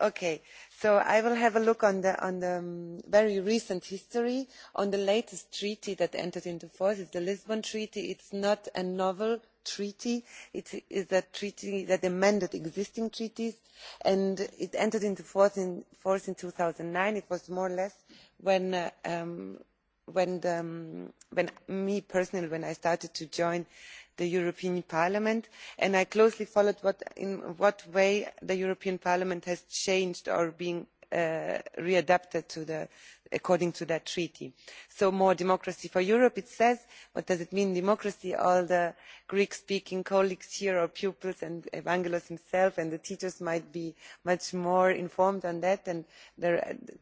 Okay, so I will have a look on the, on the um, very recent history, on the latest treaty that entered into force. It's the Lisbon Treaty. It's not a novel treaty. It is a treaty that amended existing treaties, and it entered into force in, force in 2009. It was more or less when uh, um, when, i um, me personally when i started to join the european parliament and i closely followed what, in what way the european parliament has changed or been uh, readapted to the according to that treaty. so more democracy for europe it says. what does it mean democracy? all the greek speaking colleagues here or pupils and evangelos himself and the teachers might be much more informed on that and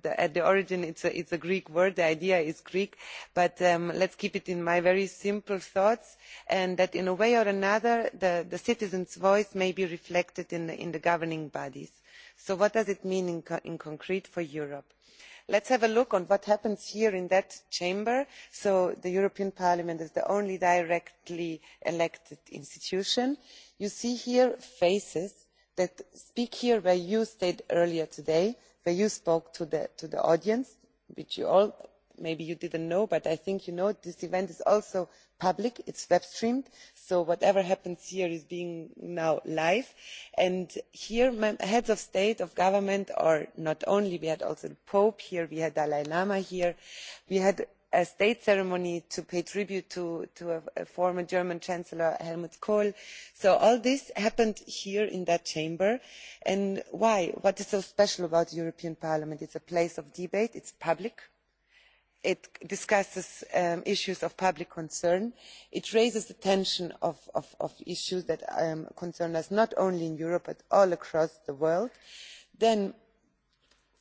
at the origin it's a, it's a greek word the idea is greek but um, let's keep it in my very simple thoughts and that in a way or another the, the citizens' voice may be reflected in the, in the governing bodies. so what does it mean in, co in concrete for europe? let us have a look at what happens here in that chamber so the european parliament is the only directly elected institution. you see here faces that speak here where you stayed earlier today where you spoke to the audience which you all maybe you did not know but i think you know this event is also public it is web streamed so whatever happens here is being now live and here heads of state of government or not only we had also the pope here we had dalai lama here we had a state ceremony to pay tribute to, to a, a former german chancellor helmut kohl so all this happened here in that chamber and why what is so special about the european parliament? it's a place of debate it's public it discusses um, issues of public concern it raises the tension of, issues that um, concern us not only in europe but all across the world then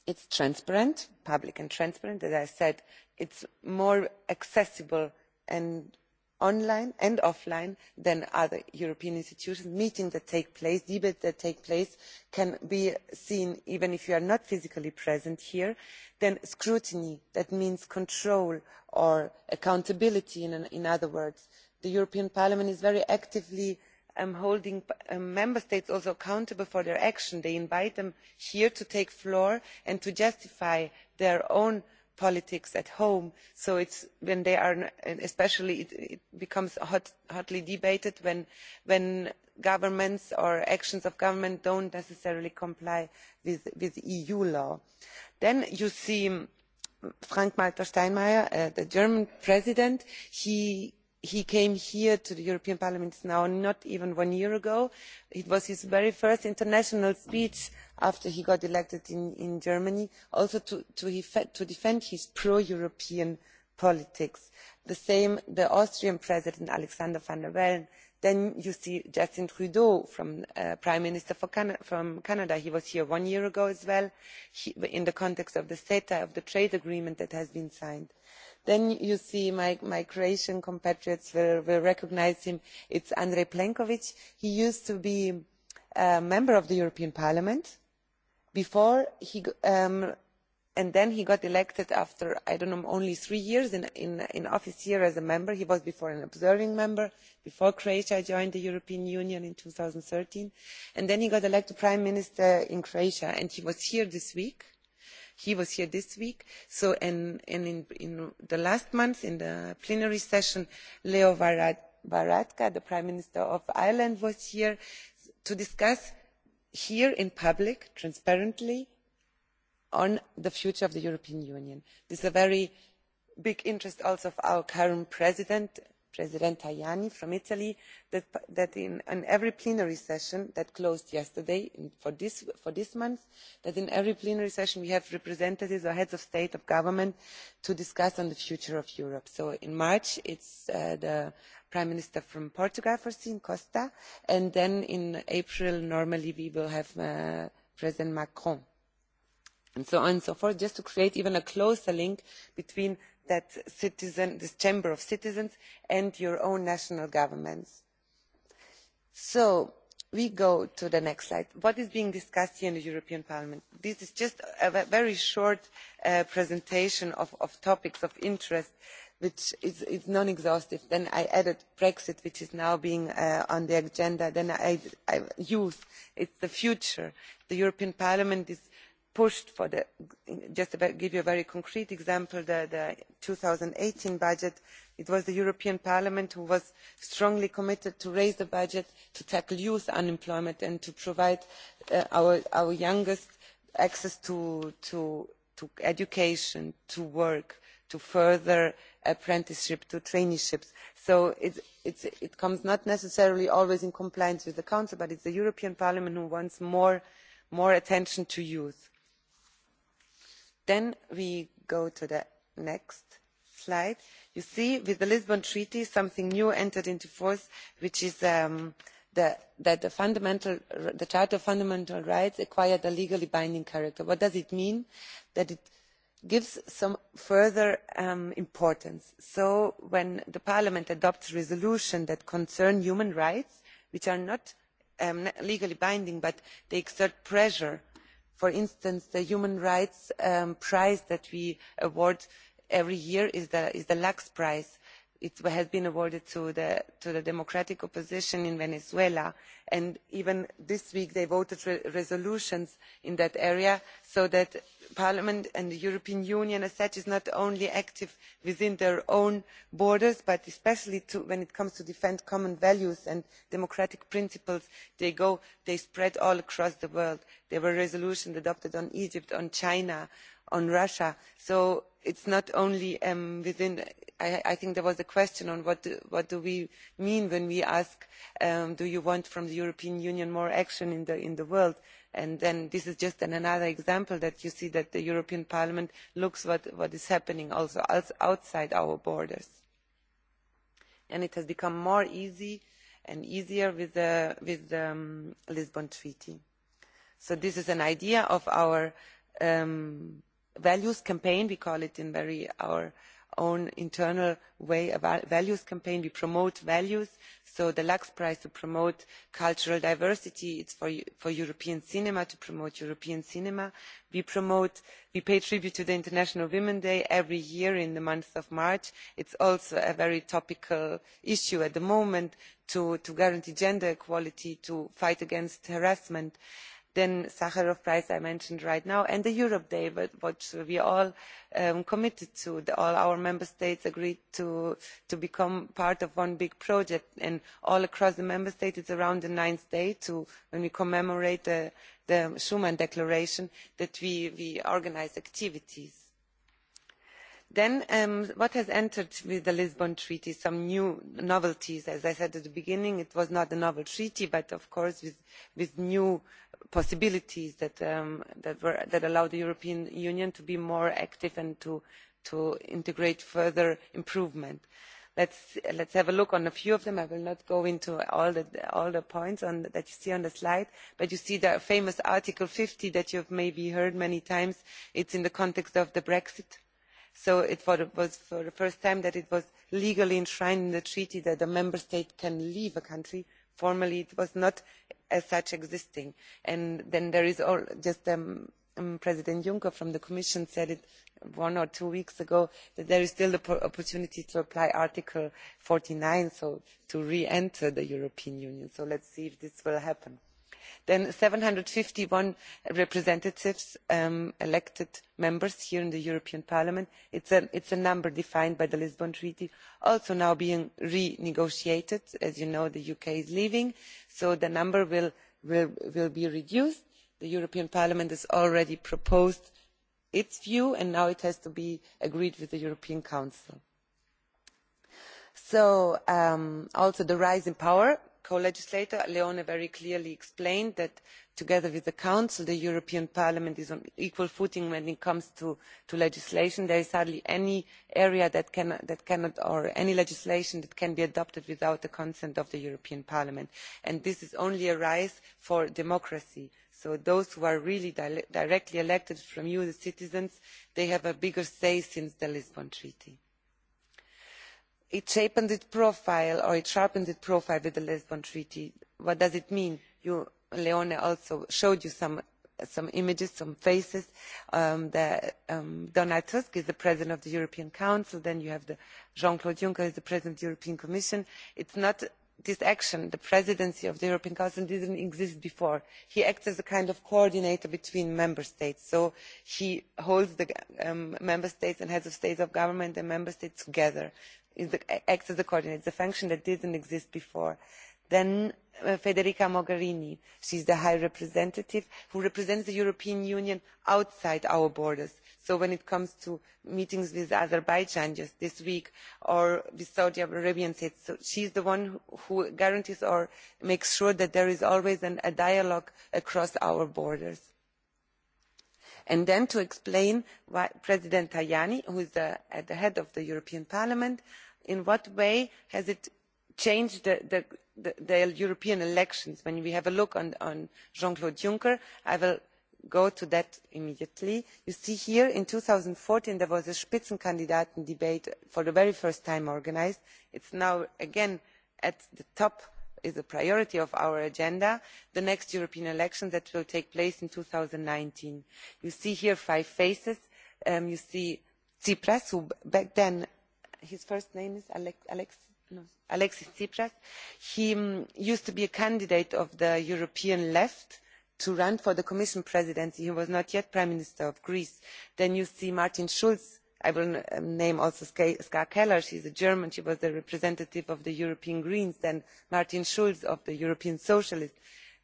it is transparent public and transparent as i said it is more accessible and online and offline than other european institutions. meetings that take place debates that take place can be seen even if you are not physically present here. then scrutiny that means control or accountability in other words. the european parliament is very actively um, holding um, member states also accountable for their action. they invite them here to take the floor and to justify their own politics at home so it's when they are especially it, becomes hotly debated when when governments or actions of government don't necessarily comply with, eu law then you see frank walter steinmeier uh, the german president he he came here to the european parliament now not even one year ago. it was his very first international speech after he got elected in, germany also to, defend his pro european politics. the same goes for the austrian president alexander van der bellen then you see justin trudeau from, uh, prime minister Can from canada he was here one year ago as well in the context of the ceta the trade agreement that has been signed then you see my, my croatian compatriots will, will recognize him it's andrei plenkovic he used to be a uh, member of the european parliament before he um, and then he got elected after i don't know only three years in, in, in office here as a member he was before an observing member before croatia joined the european union in 2013 and then he got elected prime minister in croatia and he was here this week he was here this week and, in, in the last month in the plenary session leo varadkar the prime minister of ireland was here to discuss here in public transparently on the future of the european union. this is a very big interest also of our current president president tajani from italy that, in, every plenary session that closed yesterday for, this, month that in every plenary session we have representatives or heads of state or government to discuss on the future of europe. so in march it is uh, the prime minister from portugal foreseen costa and then in april normally we will have uh, president macron and so on and so forth just to create even a closer link between that this chamber of citizens and your own national governments. so we go to the next slide. what is being discussed here in the european parliament? this is just a very short uh, presentation of, of topics of interest which is, is non exhaustive then i added brexit which is now being uh, on the agenda then I, I, youth it is the future. the european parliament is pushed for the just to give you a very concrete example the two thousand and eighteen budget it was the european parliament which was strongly committed to raise the budget to tackle youth unemployment and to provide uh, our, our youngest access to, to, to education to work to further apprenticeship to traineeships so it, it comes not necessarily always in compliance with the council but it is the european parliament which wants more, more attention to youth then we go to the next slide you see with the lisbon treaty something new entered into force which is um, the, that the fundamental the charter of fundamental rights acquired a legally binding character. what does it mean? that it gives some further um, importance. so when the parliament adopts resolutions that concern human rights which are not um, legally binding but they exert pressure for instance the human rights um, prize that we award every year is the, is the lux prize it has been awarded to the, to the democratic opposition in venezuela and even this week they voted re resolutions in that area so that parliament and the european union as such is not only active within their own borders but especially when it comes to defending common values and democratic principles they, spread all across the world. there were resolutions adopted on egypt on china on russia so it is not only um, within I, think there was a question on what do, we mean when we ask um, do you want from the european union more action in the world? and then this is just another example that you see that the european parliament looks at what, what is happening also outside our borders. And it has become more easy and easier with the, with the um, lisbon treaty. so this is an idea of our um, values campaign we call it in very our own internal way of values campaign. We promote values, so the Lux Prize to promote cultural diversity. It's for, for European cinema to promote European cinema. We promote, we pay tribute to the International Women's Day every year in the month of March. It's also a very topical issue at the moment to, to guarantee gender equality, to fight against harassment. Uh, then the sakharov prize i mentioned right now and the europe day which we all um, committed to all our member states agreed to become part of one big project and all across the member states it's around the ninth day when we commemorate the, schuman declaration that we organise activities then um, what has entered with the lisbon treaty some new novelties as i said at the beginning it was not a novel treaty but of course with, with new possibilities that, um, that, were, that allow the european union to be more active and to, to integrate further improvement. Let's, us have a look at a few of them. i will not go into all the, all the points on, that you see on the slide but you see the famous article fifty that you have maybe heard many times. It's in the context of the brexit so it was for the first time that it was legally enshrined in the treaty that a member state can leave a country formally it was not as such existing and then there is all, just um, um, president juncker from the commission said it one or two weeks ago that there is still the opportunity to apply article forty nine so to re enter the european union so let us see if this will happen than seven hundred and fifty one representatives um, elected members here in the european parliament it is a number defined by the lisbon treaty also now being renegotiated as you know the uk is leaving so the number will, be reduced. the european parliament has already proposed its view and now it has to be agreed with the european council. Um, also the rise in power co legislator leone very clearly explained that together with the council the european parliament is on equal footing when it comes to, legislation. there is hardly any area that, cannot or any legislation that can be adopted without the consent of the european parliament and this is only a right for democracy so those who are really directly elected from you the citizens they have a bigger say since the lisbon treaty it sharpened its profile or it sharpened its profile with the lisbon treaty. what does it mean? You, leone also showed you some, some images some faces. Um, the, um, donald tusk is the president of the european council then you have the jean claude juncker is the president of the european commission. it's not this action the presidency of the european council didn't exist before. he acts as a kind of coordinator between member states so he holds the um, member states and heads of state of government and member states together acts as a coordinator. It's a function that didn't exist before. Then uh, Federica Mogherini, she's the High Representative who represents the European Union outside our borders. So when it comes to meetings with Azerbaijan just this week or with Saudi Arabian states, so she's the one who guarantees or makes sure that there is always an, a dialogue across our borders and then to explain why president tajani who is the, at the head of the european parliament in what way has it changed the, european elections? when we have a look on, jean claude juncker i will go to that immediately you see here in two thousand and fourteen there was a spitzenkandidat debate for the very first time organised it is now again at the top is a priority of our agenda the next european elections that will take place in two thousand and nineteen you see here five faces um, you see tsipras who back then his first name is no, alexis tsipras he mm, used to be a candidate of the european left to run for the commission presidency he was not yet prime minister of greece. then you see martin schulz i will um, name also ska keller she is a german she was the representative of the european greens then martin schulz of the european socialists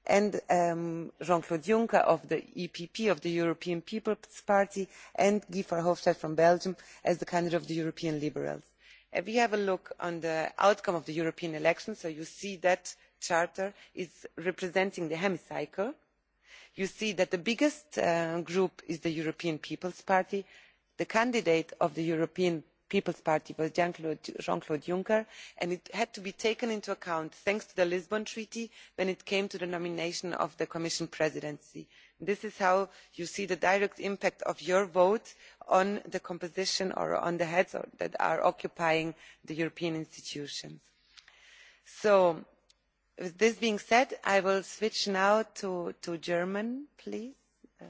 and um, jean claude juncker of the epp of the european people's party and guy verhofstadt from belgium as the candidate of the european liberals. if uh, you have a look at the outcome of the european elections so you see that the charter is representing the hemicycle you see that the biggest uh, group is the european people's party the candidate of the european people's party was jean claude juncker and it had to be taken into account thanks to the lisbon treaty when it came to the nomination of the commission presidency. this is how you see the direct impact of your vote on the composition or on the heads that are occupying the european institutions. So, with this being said i will switch now to, to german please. Uh,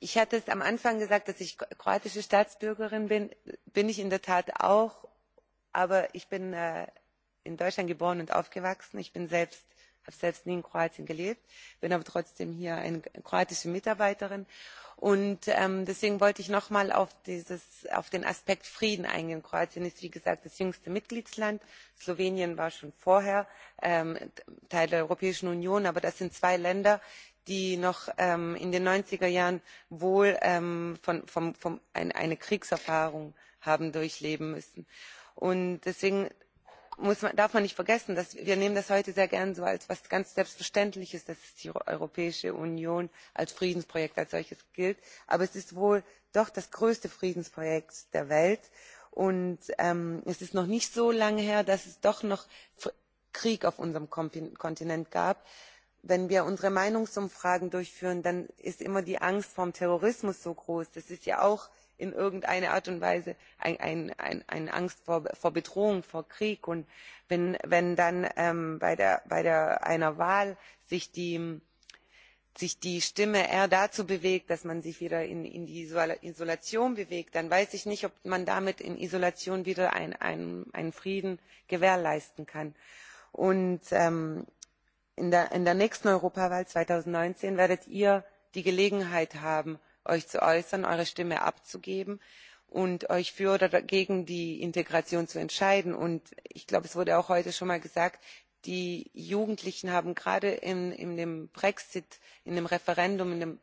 ich, hatte es am anfang gesagt dass ich kroatische staatsbürgerin bin bin ich in der tat auch aber ich bin äh, in deutschland geboren und aufgewachsen ich selbst habe selbst nie in kroatien gelebt bin aber trotzdem hier eine kroatische mitarbeiterin und ähm, deswegen wollte ich noch mal auf, auf den aspekt frieden eingehen. kroatien ist wie gesagt das jüngste mitgliedsland slowenien war schon vorher ähm, teil der europäischen union aber das sind zwei länder die noch ähm, in den 90er Jahren wohl ähm, von, vom, vom ein, eine Kriegserfahrung haben durchleben müssen. Und deswegen muss man, darf man nicht vergessen, dass wir nehmen das heute sehr gern so als was ganz Selbstverständliches, dass es die Europäische Union als Friedensprojekt als solches gilt. Aber es ist wohl doch das größte Friedensprojekt der Welt. Und ähm, es ist noch nicht so lange her, dass es doch noch Krieg auf unserem Kontinent gab wenn wir unsere meinungsumfragen durchführen dann ist immer die angst vor dem terrorismus so groß. das ist ja auch in irgendeiner art und weise eine ein, ein angst vor, vor bedrohung vor krieg. und wenn, wenn dann ähm, bei, der, bei der, einer wahl sich die, sich die stimme eher dazu bewegt dass man sich wieder in, in die isolation bewegt dann weiß ich nicht ob man damit in isolation wieder ein, einen frieden gewährleisten kann. und ähm, in der, nächsten europawahl zweitausendneunzehn werdet ihr die gelegenheit haben euch zu äußern eure stimme abzugeben und euch für oder gegen die integration zu entscheiden. und ich glaube es wurde auch heute schon mal gesagt die jugendlichen haben gerade in, in dem brexit in dem referendum in dem,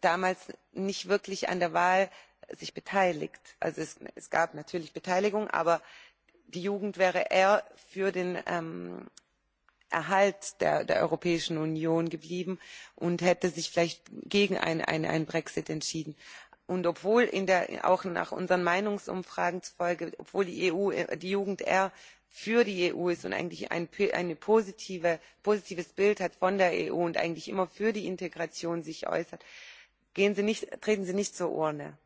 damals nicht wirklich an der wahl sich beteiligt. also es, es gab natürlich beteiligung aber die jugend wäre eher für den ähm, Erhalt der, der Europäischen Union geblieben und hätte sich vielleicht gegen einen ein Brexit entschieden. Und obwohl in der, auch nach unseren Meinungsumfragen zufolge, obwohl die EU, äh, die Jugend eher für die EU ist und eigentlich ein eine positive, positives Bild hat von der EU und eigentlich immer für die Integration sich äußert, gehen sie nicht, treten sie nicht zur Urne.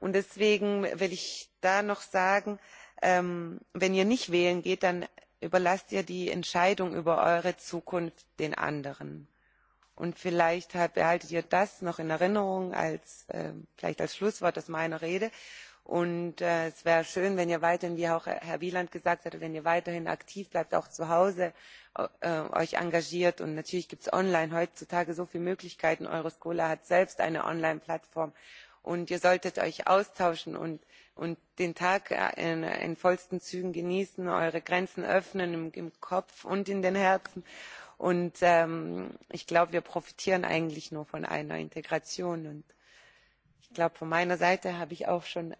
Und deswegen will ich da noch sagen, ähm, wenn ihr nicht wählen geht, dann überlasst ihr die Entscheidung über eure Zukunft den anderen. Und vielleicht halt behaltet ihr das noch in Erinnerung als äh, vielleicht als Schlusswort aus meiner Rede. Und äh, es wäre schön, wenn ihr weiterhin, wie auch Herr Wieland gesagt hat, wenn ihr weiterhin aktiv bleibt, auch zu Hause äh, euch engagiert. Und natürlich gibt es online heutzutage so viele Möglichkeiten. Eure Euroscola hat selbst eine Online-Plattform. Und ihr solltet euch austauschen und und den tag äh, in, äh, vollen zügen genießen eure grenzen öffnen im, kopf und in den herzen. und ähm, ich glaube wir profitieren eigentlich nur von einer integration. und ich glaube von meiner seite habe ich auch schon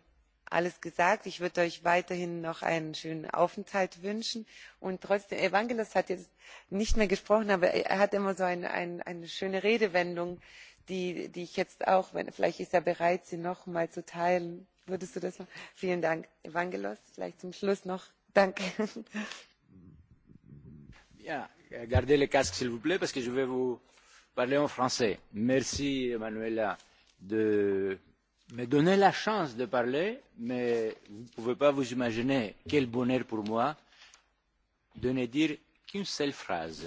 alles gesagt. ich würde euch weiterhin noch einen schönen aufenthalt wünschen. und trotzdem evangelos hat jetzt nicht mehr gesprochen aber er hat immer so ein, ein, eine schöne redewendung die, die ich jetzt auch wenn, vielleicht ist er bereit sie noch mal zu teilen Würdest du das machen? Vielen Dank. Evangelos, vielleicht zum Schluss noch. Danke. Ja, gardez les casques s'il vous plaît parce que je vais vous parler en français. Merci Emanuela de me donner la chance de parler, mais vous ne pouvez pas vous imaginer quel bonheur pour moi de ne dire qu'une seule phrase.